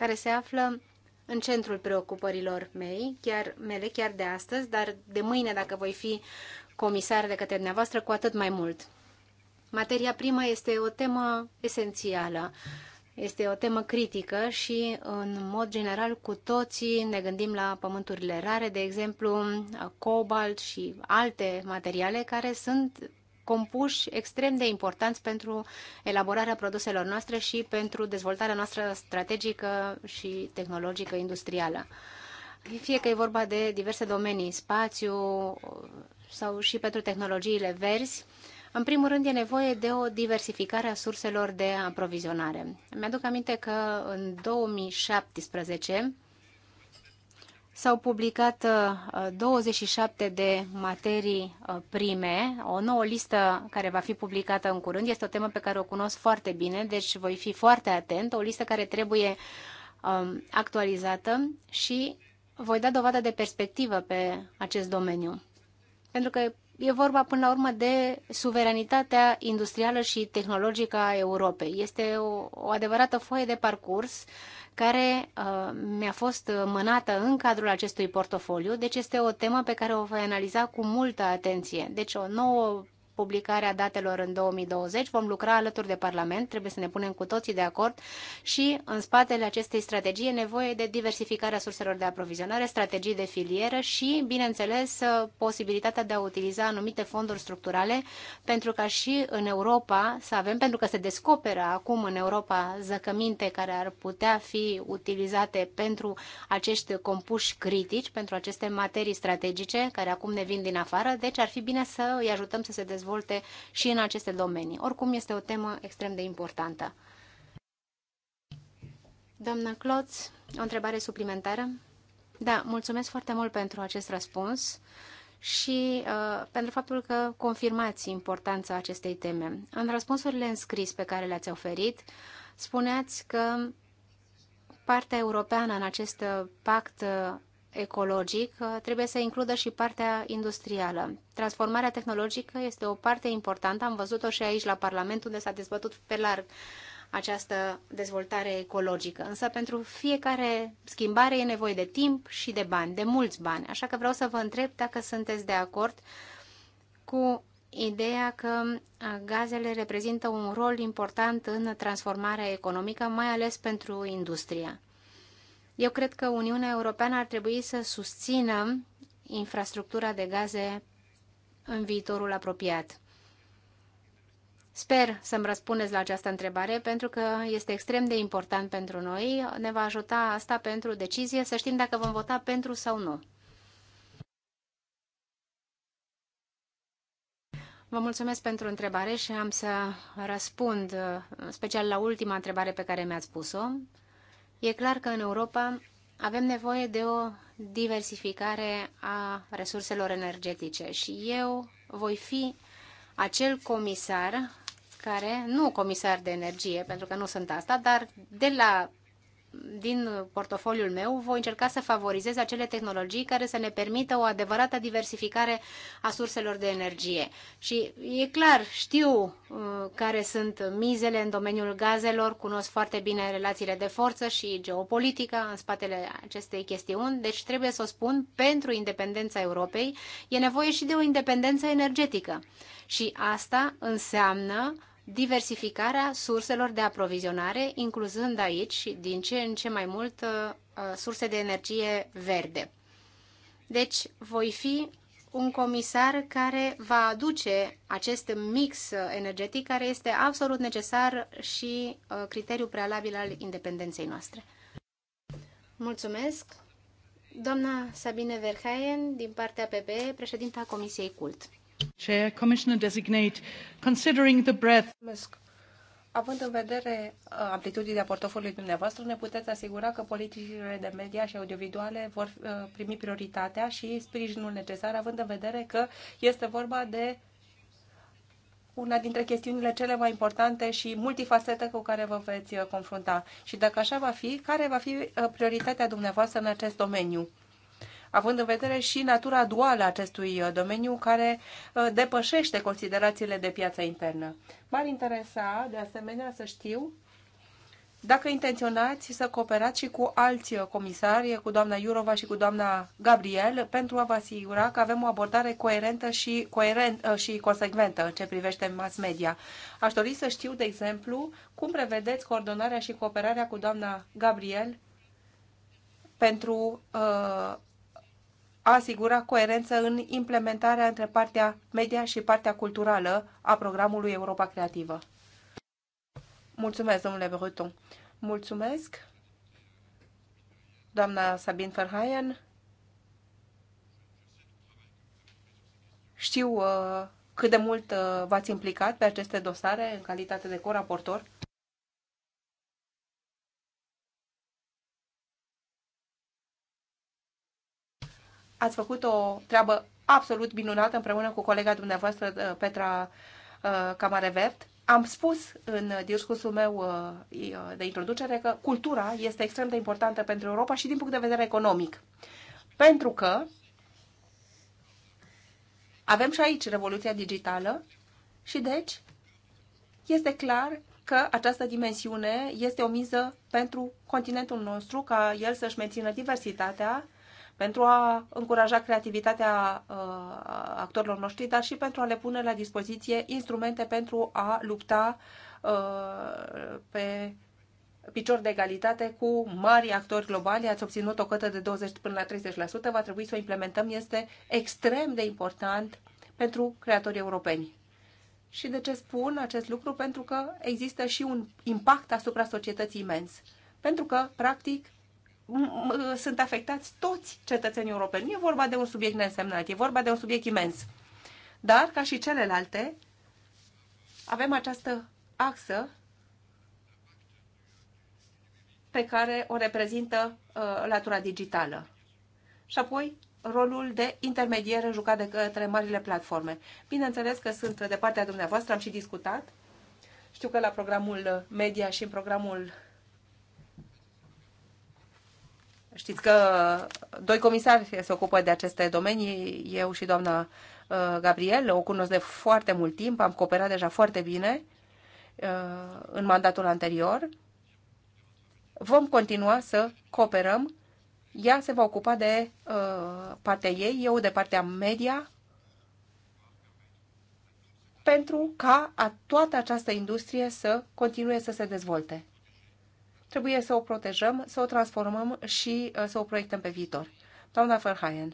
care se află în centrul preocupărilor mei, chiar mele, chiar de astăzi, dar de mâine, dacă voi fi comisar de către dumneavoastră, cu atât mai mult. Materia primă este o temă esențială, este o temă critică și, în mod general, cu toții ne gândim la pământurile rare, de exemplu, cobalt și alte materiale care sunt compuși extrem de importanți pentru elaborarea produselor noastre și pentru dezvoltarea noastră strategică și tehnologică industrială. Fie că e vorba de diverse domenii, spațiu sau și pentru tehnologiile verzi, în primul rând, e nevoie de o diversificare a surselor de aprovizionare. Mi-aduc aminte că în 2017 S-au publicat 27 uh, de materii uh, prime, o nouă listă care va fi publicată în curând. Este o temă pe care o cunosc foarte bine, deci voi fi foarte atent. O listă care trebuie um, actualizată și voi da dovadă de perspectivă pe acest domeniu. Pentru că E vorba până la urmă de suveranitatea industrială și tehnologică a Europei. Este o, o adevărată foaie de parcurs care uh, mi-a fost mânată în cadrul acestui portofoliu, deci este o temă pe care o voi analiza cu multă atenție. Deci o nouă publicarea datelor în 2020. Vom lucra alături de Parlament, trebuie să ne punem cu toții de acord și în spatele acestei strategii e nevoie de diversificarea surselor de aprovizionare, strategii de filieră și, bineînțeles, posibilitatea de a utiliza anumite fonduri structurale pentru ca și în Europa să avem, pentru că se descoperă acum în Europa zăcăminte care ar putea fi utilizate pentru acești compuși critici, pentru aceste materii strategice care acum ne vin din afară, deci ar fi bine să îi ajutăm să se dezvolte dezvolte și în aceste domenii. Oricum, este o temă extrem de importantă. Doamnă Cloț, o întrebare suplimentară? Da, mulțumesc foarte mult pentru acest răspuns și uh, pentru faptul că confirmați importanța acestei teme. În răspunsurile în scris pe care le-ați oferit, spuneați că partea europeană în acest pact uh, ecologic uh, trebuie să includă și partea industrială. Transformarea tehnologică este o parte importantă, am văzut-o și aici la Parlament, unde s-a dezbătut pe larg această dezvoltare ecologică. Însă pentru fiecare schimbare e nevoie de timp și de bani, de mulți bani. Așa că vreau să vă întreb dacă sunteți de acord cu ideea că uh, gazele reprezintă un rol important în transformarea economică, mai ales pentru industria. Eu cred că Uniunea Europeană ar trebui să susțină infrastructura de gaze în viitorul apropiat. Sper să-mi răspundeți la această întrebare, pentru că este extrem de important pentru noi. Ne va ajuta asta pentru decizie, să știm dacă vom vota pentru sau nu. Vă mulțumesc pentru întrebare și am să răspund special la ultima întrebare pe care mi-ați pus-o. E clar că în Europa avem nevoie de o diversificare a resurselor energetice și eu voi fi acel comisar care, nu comisar de energie, pentru că nu sunt asta, dar de la din portofoliul meu, voi încerca să favorizez acele tehnologii care să ne permită o adevărată diversificare a surselor de energie. Și e clar, știu uh, care sunt mizele în domeniul gazelor, cunosc foarte bine relațiile de forță și geopolitica în spatele acestei chestiuni, deci trebuie să o spun, pentru independența Europei e nevoie și de o independență energetică. Și asta înseamnă diversificarea surselor de aprovizionare, incluzând aici din ce în ce mai mult uh, uh, surse de energie verde. Deci voi fi un comisar care va aduce acest mix energetic care este absolut necesar și uh, criteriu prealabil al independenței noastre. Mulțumesc! Doamna Sabine Verheyen, din partea PPE, președinta Comisiei Cult. Chair, Commissioner Designate, considering the breadth... Mulțumesc. Având în vedere uh, amplitudinea portofoliului dumneavoastră, ne puteți asigura că politicile de media și audiovizuale vor uh, primi prioritatea și sprijinul necesar, având în vedere că este vorba de una dintre chestiunile cele mai importante și multifacete cu care vă veți uh, confrunta. Și dacă așa va fi, care va fi prioritatea dumneavoastră în acest domeniu? având în vedere și natura duală a acestui uh, domeniu care uh, depășește considerațiile de piață internă. M-ar interesa, de asemenea, să știu dacă intenționați să cooperați și cu alți uh, comisari, cu doamna Iurova și cu doamna Gabriel, pentru a vă asigura că avem o abordare coerentă și, coerent, și consecventă în ce privește mass media. Aș dori să știu, de exemplu, cum prevedeți coordonarea și cooperarea cu doamna Gabriel pentru uh, asigura coerență în implementarea între partea media și partea culturală a programului Europa Creativă. Mulțumesc, domnule Breton. Mulțumesc, doamna Sabine Verheyen. Știu uh, cât de mult uh, v-ați implicat pe aceste dosare în calitate de coraportor. raportor Ați făcut o treabă absolut minunată împreună cu colega dumneavoastră, uh, Petra uh, Camarevert. Am spus în discursul meu uh, de introducere că cultura este extrem de importantă pentru Europa și din punct de vedere economic. Pentru că avem și aici revoluția digitală și deci este clar că această dimensiune este o miză pentru continentul nostru ca el să-și mențină diversitatea pentru a încuraja creativitatea uh, actorilor noștri, dar și pentru a le pune la dispoziție instrumente pentru a lupta uh, pe picior de egalitate cu mari actori globali, ați obținut o cotă de 20 până la 30%, va trebui să o implementăm, este extrem de important pentru creatorii europeni. Și de ce spun acest lucru? Pentru că există și un impact asupra societății imens. Pentru că, practic, sunt afectați toți cetățenii europeni. Nu e vorba de un subiect neînsemnat, e vorba de un subiect imens. Dar, ca și celelalte, avem această axă pe care o reprezintă uh, latura digitală. Și apoi rolul de intermediere jucat de către marile platforme. Bineînțeles că sunt de partea dumneavoastră, am și discutat. Știu că la programul media și în programul Știți că doi comisari se ocupă de aceste domenii, eu și doamna uh, Gabriel, o cunosc de foarte mult timp, am cooperat deja foarte bine uh, în mandatul anterior. Vom continua să cooperăm. Ea se va ocupa de uh, partea ei, eu de partea media, pentru ca toată această industrie să continue să se dezvolte trebuie să o protejăm, să o transformăm și uh, să o proiectăm pe viitor. Doamna Verhaien.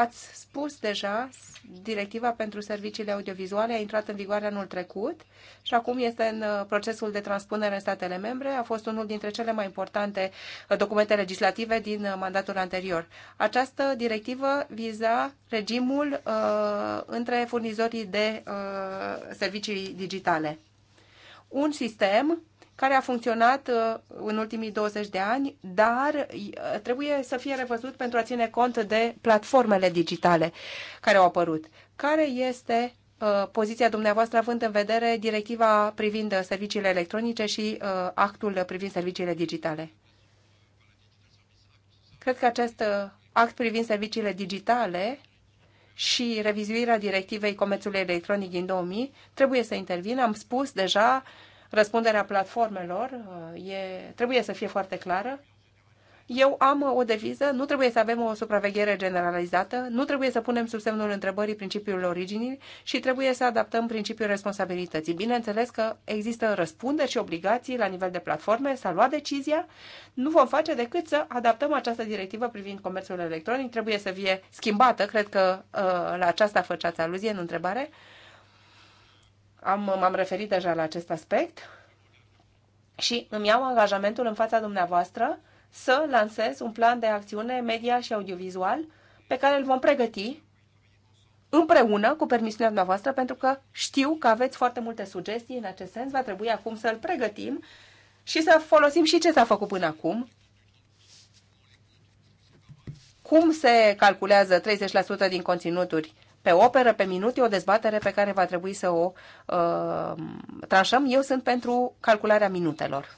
Ați spus deja, directiva pentru serviciile audiovizuale a intrat în vigoare anul trecut și acum este în uh, procesul de transpunere în statele membre. A fost unul dintre cele mai importante uh, documente legislative din uh, mandatul anterior. Această directivă viza regimul uh, între furnizorii de uh, servicii digitale. Un sistem care a funcționat uh, în ultimii 20 de ani, dar uh, trebuie să fie revăzut pentru a ține cont de platformele digitale care au apărut. Care este uh, poziția dumneavoastră având în vedere directiva privind serviciile electronice și actul privind serviciile digitale? Cred că acest act privind serviciile digitale și revizuirea directivei comerțului electronic din 2000 trebuie să intervină. Am spus deja Răspunderea platformelor uh, e, trebuie să fie foarte clară. Eu am o deviză, nu trebuie să avem o supraveghere generalizată, nu trebuie să punem sub semnul întrebării principiul originii și trebuie să adaptăm principiul responsabilității. Bineînțeles că există răspunderi și obligații la nivel de platforme, s-a luat decizia, nu vom face decât să adaptăm această directivă privind comerțul electronic, trebuie să fie schimbată, cred că uh, la aceasta făceați aluzie în întrebare, am, m-am referit deja la acest aspect și îmi iau angajamentul în fața dumneavoastră să lansez un plan de acțiune media și audiovizual pe care îl vom pregăti împreună cu permisiunea dumneavoastră, pentru că știu că aveți foarte multe sugestii în acest sens. Va trebui acum să îl pregătim și să folosim și ce s-a făcut până acum. Cum se calculează 30% din conținuturi pe operă, pe minute, o dezbatere pe care va trebui să o uh, tranșăm. Eu sunt pentru calcularea minutelor.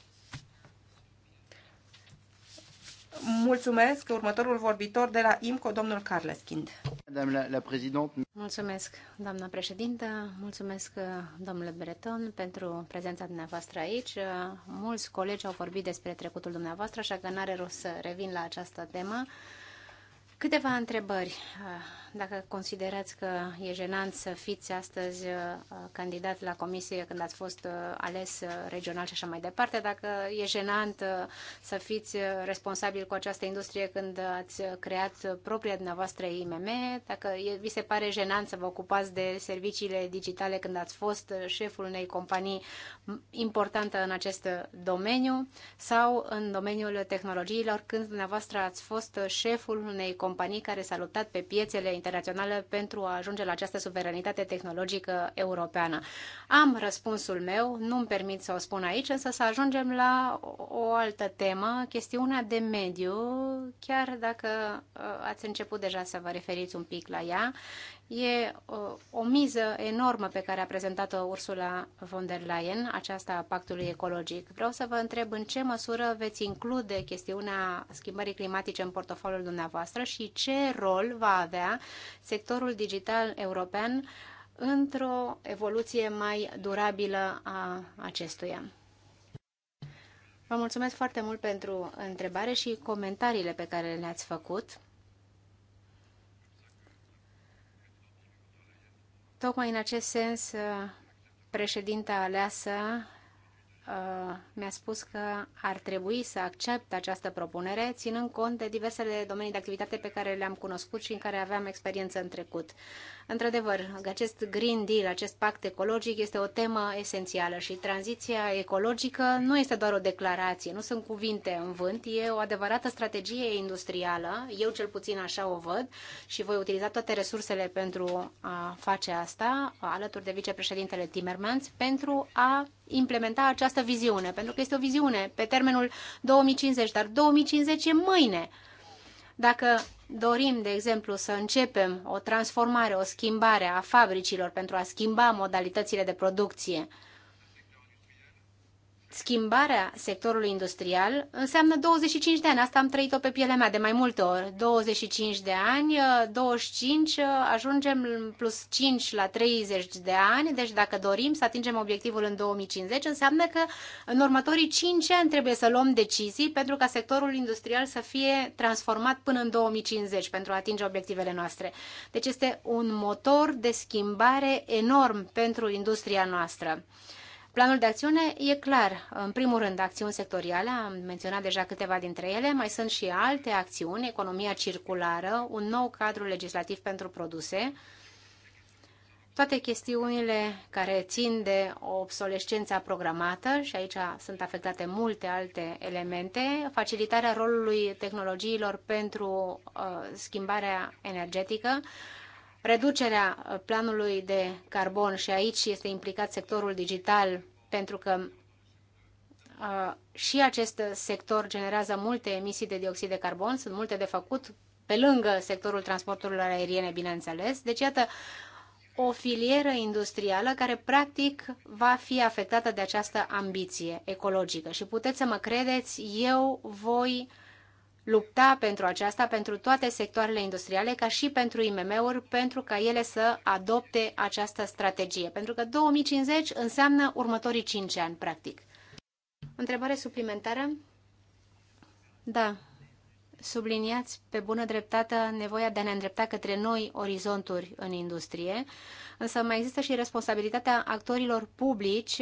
Mulțumesc. Următorul vorbitor de la IMCO, domnul Carleskind. Mulțumesc, doamna președintă. Mulțumesc, uh, domnule Breton, pentru prezența dumneavoastră aici. Uh, mulți colegi au vorbit despre trecutul dumneavoastră, așa că n-are rost să revin la această temă. Câteva întrebări. Ah, dacă considerați că e jenant să fiți astăzi ah, candidat la comisie când ați fost ah, ales regional și așa mai departe, dacă e jenant să fiți responsabil cu această industrie când ați creat propria dumneavoastră IMM, dacă vi se pare jenant să vă ocupați de serviciile digitale când ați fost șeful unei companii importantă în acest domeniu sau în domeniul tehnologiilor când dumneavoastră ați fost șeful unei companii companii care s-a luptat pe piețele internaționale pentru a ajunge la această suveranitate tehnologică europeană. Am răspunsul meu, nu-mi permit să o spun aici, însă să ajungem la o altă temă, chestiunea de mediu, chiar dacă uh, ați început deja să vă referiți un pic la ea. E o, o miză enormă pe care a prezentat-o Ursula von der Leyen, aceasta a pactului ecologic. Vreau să vă întreb în ce măsură veți include chestiunea schimbării climatice în portofoliul dumneavoastră și ce rol va avea sectorul digital european într-o evoluție mai durabilă a acestuia. Vă mulțumesc foarte mult pentru întrebare și comentariile pe care le-ați făcut. Tocmai în acest sens, uh, președinta aleasă uh, mi-a spus că ar trebui să accept această propunere, ținând cont de diversele domenii de activitate pe care le-am cunoscut și în care aveam experiență în trecut. Într-adevăr, acest Green Deal, acest pact ecologic este o temă esențială și tranziția ecologică nu este doar o declarație, nu sunt cuvinte în vânt, e o adevărată strategie industrială, eu cel puțin așa o văd și voi utiliza toate resursele pentru a face asta, alături de vicepreședintele Timmermans, pentru a implementa această viziune, pentru că este o viziune pe termenul 2050, dar 2050 e mâine. Dacă dorim, de exemplu, să începem o transformare, o schimbare a fabricilor pentru a schimba modalitățile de producție, schimbarea sectorului industrial înseamnă 25 de ani. Asta am trăit-o pe pielea mea de mai multe ori. 25 de ani, 25, ajungem plus 5 la 30 de ani. Deci dacă dorim să atingem obiectivul în 2050, înseamnă că în următorii 5 ani trebuie să luăm decizii pentru ca sectorul industrial să fie transformat până în 2050 pentru a atinge obiectivele noastre. Deci este un motor de schimbare enorm pentru industria noastră. Planul de acțiune e clar. În primul rând, acțiuni sectoriale, am menționat deja câteva dintre ele, mai sunt și alte acțiuni, economia circulară, un nou cadru legislativ pentru produse, toate chestiunile care țin de obsolescența programată, și aici sunt afectate multe alte elemente, facilitarea rolului tehnologiilor pentru uh, schimbarea energetică, uh, reducerea uh, planului de carbon și aici este implicat sectorul digital pentru că uh, și acest sector generează multe emisii de dioxid de carbon, sunt multe de făcut, pe lângă sectorul transporturilor aeriene, bineînțeles. Deci, iată, o filieră industrială care practic va fi afectată de această ambiție ecologică. Și puteți să mă credeți, eu voi lupta pentru aceasta, pentru toate sectoarele industriale, ca și pentru IMM-uri, pentru ca ele să adopte această strategie. Pentru că 2050 înseamnă următorii 5 ani, practic. Întrebare suplimentară? Da. Subliniați pe bună dreptate nevoia de a ne îndrepta către noi orizonturi în industrie, însă mai există și responsabilitatea actorilor publici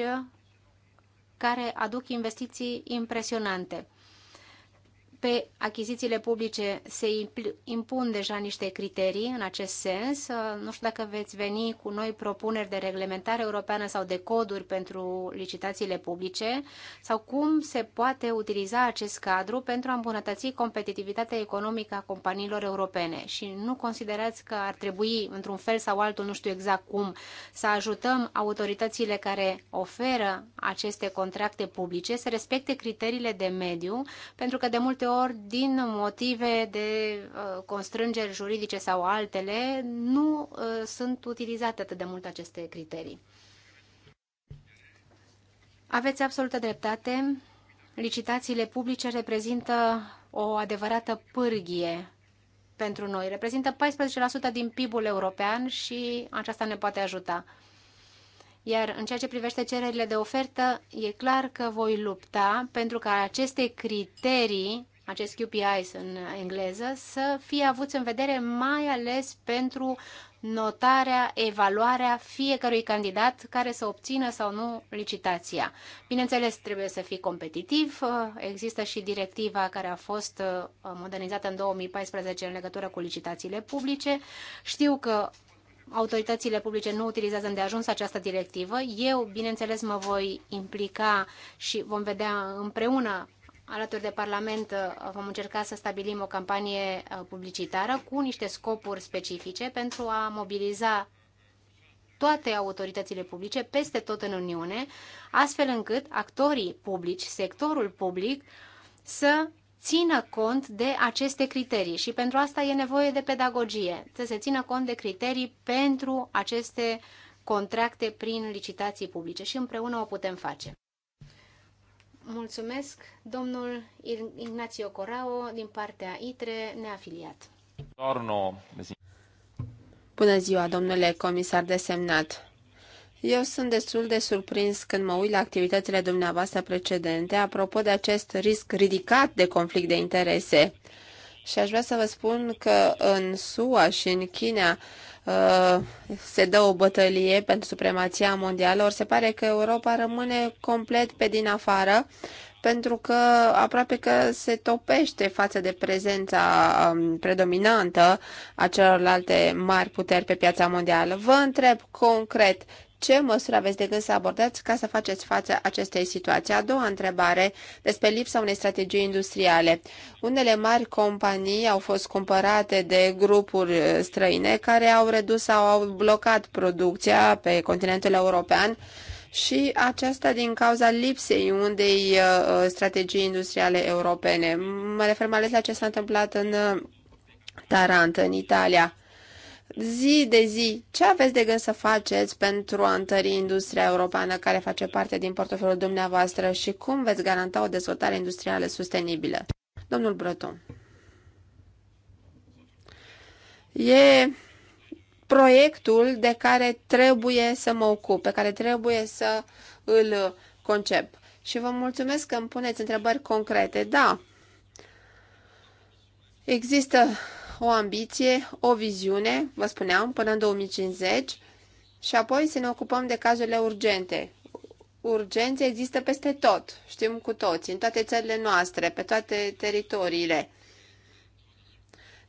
care aduc investiții impresionante pe achizițiile publice se impun deja niște criterii în acest sens. Nu știu dacă veți veni cu noi propuneri de reglementare europeană sau de coduri pentru licitațiile publice sau cum se poate utiliza acest cadru pentru a îmbunătăți competitivitatea economică a companiilor europene și nu considerați că ar trebui, într-un fel sau altul, nu știu exact cum, să ajutăm autoritățile care oferă aceste contracte publice să respecte criteriile de mediu, pentru că de multe ori, din motive de uh, constrângeri juridice sau altele, nu uh, sunt utilizate atât de mult aceste criterii. Aveți absolută dreptate. Licitațiile publice reprezintă o adevărată pârghie pentru noi. Reprezintă 14% din PIB-ul european și aceasta ne poate ajuta. Iar în ceea ce privește cererile de ofertă, e clar că voi lupta pentru ca aceste criterii acest QPIs în engleză, să fie avuți în vedere mai ales pentru notarea, evaluarea fiecărui candidat care să obțină sau nu licitația. Bineînțeles, trebuie să fii competitiv. Există și directiva care a fost uh, modernizată în 2014 în legătură cu licitațiile publice. Știu că autoritățile publice nu utilizează îndeajuns această directivă. Eu, bineînțeles, mă voi implica și vom vedea împreună alături de Parlament uh, vom încerca să stabilim o campanie uh, publicitară cu niște scopuri specifice pentru a mobiliza toate autoritățile publice peste tot în Uniune, astfel încât actorii publici, sectorul public, să țină cont de aceste criterii și pentru asta e nevoie de pedagogie, să se țină cont de criterii pentru aceste contracte prin licitații publice și împreună o putem face. Mulțumesc, domnul Ignacio Corao, din partea ITRE, neafiliat. Bună ziua, domnule comisar desemnat. Eu sunt destul de surprins când mă uit la activitățile dumneavoastră precedente apropo de acest risc ridicat de conflict de interese. Și aș vrea să vă spun că în SUA și în China Uh, se dă o bătălie pentru supremația mondială, ori se pare că Europa rămâne complet pe din afară, pentru că aproape că se topește față de prezența um, predominantă a celorlalte mari puteri pe piața mondială. Vă întreb concret, ce măsuri aveți de gând să abordați ca să faceți față acestei situații? A doua întrebare, despre lipsa unei strategii industriale. Unele mari companii au fost cumpărate de grupuri uh, străine care au redus sau au blocat producția pe continentul european și aceasta din cauza lipsei unei uh, uh, strategii industriale europene. Mă refer mai ales la ce s-a întâmplat în Tarant, în Italia zi de zi, ce aveți de gând să faceți pentru a întări industria europeană care face parte din portofelul dumneavoastră și cum veți garanta o dezvoltare industrială sustenibilă? Domnul Breton. E proiectul de care trebuie să mă ocup, pe care trebuie să îl concep. Și vă mulțumesc că îmi puneți întrebări concrete. Da, există o ambiție, o viziune, vă spuneam, până în 2050 și apoi să ne ocupăm de cazurile urgente. Urgențe există peste tot, știm cu toți, în toate țările noastre, pe toate teritoriile,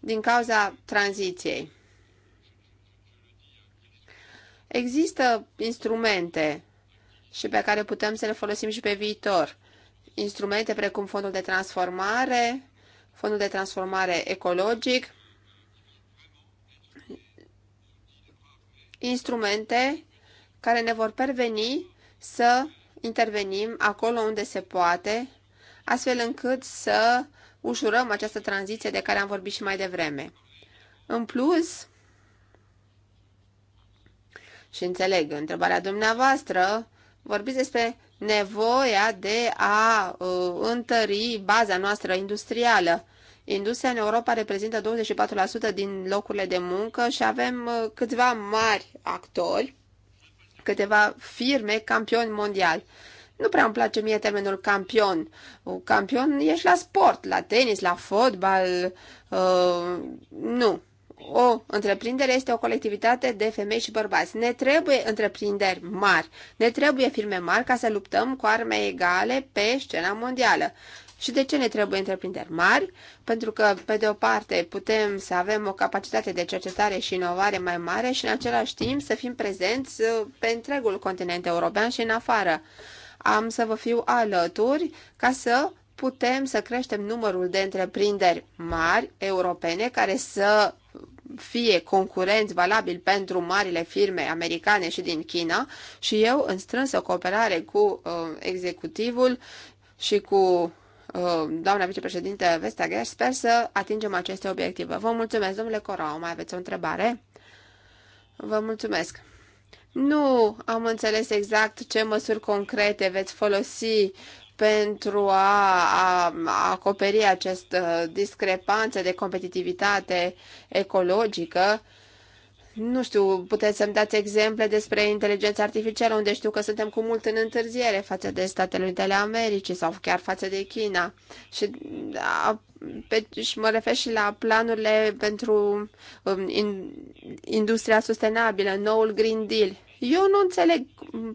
din cauza tranziției. Există instrumente și pe care putem să le folosim și pe viitor. Instrumente precum fondul de transformare, fondul de transformare ecologic, instrumente care ne vor perveni să intervenim acolo unde se poate, astfel încât să ușurăm această tranziție de care am vorbit și mai devreme. În plus, și înțeleg întrebarea dumneavoastră, vorbiți despre nevoia de a uh, întări baza noastră industrială. Industria în Europa reprezintă 24% din locurile de muncă și avem uh, câțiva mari actori, câteva firme campioni mondiali. Nu prea îmi place mie termenul campion. Uh, campion ești la sport, la tenis, la fotbal. Uh, nu. O întreprindere este o colectivitate de femei și bărbați. Ne trebuie întreprinderi mari, ne trebuie firme mari ca să luptăm cu arme egale pe scena mondială. Și de ce ne trebuie întreprinderi mari? Pentru că, pe de o parte, putem să avem o capacitate de cercetare și inovare mai mare și, în același timp, să fim prezenți uh, pe întregul continent european și în afară. Am să vă fiu alături ca să putem să creștem numărul de întreprinderi mari europene care să fie concurenți valabil pentru marile firme americane și din China și eu, în strânsă cooperare cu uh, executivul și cu Uh, doamna vicepreședinte Vestager, sper să atingem aceste obiective. Vă mulțumesc, domnule Corau, mai aveți o întrebare? Vă mulțumesc. Nu am înțeles exact ce măsuri concrete veți folosi pentru a, a, a acoperi această discrepanță de competitivitate ecologică nu știu, puteți să-mi dați exemple despre inteligența artificială, unde știu că suntem cu mult în întârziere față de Statele Unite ale Americii sau chiar față de China. Și, da, pe, și mă refer și la planurile pentru um, in, industria sustenabilă, noul Green Deal. Eu nu înțeleg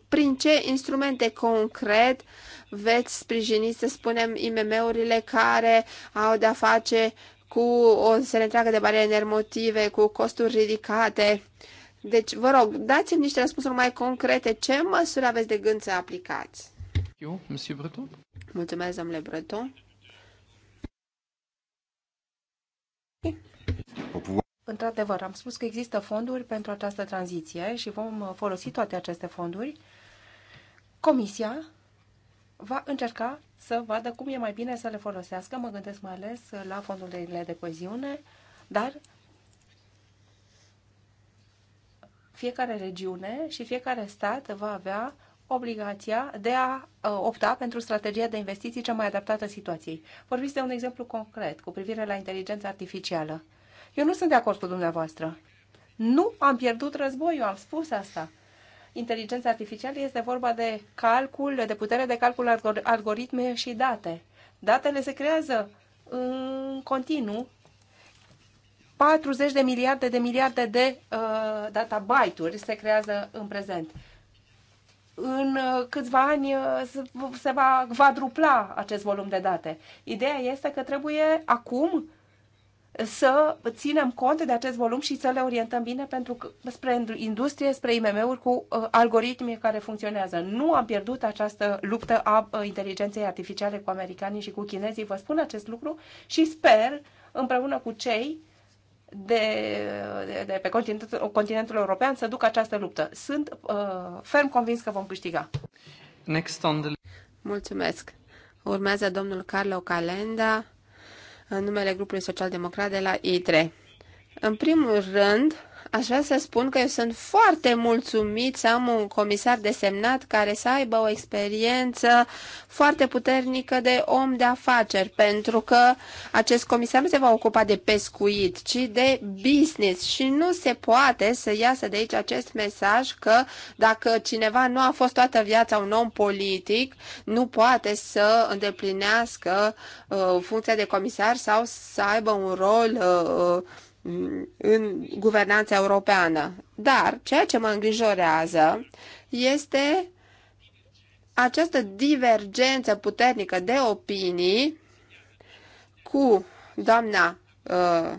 prin ce instrumente concret veți sprijini, să spunem, IMM-urile care au de-a face uh, cu o ne întreagă de bariere nermotive, cu costuri ridicate. Deci, vă rog, dați-mi niște răspunsuri mai concrete. Ce măsuri aveți de gând să aplicați? Eu, Monsieur Breton. Mulțumesc, domnule Breton. Într-adevăr, am spus că există fonduri pentru această tranziție și vom folosi toate aceste fonduri. Comisia va încerca să vadă cum e mai bine să le folosească. Mă gândesc mai ales la fondurile de coeziune, dar fiecare regiune și fiecare stat va avea obligația de a uh, opta pentru strategia de investiții cea mai adaptată situației. Vorbiți de un exemplu concret cu privire la inteligența artificială. Eu nu sunt de acord cu dumneavoastră. Nu am pierdut războiul, am spus asta inteligența artificială este vorba de calcul, de putere de calcul algoritme și date. Datele se creează în continuu 40 de miliarde de miliarde de uh, databyte-uri se creează în prezent. În uh, câțiva ani uh, se va quadrupla acest volum de date. Ideea este că trebuie acum să ținem cont de acest volum și să le orientăm bine pentru că, spre industrie, spre IMM-uri cu uh, algoritmi care funcționează. Nu am pierdut această luptă a uh, inteligenței artificiale cu americanii și cu chinezii. Vă spun acest lucru și sper, împreună cu cei de, de, de pe continentul, continentul european, să duc această luptă. Sunt uh, ferm convins că vom câștiga. Next on the... Mulțumesc. Urmează domnul Carlo Calenda în numele grupului social-democrat de la ITRE. În primul rând, Aș vrea să spun că eu sunt foarte mulțumit să am un comisar desemnat care să aibă o experiență foarte puternică de om de afaceri, pentru că acest comisar nu se va ocupa de pescuit, ci de business și nu se poate să iasă de aici acest mesaj că dacă cineva nu a fost toată viața un om politic, nu poate să îndeplinească uh, funcția de comisar sau să aibă un rol uh, uh, în guvernanța europeană. Dar ceea ce mă îngrijorează este această divergență puternică de opinii cu doamna uh,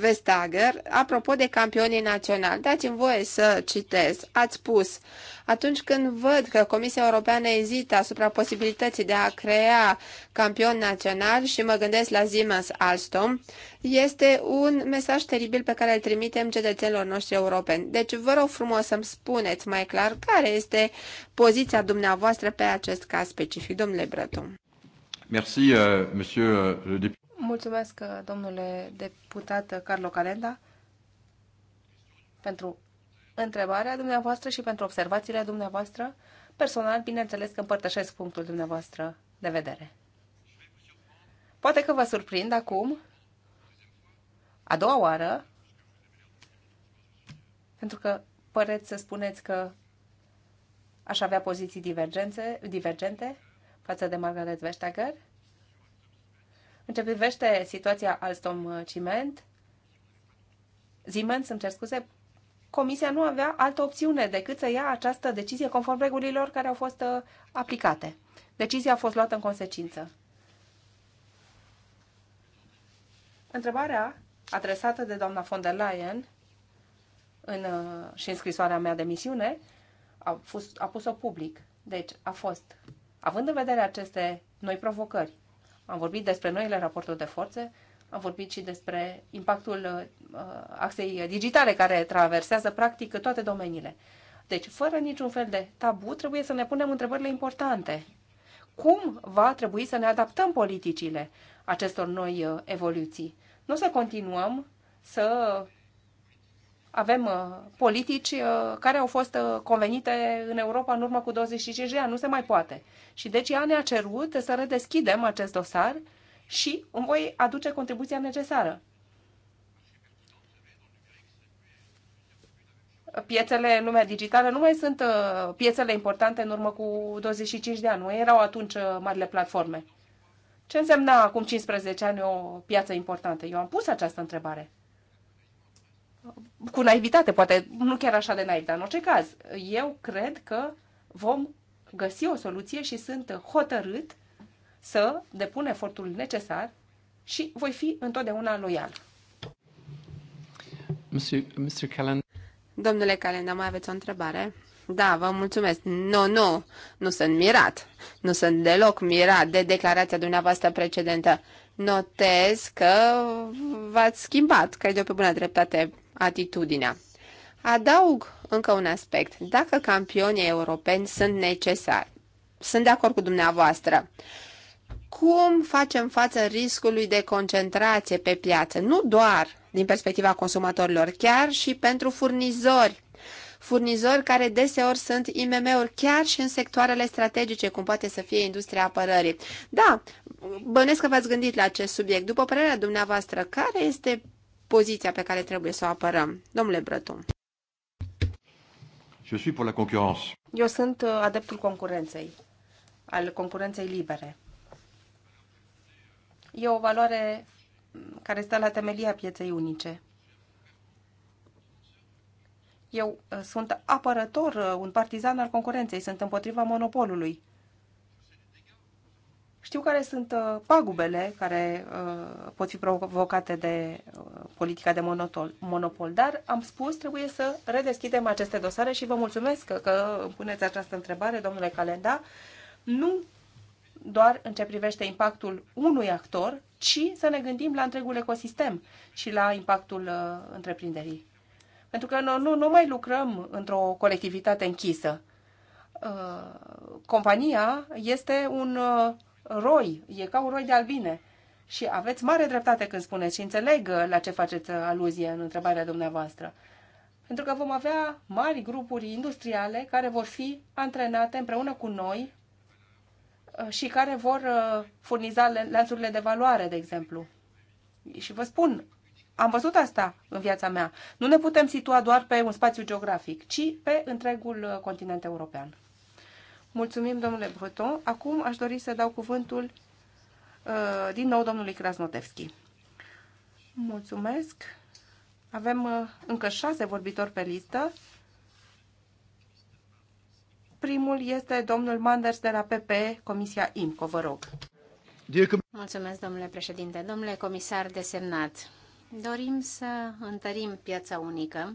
Vestager, apropo de campionii naționali. Dați-mi voie să citesc. Ați spus, atunci când văd că Comisia Europeană ezită asupra posibilității de a crea campion național și mă gândesc la Siemens Alstom, este un mesaj teribil pe care îl trimitem cetățenilor noștri europeni. Deci vă rog frumos să-mi spuneți mai clar care este poziția dumneavoastră pe acest caz specific, domnule Brătum. Merci, uh, monsieur uh, le Mulțumesc, uh, domnule deputat Carlo Calenda, pentru întrebarea dumneavoastră și pentru observațiile dumneavoastră. Personal, bineînțeles că împărtășesc punctul dumneavoastră de vedere. Poate că vă surprind acum, a doua oară, pentru că păreți să spuneți că aș avea poziții divergențe, divergente față de Margaret Vestager. În ce privește situația Alstom uh, Ciment, Siemens, îmi cer scuze, Comisia nu avea altă opțiune decât să ia această decizie conform regulilor care au fost uh, aplicate. Decizia a fost luată în consecință. Întrebarea adresată de doamna von der Leyen în, uh, și în scrisoarea mea de misiune a, fost, a pus-o public. Deci a fost, având în vedere aceste noi provocări, am vorbit despre noile raporturi de forțe, am vorbit și despre impactul uh, axei digitale care traversează practic toate domeniile. Deci, fără niciun fel de tabu, trebuie să ne punem întrebările importante. Cum va trebui să ne adaptăm politicile acestor noi uh, evoluții? Nu să continuăm să avem uh, politici uh, care au fost uh, convenite în Europa în urmă cu 25 de ani. Nu se mai poate. Și deci ea ne-a cerut să redeschidem acest dosar și îmi voi aduce contribuția necesară. Piețele în lumea digitală nu mai sunt piețele importante în urmă cu 25 de ani. Nu erau atunci marile platforme. Ce însemna acum 15 ani o piață importantă? Eu am pus această întrebare cu naivitate, poate nu chiar așa de naiv, dar în orice caz, eu cred că vom găsi o soluție și sunt hotărât să depun efortul necesar și voi fi întotdeauna loial. Mr. Mr. Calend. Domnule Calenda, mai aveți o întrebare? Da, vă mulțumesc. Nu, nu, nu sunt mirat. Nu sunt deloc mirat de declarația dumneavoastră precedentă. Notez că v-ați schimbat, că e de pe bună dreptate atitudinea. Adaug încă un aspect. Dacă campionii europeni sunt necesari, sunt de acord cu dumneavoastră. Cum facem față riscului de concentrație pe piață? Nu doar din perspectiva consumatorilor, chiar și pentru furnizori. Furnizori care deseori sunt IMM-uri, chiar și în sectoarele strategice, cum poate să fie industria apărării. Da, bănesc că v-ați gândit la acest subiect. După părerea dumneavoastră, care este poziția pe care trebuie să o apărăm. Domnule Brătun. Je suis pour la concurrence. Eu sunt uh, adeptul concurenței, al concurenței libere. E o valoare mm, care stă la temelia pieței unice. Eu uh, sunt apărător, uh, un partizan al concurenței, sunt împotriva monopolului. Știu care sunt uh, pagubele care uh, pot fi provocate de uh, politica de monopol, dar am spus, trebuie să redeschidem aceste dosare și vă mulțumesc că puneți această întrebare, domnule Calenda. Nu doar în ce privește impactul unui actor, ci să ne gândim la întregul ecosistem și la impactul întreprinderii. Pentru că noi nu, nu mai lucrăm într-o colectivitate închisă. Uh, compania este un uh, roi, e ca un roi de albine. Și aveți mare dreptate când spuneți și înțeleg uh, la ce faceți uh, aluzie în întrebarea dumneavoastră. Pentru că vom avea mari grupuri industriale care vor fi antrenate împreună cu noi uh, și care vor furniza lanțurile de valoare, de exemplu. Și vă spun, am văzut asta în viața mea. Nu ne putem situa doar pe un spațiu geografic, ci pe întregul continent european. Mulțumim, domnule Breton. Acum aș dori să dau cuvântul uh, din nou domnului Krasnotevski. Mulțumesc. Avem uh, încă șase vorbitori pe listă. Primul este domnul Manders de la PP, Comisia IMCO. Vă rog. Mulțumesc, domnule președinte. Domnule comisar desemnat, dorim să întărim piața unică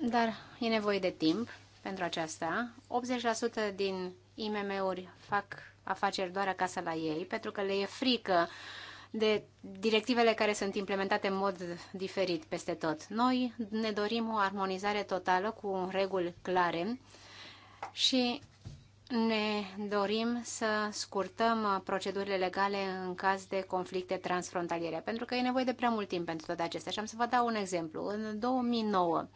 dar e nevoie de timp pentru aceasta. 80% din IMM-uri fac afaceri doar acasă la ei, pentru că le e frică de directivele care sunt implementate în mod diferit peste tot. Noi ne dorim o armonizare totală cu reguli clare și ne dorim să scurtăm procedurile legale în caz de conflicte transfrontaliere, pentru că e nevoie de prea mult timp pentru toate acestea. Și am să vă dau un exemplu. În 2009,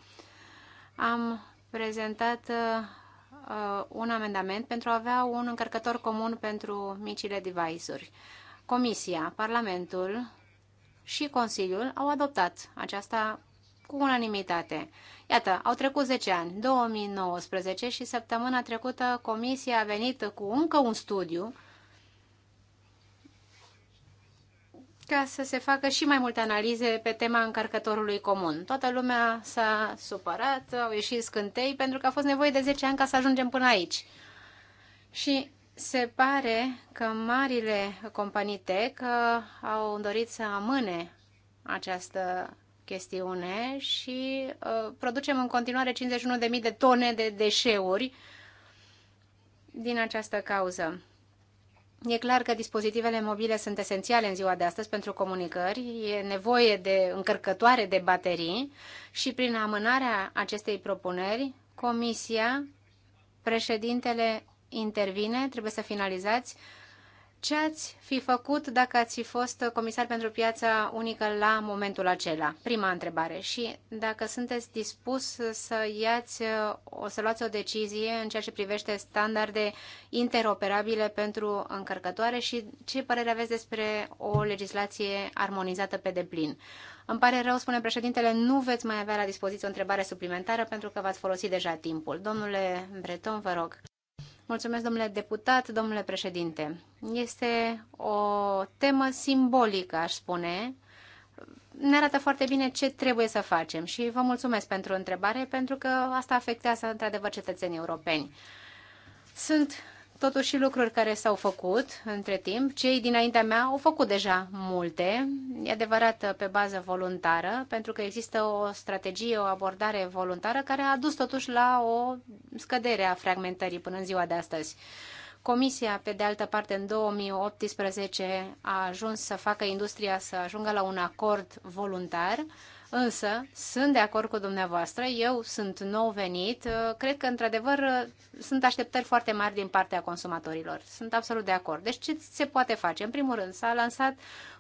am prezentat uh, un amendament pentru a avea un încărcător comun pentru micile device-uri. Comisia, Parlamentul și Consiliul au adoptat aceasta cu unanimitate. Iată, au trecut 10 ani, 2019 și săptămâna trecută Comisia a venit cu încă un studiu ca să se facă și mai multe analize pe tema încărcătorului comun. Toată lumea s-a supărat, au ieșit scântei, pentru că a fost nevoie de 10 ani ca să ajungem până aici. Și se pare că marile companii tech uh, au dorit să amâne această chestiune și uh, producem în continuare 51.000 de tone de deșeuri din această cauză. E clar că dispozitivele mobile sunt esențiale în ziua de astăzi pentru comunicări, e nevoie de încărcătoare de baterii și prin amânarea acestei propuneri, Comisia, președintele intervine, trebuie să finalizați ce ați fi făcut dacă ați fi fost comisar pentru piața unică la momentul acela? Prima întrebare. Și dacă sunteți dispus să, iați, o să luați o decizie în ceea ce privește standarde interoperabile pentru încărcătoare și ce părere aveți despre o legislație armonizată pe deplin? Îmi pare rău, spune președintele, nu veți mai avea la dispoziție o întrebare suplimentară pentru că v-ați folosit deja timpul. Domnule Breton, vă rog. Mulțumesc, domnule deputat, domnule președinte. Este o temă simbolică, aș spune. Ne arată foarte bine ce trebuie să facem și vă mulțumesc pentru întrebare, pentru că asta afectează într-adevăr cetățenii europeni. Sunt totuși lucruri care s-au făcut între timp. Cei dinaintea mea au făcut deja multe, e adevărat pe bază voluntară, pentru că există o strategie, o abordare voluntară care a dus totuși la o scădere a fragmentării până în ziua de astăzi. Comisia, pe de altă parte, în 2018 a ajuns să facă industria să ajungă la un acord voluntar Însă, sunt de acord cu dumneavoastră, eu sunt nou venit, uh, cred că, într-adevăr, uh, sunt așteptări foarte mari din partea consumatorilor. Sunt absolut de acord. Deci, ce se poate face? În primul rând, s-a lansat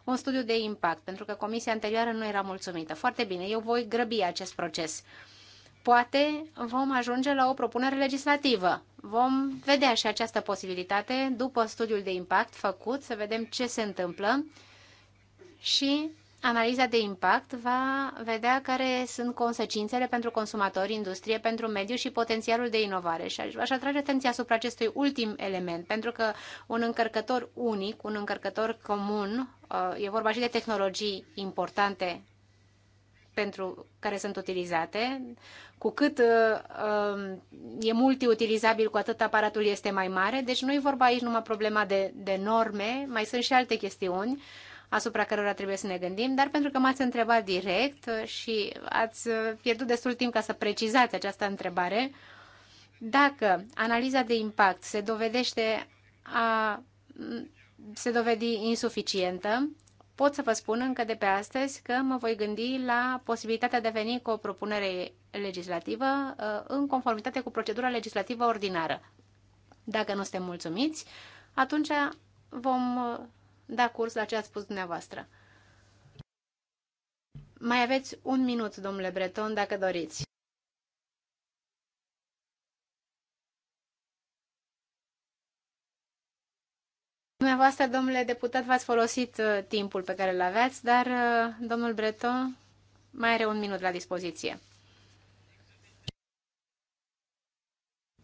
un studiu de impact, pentru că comisia anterioară nu era mulțumită. Foarte bine, eu voi grăbi acest proces. Poate vom ajunge la o propunere legislativă. Vom vedea și această posibilitate după studiul de impact făcut, să vedem ce se întâmplă și Analiza de impact va vedea care sunt consecințele pentru consumatori, industrie, pentru mediu și potențialul de inovare. Și aș atrage atenția asupra acestui ultim element, pentru că un încărcător unic, un încărcător comun, uh, e vorba și de tehnologii importante pentru care sunt utilizate. Cu cât uh, um, e multiutilizabil, cu atât aparatul este mai mare. Deci nu e vorba aici numai problema de, de norme, mai sunt și alte chestiuni. Uh, asupra cărora trebuie să ne gândim, dar pentru că m-ați întrebat direct și ați pierdut destul timp ca să precizați această întrebare, dacă analiza de impact se dovedește a se dovedi insuficientă, pot să vă spun încă de pe astăzi că mă voi gândi la posibilitatea de a veni cu o propunere legislativă ă, în conformitate cu procedura legislativă ordinară. Dacă nu suntem mulțumiți, atunci vom da curs la ce ați spus dumneavoastră. Mai aveți un minut, domnule Breton, dacă doriți. Dumneavoastră, domnule deputat, v-ați folosit uh, timpul pe care îl aveați, dar uh, domnul Breton mai are un minut la dispoziție.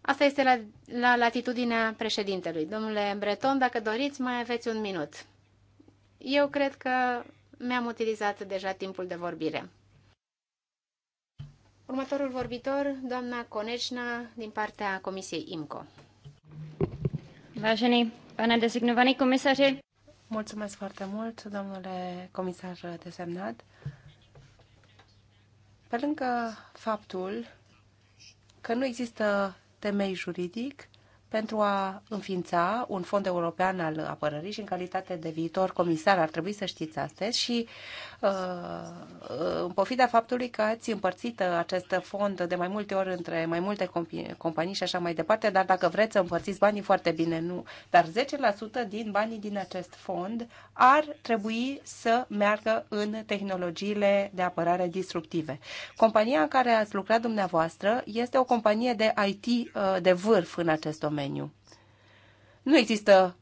Asta este la, la latitudinea președintelui. Domnule Breton, dacă doriți, mai aveți un minut. Eu cred că mi-am utilizat deja timpul de vorbire. Următorul vorbitor, doamna Coneșna, din partea Comisiei IMCO. Vașenii, pane designovaný Comisari. Mulțumesc foarte mult, domnule comisar desemnat. Pe lângă faptul că nu există temei juridic, pentru a înființa un fond european al apărării și în calitate de viitor comisar ar trebui să știți astăzi și Uh, în pofida faptului că ați împărțit uh, acest fond de mai multe ori între mai multe companii și așa mai departe, dar dacă vreți să împărțiți banii foarte bine, nu. Dar 10% din banii din acest fond ar trebui să meargă în tehnologiile de apărare distructive. Compania în care ați lucrat dumneavoastră este o companie de IT uh, de vârf în acest domeniu. Nu există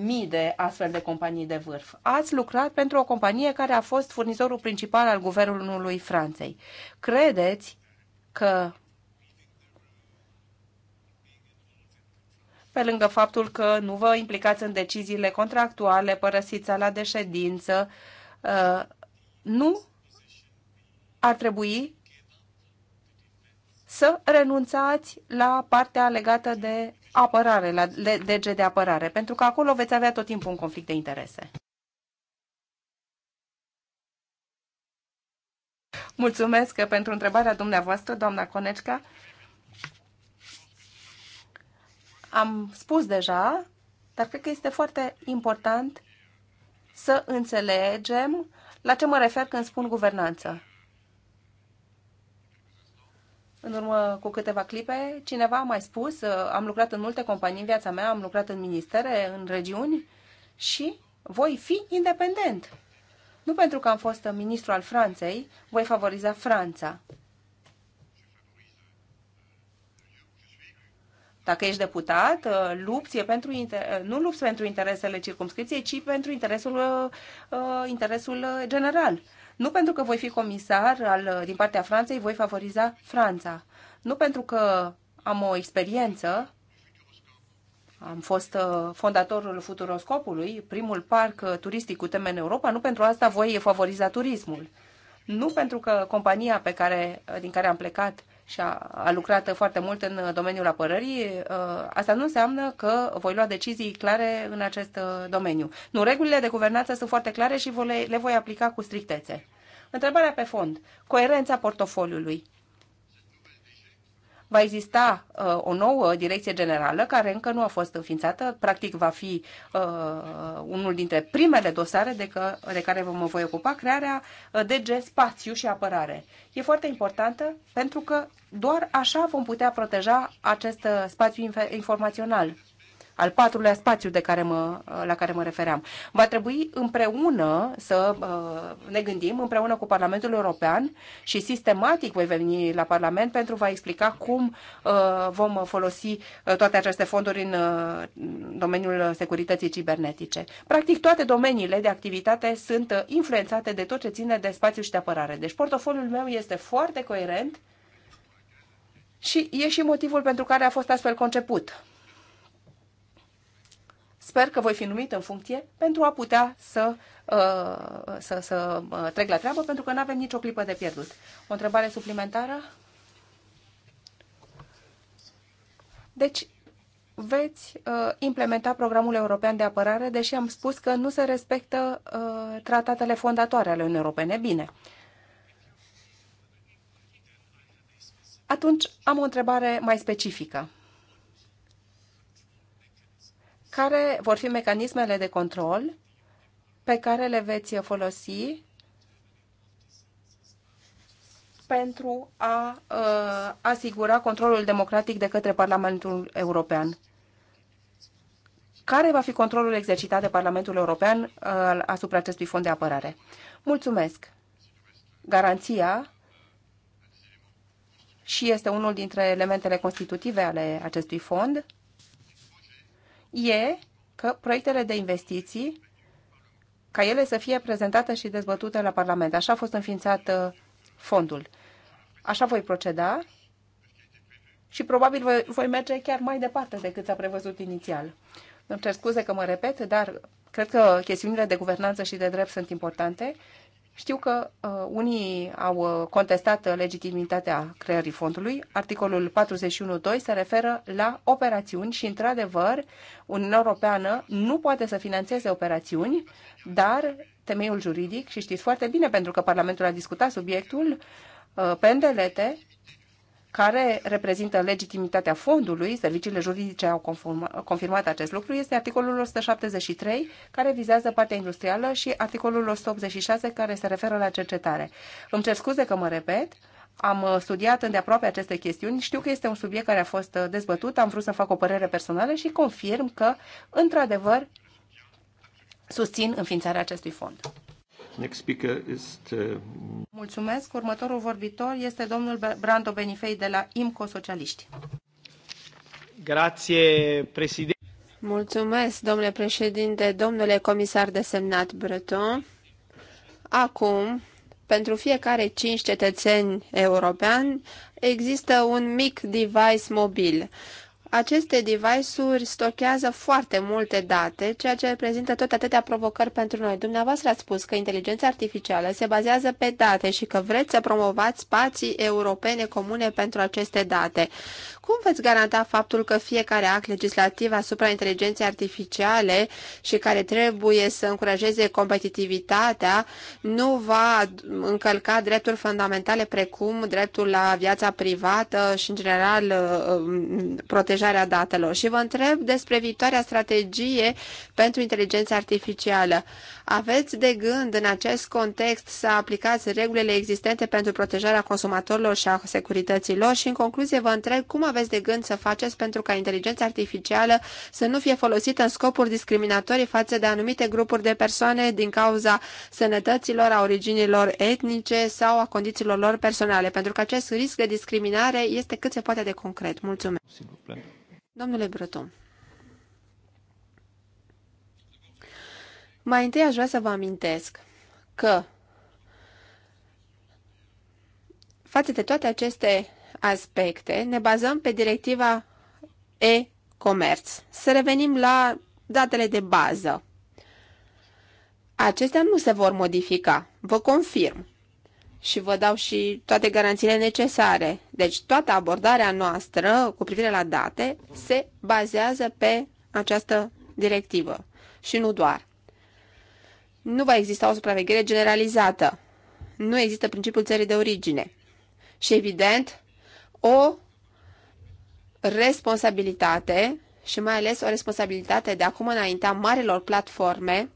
mii de astfel de companii de vârf. Ați lucrat pentru o companie care a fost furnizorul principal al guvernului Franței. Credeți că pe lângă faptul că nu vă implicați în deciziile contractuale, părăsiți la de ședință, uh, nu ar trebui să renunțați la partea legată de apărare, la DG de apărare, pentru că acolo veți avea tot timpul un conflict de interese. Mulțumesc pentru întrebarea dumneavoastră, doamna Conecica. Am spus deja, dar cred că este foarte important să înțelegem la ce mă refer când spun guvernanță în urmă cu câteva clipe, cineva a mai spus, uh, am lucrat în multe companii în viața mea, am lucrat în ministere, în regiuni și voi fi independent. Nu pentru că am fost ministru al Franței, voi favoriza Franța. Dacă ești deputat, uh, lupți pentru uh, nu lupți pentru interesele circumscripției, ci pentru interesul, interesul general. Nu pentru că voi fi comisar al, din partea Franței, voi favoriza Franța. Nu pentru că am o experiență, am fost uh, fondatorul Futuroscopului, primul parc uh, turistic cu teme în Europa, nu pentru asta voi favoriza turismul. Nu pentru că compania pe care, uh, din care am plecat și a, a lucrat foarte mult în uh, domeniul apărării, uh, asta nu înseamnă că voi lua decizii clare în acest uh, domeniu. Nu, regulile de guvernanță sunt foarte clare și le voi aplica cu strictețe. Întrebarea pe fond. Coerența portofoliului va exista uh, o nouă direcție generală care încă nu a fost înființată. Practic va fi uh, unul dintre primele dosare de, că, de care vă mă voi ocupa, crearea uh, DG Spațiu și Apărare. E foarte importantă pentru că doar așa vom putea proteja acest uh, spațiu informațional al patrulea spațiu de care mă, la care mă refeream. Va trebui împreună să uh, ne gândim, împreună cu Parlamentul European și sistematic voi veni la Parlament pentru a explica cum uh, vom folosi uh, toate aceste fonduri în domeniul securității cibernetice. Practic, toate domeniile de activitate sunt influențate de tot ce ține de spațiu și de apărare. Deci, portofoliul meu este foarte coerent și e și motivul pentru care a fost astfel conceput sper că voi fi numit în funcție pentru a putea să, uh, să, să uh, trec la treabă, pentru că nu avem nicio clipă de pierdut. O întrebare suplimentară? Deci, veți uh, implementa programul european de apărare, deși am spus că nu se respectă uh, tratatele fondatoare ale Uniunii Europene. Bine. Atunci am o întrebare mai specifică care vor fi mecanismele de control pe care le veți folosi pentru a uh, asigura controlul democratic de către Parlamentul European. Care va fi controlul exercitat de Parlamentul European uh, asupra acestui fond de apărare? Mulțumesc! Garanția și este unul dintre elementele constitutive ale acestui fond e că proiectele de investiții, ca ele să fie prezentate și dezbătute la Parlament. Așa a fost înființat uh, fondul. Așa voi proceda și probabil voi, voi merge chiar mai departe decât s-a prevăzut inițial. Îmi cer scuze că mă repet, dar cred că chestiunile de guvernanță și de drept sunt importante știu că uh, unii au uh, contestat uh, legitimitatea creării fondului. Articolul 41.2 se referă la operațiuni și, într-adevăr, Uniunea Europeană nu poate să financeze operațiuni, dar temeiul juridic, și știți foarte bine pentru că Parlamentul a discutat subiectul, uh, pe îndelete, care reprezintă legitimitatea fondului, serviciile juridice au confirmat acest lucru, este articolul 173, care vizează partea industrială și articolul 186, care se referă la cercetare. Îmi cer scuze că mă repet, am uh, studiat îndeaproape aceste chestiuni, știu că este un subiect care a fost uh, dezbătut, am vrut să fac o părere personală și confirm că, într-adevăr, susțin înființarea acestui fond. Next speaker is uh, Mulțumesc. Următorul vorbitor este domnul Brando Benifei de la IMCO Socialiști. Grație, președinte. Mulțumesc, domnule președinte, domnule comisar desemnat Breton. Acum, pentru fiecare cinci cetățeni europeni, există un mic device mobil aceste device-uri stochează foarte multe date, ceea ce reprezintă tot atâtea provocări pentru noi. Dumneavoastră ați spus că inteligența artificială se bazează pe date și că vreți să promovați spații europene comune pentru aceste date. Cum veți garanta faptul că fiecare act legislativ asupra inteligenței artificiale și care trebuie să încurajeze competitivitatea nu va încălca drepturi fundamentale precum dreptul la viața privată și, în general, uh, um, protejarea datelor? Și vă întreb despre viitoarea strategie pentru inteligența artificială. Aveți de gând în acest context să aplicați regulile existente pentru protejarea consumatorilor și a securității lor? Și, în concluzie, vă întreb cum aveți aveți de gând să faceți pentru ca inteligența artificială să nu fie folosită în scopuri discriminatorii față de anumite grupuri de persoane din cauza sănătăților, a originilor etnice sau a condițiilor lor personale, pentru că acest risc de discriminare este cât se poate de concret. Mulțumesc. Domnule Brătum. Mai întâi aș vrea să vă amintesc că față de toate aceste aspecte. Ne bazăm pe directiva e-comerț. Să revenim la datele de bază. Acestea nu se vor modifica, vă confirm. Și vă dau și toate garanțiile necesare. Deci toată abordarea noastră cu privire la date se bazează pe această directivă și nu doar. Nu va exista o supraveghere generalizată. Nu există principiul țării de origine. Și evident, o responsabilitate și mai ales o responsabilitate de acum înainte a marilor platforme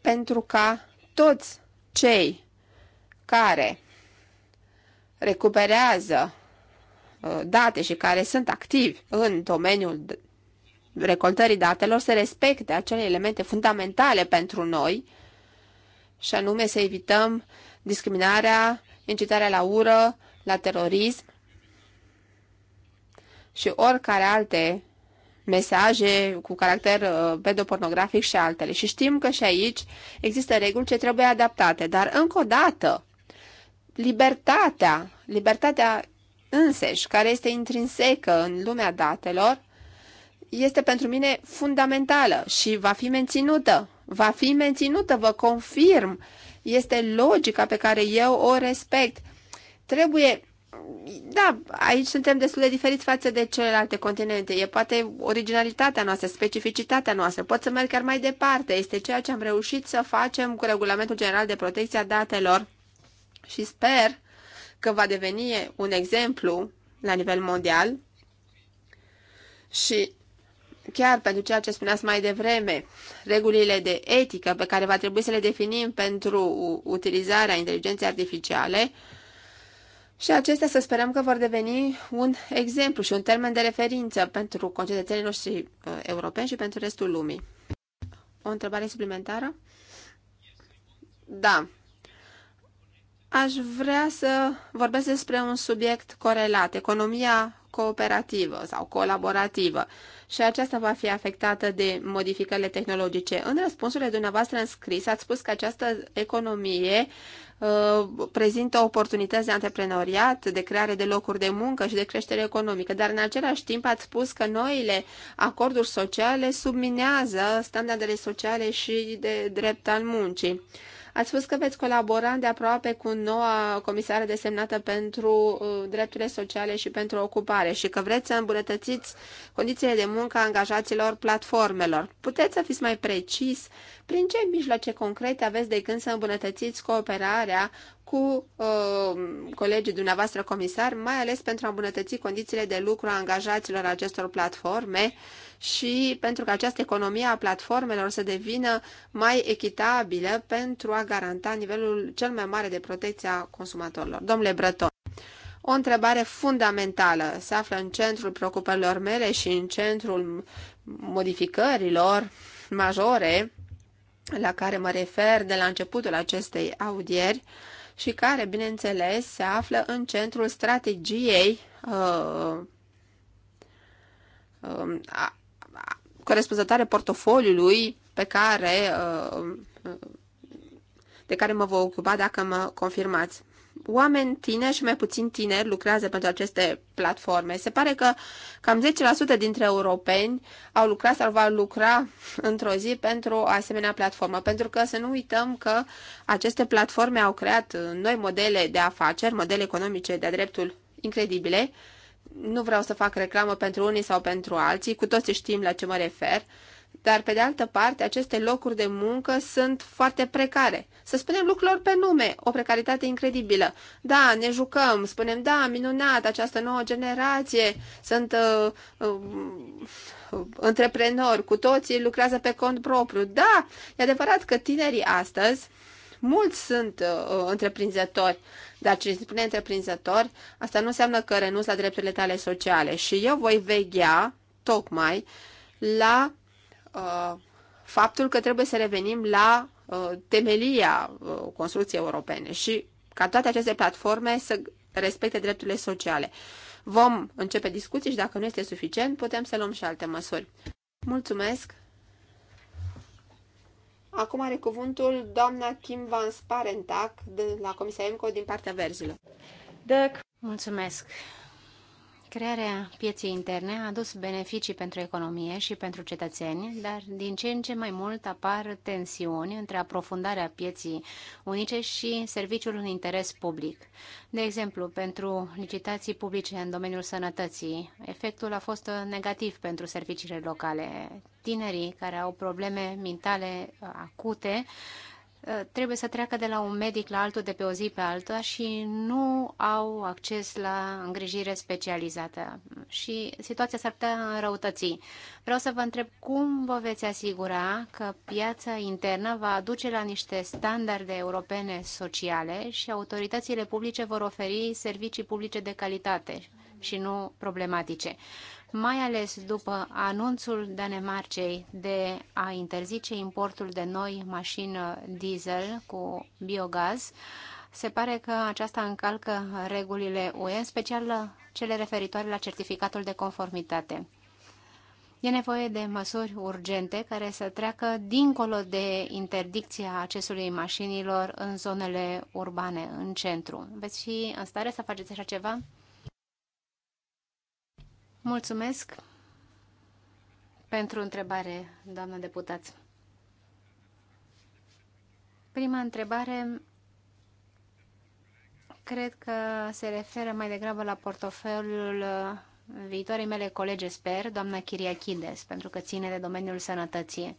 pentru ca toți cei care recuperează uh, date și care sunt activi în domeniul recoltării datelor să respecte acele elemente fundamentale pentru noi și anume să evităm discriminarea, incitarea la ură, la terorism și oricare alte mesaje cu caracter uh, pedopornografic și altele. Și știm că și aici există reguli ce trebuie adaptate, dar încă o dată, libertatea, libertatea înseși, care este intrinsecă în lumea datelor, este pentru mine fundamentală și va fi menținută. Va fi menținută, vă confirm. Este logica pe care eu o respect Trebuie da, aici suntem destul de diferiți față de celelalte continente. E poate originalitatea noastră, specificitatea noastră. Pot să merg chiar mai departe. Este ceea ce am reușit să facem cu Regulamentul General de Protecție a Datelor și sper că va deveni un exemplu la nivel mondial și chiar pentru ceea ce spuneați mai devreme, regulile de etică pe care va trebui să le definim pentru utilizarea inteligenței artificiale, și acestea să sperăm că vor deveni un exemplu și un termen de referință pentru concetățenii noștri uh, europeni și pentru restul lumii. O întrebare suplimentară? Da. Aș vrea să vorbesc despre un subiect corelat, economia cooperativă sau colaborativă, și aceasta va fi afectată de modificările tehnologice. În răspunsurile dumneavoastră în scris ați spus că această economie uh, Uh, prezintă oportunități de antreprenoriat, de creare de locuri de muncă și de creștere economică, dar în același timp ați spus că noile acorduri sociale subminează standardele sociale și de drept al muncii. Ați spus că veți colabora de aproape cu noua comisară desemnată pentru uh, drepturile sociale și pentru ocupare și că vreți să îmbunătățiți condițiile de muncă a angajaților platformelor. Puteți să fiți mai precis prin ce mijloace concrete aveți de când să îmbunătățiți cooperarea cu uh, colegii dumneavoastră comisari, mai ales pentru a îmbunătăți condițiile de lucru a angajaților acestor platforme și pentru că această economie a platformelor să devină mai echitabilă pentru a garanta nivelul cel mai mare de protecție a consumatorilor. Domnule Brăton, o întrebare fundamentală se află în centrul preocupărilor mele și în centrul modificărilor majore la care mă refer de la începutul acestei audieri și care, bineînțeles, se află în centrul strategiei uh, uh, a, corespunzătoare portofoliului pe care, uh, de care mă voi ocupa dacă mă confirmați. Oameni tineri și mai puțin tineri lucrează pentru aceste platforme. Se pare că cam 10% dintre europeni au lucrat sau va lucra într-o zi pentru o asemenea platformă, pentru că să nu uităm că aceste platforme au creat noi modele de afaceri, modele economice de-a dreptul incredibile, nu vreau să fac reclamă pentru unii sau pentru alții, cu toții știm la ce mă refer, dar pe de altă parte aceste locuri de muncă sunt foarte precare. Să spunem lucrurilor pe nume, o precaritate incredibilă. Da, ne jucăm, spunem, da, minunat, această nouă generație, sunt uh, uh, întreprenori, cu toții lucrează pe cont propriu. Da, e adevărat că tinerii astăzi Mulți sunt uh, uh întreprinzători, dar ce spune întreprinzători, asta nu înseamnă că renunți la drepturile tale sociale. Și eu voi veghea, tocmai, la uh, faptul că trebuie să revenim la uh, temelia uh, construcției europene și ca toate aceste platforme să respecte drepturile sociale. Vom începe discuții și dacă nu este suficient, putem să luăm și alte măsuri. Mulțumesc! Acum are cuvântul doamna Kim Van Sparentac de la Comisia EMCO din partea verzilor. De... Mulțumesc, Crearea pieței interne a adus beneficii pentru economie și pentru cetățeni, dar din ce în ce mai mult apar tensiuni între aprofundarea pieții unice și serviciul în interes public. De exemplu, pentru licitații publice în domeniul sănătății, efectul a fost negativ pentru serviciile locale. Tinerii care au probleme mentale acute Uh, trebuie să treacă de la un medic la altul de pe o zi pe alta și nu au acces la îngrijire specializată și situația s-ar putea înrăutăți. Vreau să vă întreb cum vă veți asigura că piața internă va aduce la niște standarde europene sociale și autoritățile publice vor oferi servicii publice de calitate și nu problematice mai ales după anunțul Danemarcei de a interzice importul de noi mașini diesel cu biogaz, se pare că aceasta încalcă regulile UE, în special cele referitoare la certificatul de conformitate. E nevoie de măsuri urgente care să treacă dincolo de interdicția accesului mașinilor în zonele urbane, în centru. Veți fi în stare să faceți așa ceva? Mulțumesc pentru întrebare, doamnă deputați. Prima întrebare cred că se referă mai degrabă la portofelul viitoarei mele colege, sper, doamna Chiriachides, pentru că ține de domeniul sănătății.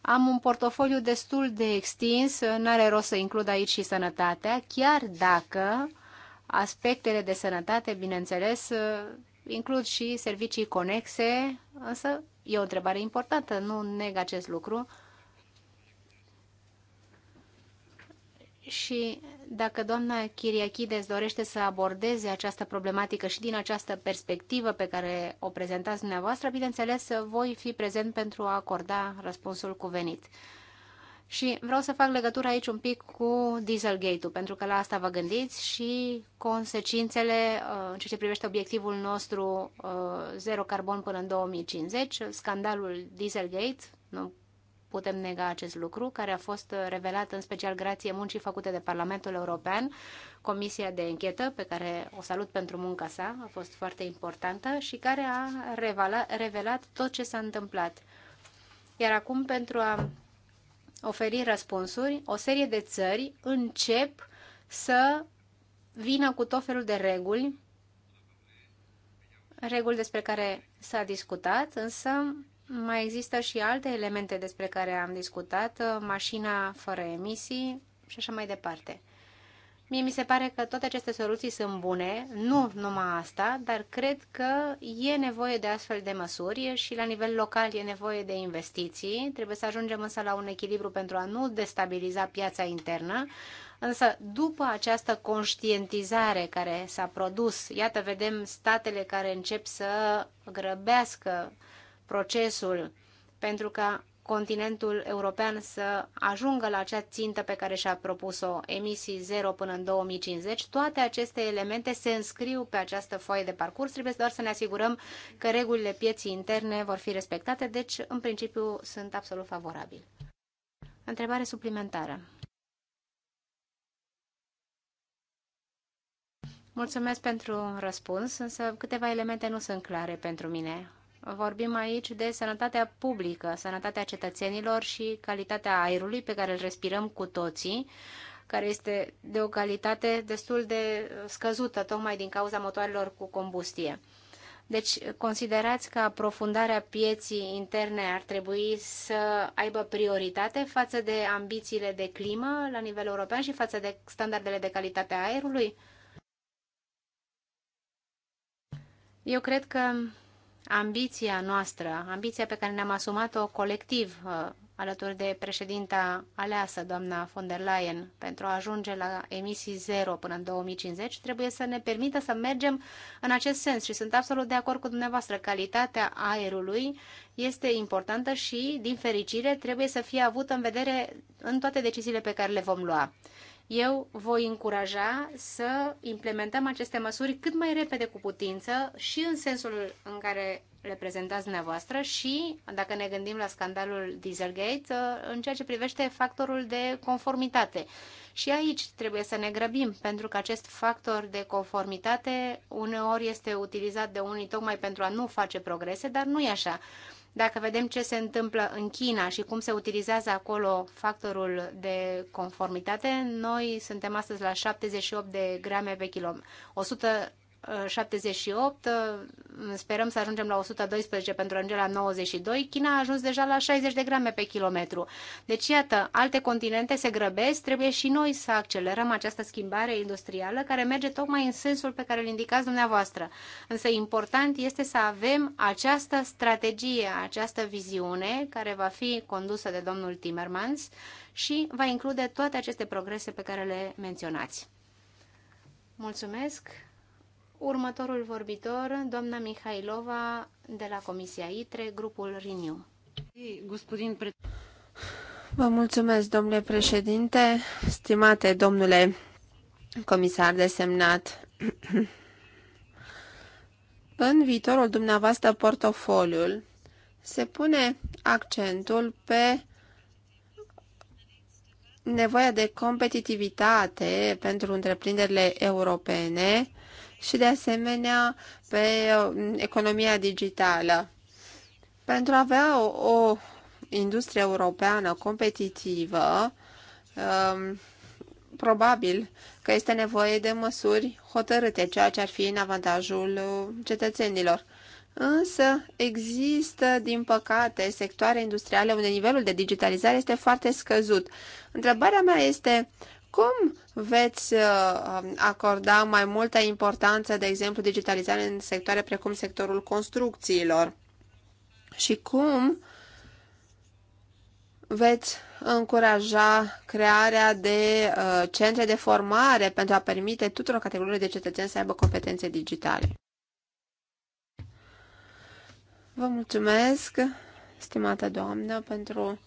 Am un portofoliu destul de extins, n-are rost să includ aici și sănătatea, chiar dacă aspectele de sănătate, bineînțeles, includ și servicii conexe, însă e o întrebare importantă, nu neg acest lucru. Și dacă doamna Chiriachides dorește să abordeze această problematică și din această perspectivă pe care o prezentați dumneavoastră, bineînțeles, voi fi prezent pentru a acorda răspunsul cuvenit. Și vreau să fac legătura aici un pic cu Dieselgate-ul, pentru că la asta vă gândiți și consecințele uh, în ce privește obiectivul nostru uh, zero carbon până în 2050, scandalul Dieselgate, nu putem nega acest lucru, care a fost revelat în special grație muncii făcute de Parlamentul European, Comisia de Închetă, pe care o salut pentru munca sa, a fost foarte importantă și care a revelat tot ce s-a întâmplat. Iar acum, pentru a oferi răspunsuri, o serie de țări încep să vină cu tot felul de reguli, reguli despre care s-a discutat, însă mai există și alte elemente despre care am discutat, mașina fără emisii și așa mai departe. Mie mi se pare că toate aceste soluții sunt bune, nu numai asta, dar cred că e nevoie de astfel de măsuri și la nivel local e nevoie de investiții. Trebuie să ajungem însă la un echilibru pentru a nu destabiliza piața internă, Însă, după această conștientizare care s-a produs, iată, vedem statele care încep să grăbească procesul pentru că continentul european să ajungă la acea țintă pe care și-a propus-o, emisii zero până în 2050, toate aceste elemente se înscriu pe această foaie de parcurs. Trebuie doar să ne asigurăm că regulile pieții interne vor fi respectate, deci, în principiu, sunt absolut favorabil. Întrebare suplimentară. Mulțumesc pentru răspuns, însă câteva elemente nu sunt clare pentru mine. Vorbim aici de sănătatea publică, sănătatea cetățenilor și calitatea aerului pe care îl respirăm cu toții, care este de o calitate destul de scăzută, tocmai din cauza motoarelor cu combustie. Deci, considerați că aprofundarea pieții interne ar trebui să aibă prioritate față de ambițiile de climă la nivel european și față de standardele de calitate a aerului? Eu cred că ambiția noastră, ambiția pe care ne-am asumat-o colectiv uh, alături de președinta aleasă, doamna von der Leyen, pentru a ajunge la emisii zero până în 2050, trebuie să ne permită să mergem în acest sens și sunt absolut de acord cu dumneavoastră. Calitatea aerului este importantă și, din fericire, trebuie să fie avută în vedere în toate deciziile pe care le vom lua eu voi încuraja să implementăm aceste măsuri cât mai repede cu putință și în sensul în care le prezentați dumneavoastră și, dacă ne gândim la scandalul Dieselgate, uh, în ceea ce privește factorul de conformitate. Și aici trebuie să ne grăbim, pentru că acest factor de conformitate uneori este utilizat de unii tocmai pentru a nu face progrese, dar nu e așa. Dacă vedem ce se întâmplă în China și cum se utilizează acolo factorul de conformitate, noi suntem astăzi la 78 de grame pe kilo, 100 78, uh, sperăm să ajungem la 112 pentru a ajunge la 92, China a ajuns deja la 60 de grame pe kilometru. Deci, iată, alte continente se grăbesc, trebuie și noi să accelerăm această schimbare industrială care merge tocmai în sensul pe care îl indicați dumneavoastră. Însă important este să avem această strategie, această viziune care va fi condusă de domnul Timmermans și va include toate aceste progrese pe care le menționați. Mulțumesc! Următorul vorbitor, doamna Mihailova de la Comisia ITRE, grupul Riniu. Vă mulțumesc, domnule președinte, stimate domnule comisar desemnat. <clears throat> În viitorul dumneavoastră portofoliul se pune accentul pe nevoia de competitivitate pentru întreprinderile europene și de asemenea pe um, economia digitală. Pentru a avea o, o industrie europeană competitivă, um, probabil că este nevoie de măsuri hotărâte, ceea ce ar fi în avantajul cetățenilor. Însă există, din păcate, sectoare industriale unde nivelul de digitalizare este foarte scăzut. Întrebarea mea este, uh, cum veți uh, um, acorda mai multă importanță, de exemplu, digitalizare în sectoare precum sectorul construcțiilor? Și cum veți încuraja crearea de uh, centre de formare pentru a permite tuturor categoriilor de cetățeni să aibă competențe digitale? Vă mulțumesc, stimată doamnă, pentru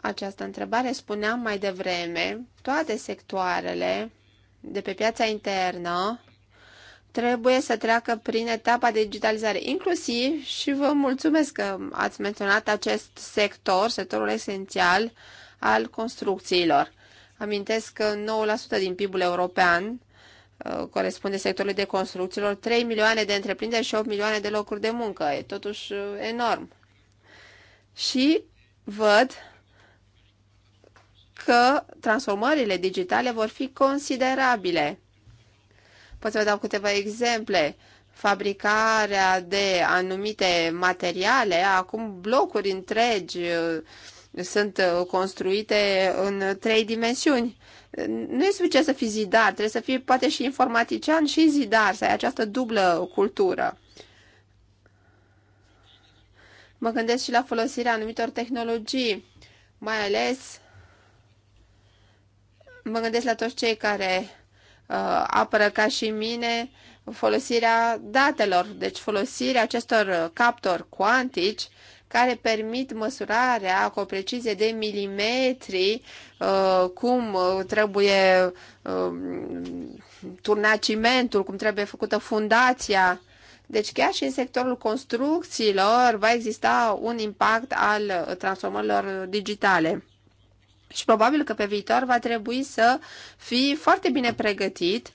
această întrebare, spuneam mai devreme, toate sectoarele de pe piața internă trebuie să treacă prin etapa de digitalizare, inclusiv și vă mulțumesc că ați menționat acest sector, sectorul esențial al construcțiilor. Amintesc că 9% din PIB-ul european uh, corespunde sectorului de construcțiilor, 3 milioane de întreprinderi și 8 milioane de locuri de muncă. E totuși uh, enorm. Și văd că transformările digitale vor fi considerabile. Pot să vă dau câteva exemple. Fabricarea de anumite materiale, acum blocuri întregi uh, sunt uh, construite în trei dimensiuni. Nu e suficient să fii zidar, trebuie să fii poate și informatician și zidar, să ai această dublă cultură. Mă gândesc și la folosirea anumitor tehnologii, mai ales Mă gândesc la toți cei care uh, apără ca și mine folosirea datelor, deci folosirea acestor uh, captori cuantici care permit măsurarea cu o precizie de milimetri uh, cum uh, trebuie um, turnat cimentul, cum trebuie făcută fundația. Deci chiar și în sectorul construcțiilor va exista un impact al transformărilor digitale și probabil că pe viitor va trebui să fii foarte bine pregătit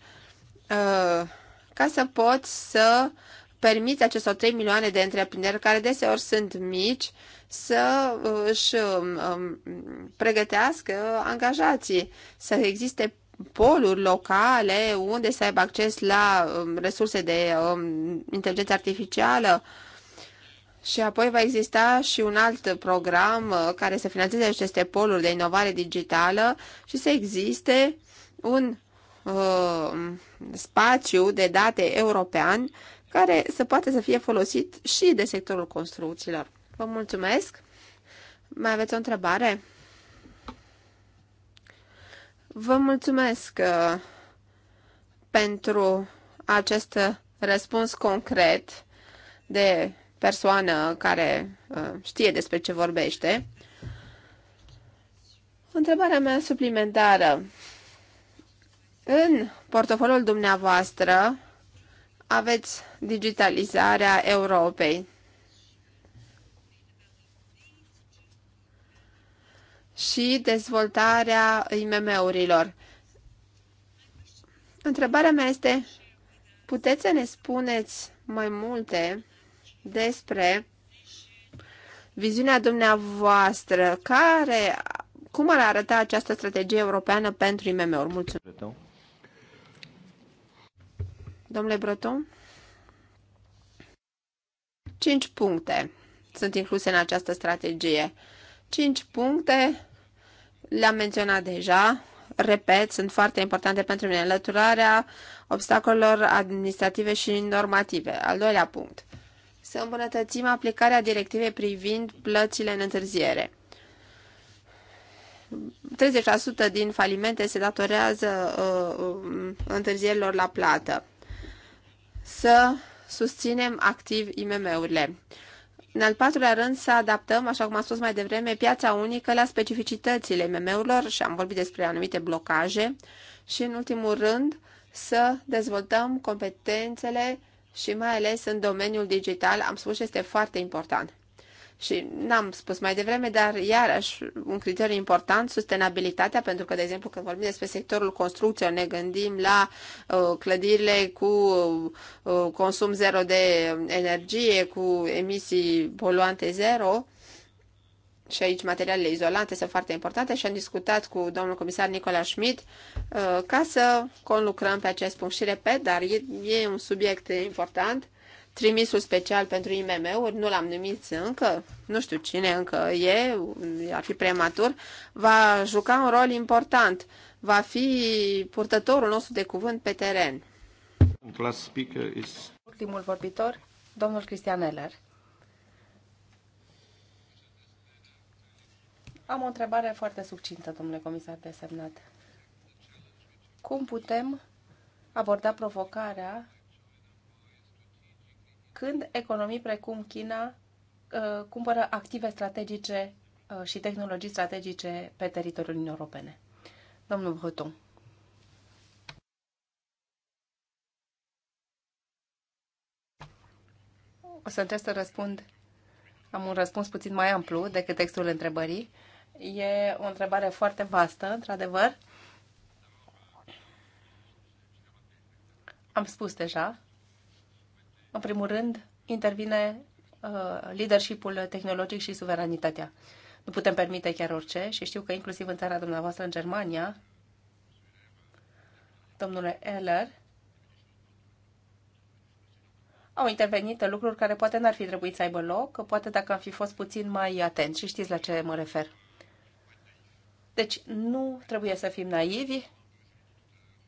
uh, ca să poți să permiți acestor 3 milioane de întreprinderi, care deseori sunt mici, să uh, își um, um, pregătească angajații, să existe poluri locale unde să aibă acces la um, resurse de um, inteligență artificială, uh, și apoi va exista și un alt program uh, care să finanțeze aceste poluri de inovare digitală și să existe un uh, spațiu de date european care să poată să fie folosit și de sectorul construcțiilor. Vă mulțumesc! Mai aveți o întrebare? Vă mulțumesc uh, pentru acest răspuns concret de persoană care uh, știe despre ce vorbește. Întrebarea mea suplimentară. În portofoliul dumneavoastră aveți digitalizarea Europei. și dezvoltarea IMM-urilor. Întrebarea mea este, puteți să ne spuneți mai multe despre viziunea dumneavoastră. Care, cum ar arăta această strategie europeană pentru IMM-uri? Mulțumesc. Domnule Breton? Cinci puncte sunt incluse în această strategie. Cinci puncte le-am menționat deja, repet, sunt foarte importante pentru mine, înlăturarea obstacolelor administrative și normative. Al doilea punct, să îmbunătățim aplicarea directivei privind plățile în întârziere. 30% din falimente se datorează uh, um, întârzierilor la plată. Să susținem activ IMM-urile. În al patrulea rând, să adaptăm, așa cum am spus mai devreme, piața unică la specificitățile IMM-urilor și am vorbit despre anumite blocaje. Și, în ultimul rând, să dezvoltăm competențele și mai ales în domeniul digital, am spus, este foarte important. Și n-am spus mai devreme, dar iarăși un criteriu important, sustenabilitatea, pentru că, de exemplu, când vorbim despre sectorul construcției, ne gândim la uh, clădirile cu uh, consum zero de energie, cu emisii poluante zero, uh, și aici materialele izolante sunt foarte importante și am discutat cu domnul comisar Nicola Schmidt uh, ca să conlucrăm pe acest punct și repet, dar e, e un subiect important. Trimisul special pentru IMM-uri, nu l-am numit încă, nu știu cine încă e, ar fi prematur, va juca un rol important, va fi purtătorul nostru de cuvânt pe teren. Ultimul vorbitor, domnul Cristian Eller. Am o întrebare foarte succintă, domnule comisar desemnat. Cum putem aborda provocarea când economii precum China uh, cumpără active strategice uh, și tehnologii strategice pe teritoriul Uniunii Europene? Domnul Breton. O să încerc să răspund. Am un răspuns puțin mai amplu decât textul întrebării. Uh, E o întrebare foarte vastă, într-adevăr. Am spus deja. În primul rând, intervine uh, leadershipul tehnologic și suveranitatea. Nu putem permite chiar orice și știu că inclusiv în țara dumneavoastră, în Germania, domnule Eller, au intervenit lucruri care poate n-ar fi trebuit să aibă loc, poate dacă am fi fost puțin mai atenți și știți la ce mă refer. Deci nu trebuie să fim naivi,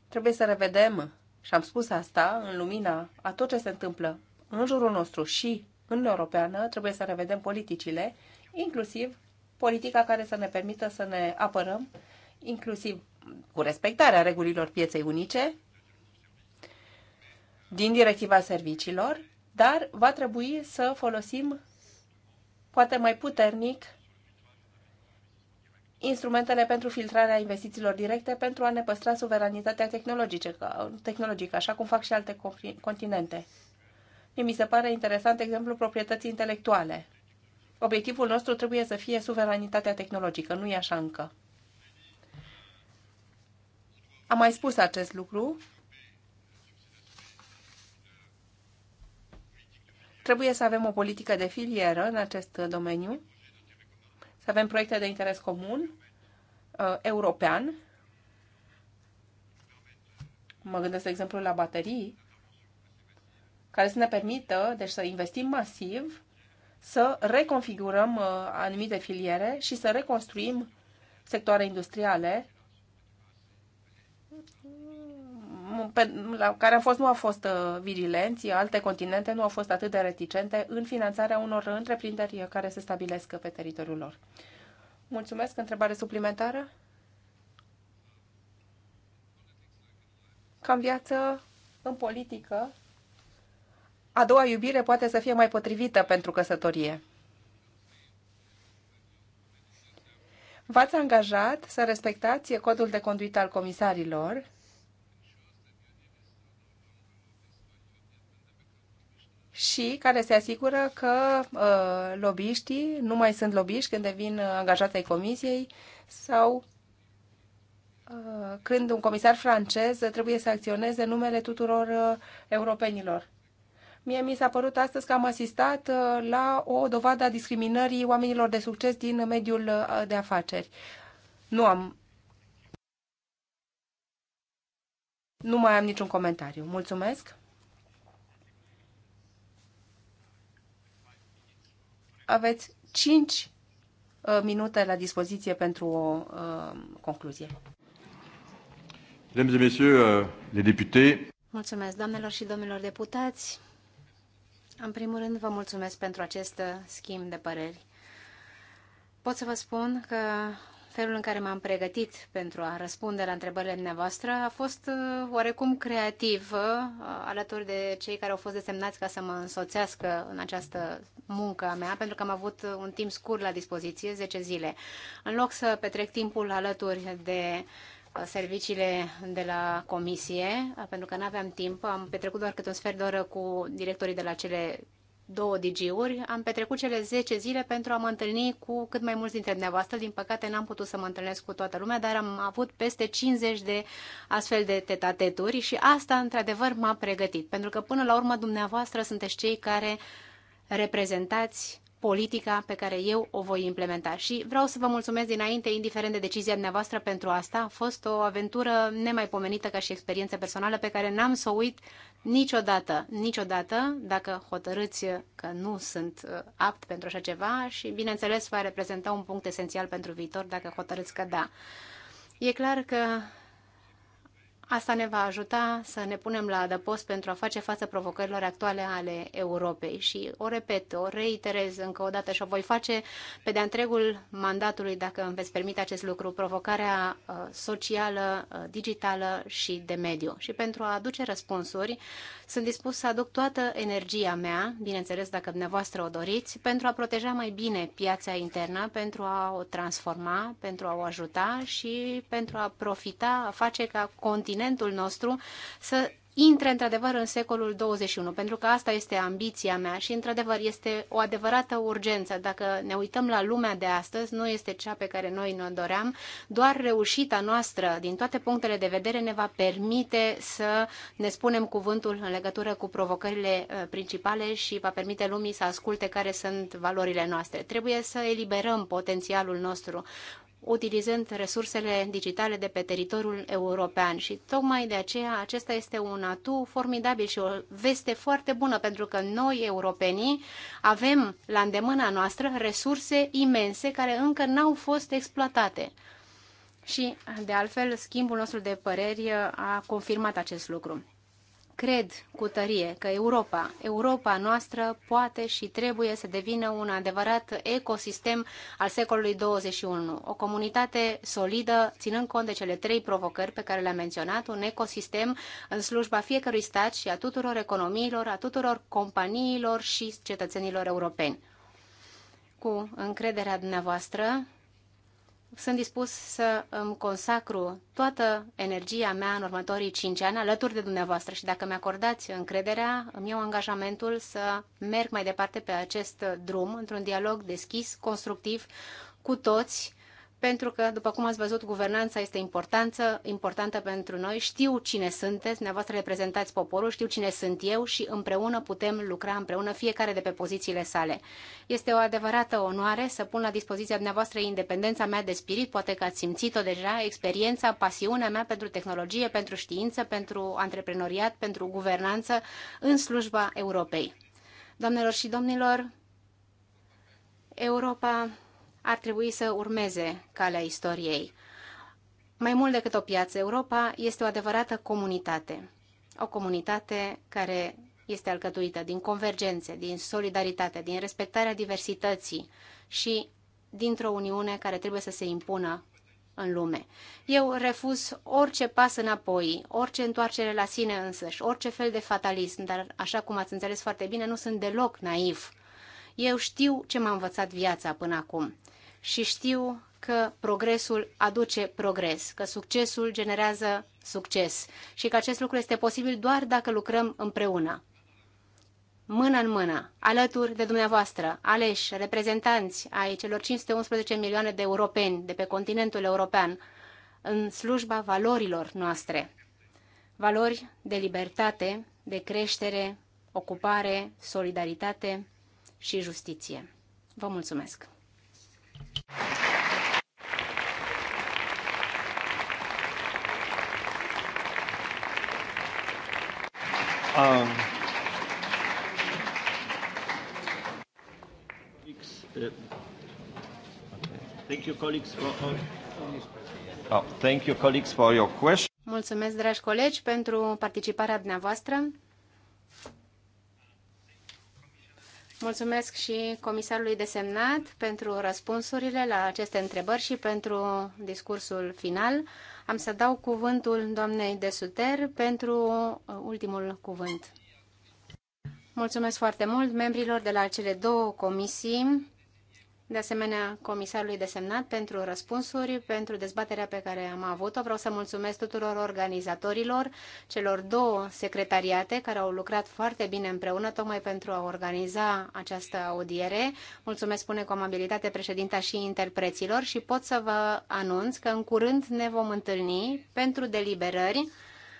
trebuie să revedem, și am spus asta, în lumina a tot ce se întâmplă în jurul nostru și în Europeană, trebuie să revedem politicile, inclusiv politica care să ne permită să ne apărăm, inclusiv cu respectarea regulilor pieței unice, din directiva serviciilor, dar va trebui să folosim poate mai puternic instrumentele pentru filtrarea investițiilor directe pentru a ne păstra suveranitatea tehnologică, tehnologică așa cum fac și alte continente. Mi se pare interesant exemplul proprietății intelectuale. Obiectivul nostru trebuie să fie suveranitatea tehnologică, nu e așa încă. Am mai spus acest lucru. Trebuie să avem o politică de filieră în acest domeniu să avem proiecte de interes comun uh, european. Mă gândesc, de exemplu, la baterii, care să ne permită, deci să investim masiv, să reconfigurăm uh, anumite filiere și să reconstruim sectoare industriale la care am fost nu au fost uh, vigilenți, alte continente nu au fost atât de reticente în finanțarea unor întreprinderi care se stabilesc pe teritoriul lor. Mulțumesc. Întrebare suplimentară? Cam în viață, în politică, a doua iubire poate să fie mai potrivită pentru căsătorie. V-ați angajat să respectați codul de conduită al comisarilor și care se asigură că uh, lobiștii nu mai sunt lobiști când devin uh, angajați ai comisiei sau uh, când un comisar francez trebuie să acționeze numele tuturor uh, europenilor. Mie mi s-a părut astăzi că am asistat uh, la o dovadă a discriminării oamenilor de succes din mediul uh, de afaceri. Nu am nu mai am niciun comentariu. Mulțumesc! Aveți 5 uh, minute la dispoziție pentru o uh, concluzie. Mesdames et messieurs euh, les députés. Mulțumesc, doamnelor și domnilor deputați. În primul rând, vă mulțumesc pentru acest schimb de păreri. Pot să vă spun că felul în care m-am pregătit pentru a răspunde la întrebările dumneavoastră a fost uh, oarecum creativ, uh, alături de cei care au fost desemnați ca să mă însoțească în această muncă a mea, pentru că am avut uh, un timp scurt la dispoziție, 10 zile. În loc să petrec timpul alături de serviciile de la comisie, pentru că nu aveam timp, am petrecut doar câte un sfert de oră cu directorii de la cele două digiuri, am petrecut cele 10 zile pentru a mă întâlni cu cât mai mulți dintre dumneavoastră. Din păcate n-am putut să mă întâlnesc cu toată lumea, dar am avut peste 50 de astfel de tetateturi și asta, într-adevăr, m-a pregătit. Pentru că, până la urmă, dumneavoastră sunteți cei care reprezentați politica pe care eu o voi implementa. Și vreau să vă mulțumesc dinainte, indiferent de decizia dumneavoastră pentru asta. A fost o aventură nemaipomenită ca și experiență personală pe care n-am să o uit niciodată, niciodată, dacă hotărâți că nu sunt uh, apt pentru așa ceva și, bineînțeles, va reprezenta un punct esențial pentru viitor dacă hotărâți că da. E clar că Asta ne va ajuta să ne punem la adăpost pentru a face față provocărilor actuale ale Europei. Și o repet, o reiterez încă o dată și o voi face pe de-a întregul mandatului, dacă îmi veți permite acest lucru, provocarea uh, socială, uh, digitală și de mediu. Și pentru a aduce răspunsuri, sunt dispus să aduc toată energia mea, bineînțeles dacă dumneavoastră o doriți, pentru a proteja mai bine piața internă, pentru a o transforma, pentru a o ajuta și pentru a profita, a face ca continuare continentul nostru să intre într-adevăr în secolul 21, pentru că asta este ambiția mea și într-adevăr este o adevărată urgență. Dacă ne uităm la lumea de astăzi, nu este cea pe care noi ne doream, doar reușita noastră din toate punctele de vedere ne va permite să ne spunem cuvântul în legătură cu provocările uh, principale și va permite lumii să asculte care sunt valorile noastre. Trebuie să eliberăm potențialul nostru utilizând resursele digitale de pe teritoriul european și tocmai de aceea acesta este un atu formidabil și o veste foarte bună pentru că noi europenii avem la îndemâna noastră resurse imense care încă n-au fost exploatate. Și, de altfel, schimbul nostru de păreri a confirmat acest lucru. Cred cu tărie că Europa, Europa noastră, poate și trebuie să devină un adevărat ecosistem al secolului 21. O comunitate solidă, ținând cont de cele trei provocări pe care le-am menționat, un ecosistem în slujba fiecărui stat și a tuturor economiilor, a tuturor companiilor și cetățenilor europeni. Cu încrederea dumneavoastră, sunt dispus să îmi consacru toată energia mea în următorii 5 ani alături de dumneavoastră și dacă mi-acordați încrederea, îmi iau angajamentul să merg mai departe pe acest drum într-un dialog deschis, constructiv, cu toți pentru că, după cum ați văzut, guvernanța este importanță, importantă pentru noi. Știu cine sunteți, dumneavoastră reprezentați poporul, știu cine sunt eu și împreună putem lucra împreună, fiecare de pe pozițiile sale. Este o adevărată onoare să pun la dispoziția dumneavoastră independența mea de spirit, poate că ați simțit-o deja, experiența, pasiunea mea pentru tehnologie, pentru știință, pentru antreprenoriat, pentru guvernanță în slujba Europei. Doamnelor și domnilor, Europa ar trebui să urmeze calea istoriei. Mai mult decât o piață, Europa este o adevărată comunitate. O comunitate care este alcătuită din convergențe, din solidaritate, din respectarea diversității și dintr-o uniune care trebuie să se impună în lume. Eu refuz orice pas înapoi, orice întoarcere la sine însăși, orice fel de fatalism, dar așa cum ați înțeles foarte bine, nu sunt deloc naiv. Eu știu ce m-a învățat viața până acum și știu că progresul aduce progres, că succesul generează succes și că acest lucru este posibil doar dacă lucrăm împreună. Mână în mână, alături de dumneavoastră, aleși, reprezentanți ai celor 511 milioane de europeni de pe continentul european, în slujba valorilor noastre. Valori de libertate, de creștere, ocupare, solidaritate și justiție. Vă mulțumesc! Um, uh, oh, thank you, colleagues, for your question. Mulțumesc, dragi colegi, pentru participarea dumneavoastră. Mulțumesc și comisarului desemnat pentru răspunsurile la aceste întrebări și pentru discursul final. Am să dau cuvântul doamnei de Suter pentru ultimul cuvânt. Mulțumesc foarte mult membrilor de la cele două comisii de asemenea comisarului desemnat pentru răspunsuri, pentru dezbaterea pe care am avut-o. Vreau să mulțumesc tuturor organizatorilor, celor două secretariate care au lucrat foarte bine împreună tocmai pentru a organiza această audiere. Mulțumesc, spune cu amabilitate, președinta și interpreților și pot să vă anunț că în curând ne vom întâlni pentru deliberări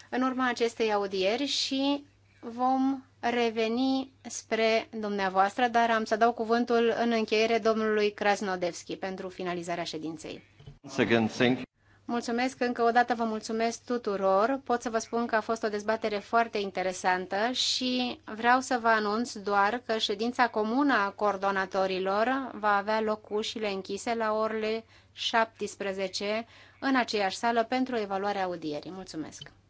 în urma acestei audieri și vom reveni spre dumneavoastră, dar am să dau cuvântul în încheiere domnului Krasnodevski pentru finalizarea ședinței. Mulțumesc încă o dată, vă mulțumesc tuturor. Pot să vă spun că a fost o dezbatere foarte interesantă și vreau să vă anunț doar că ședința comună a coordonatorilor va avea loc ușile închise la orele 17 în aceeași sală pentru evaluarea audierii. Mulțumesc!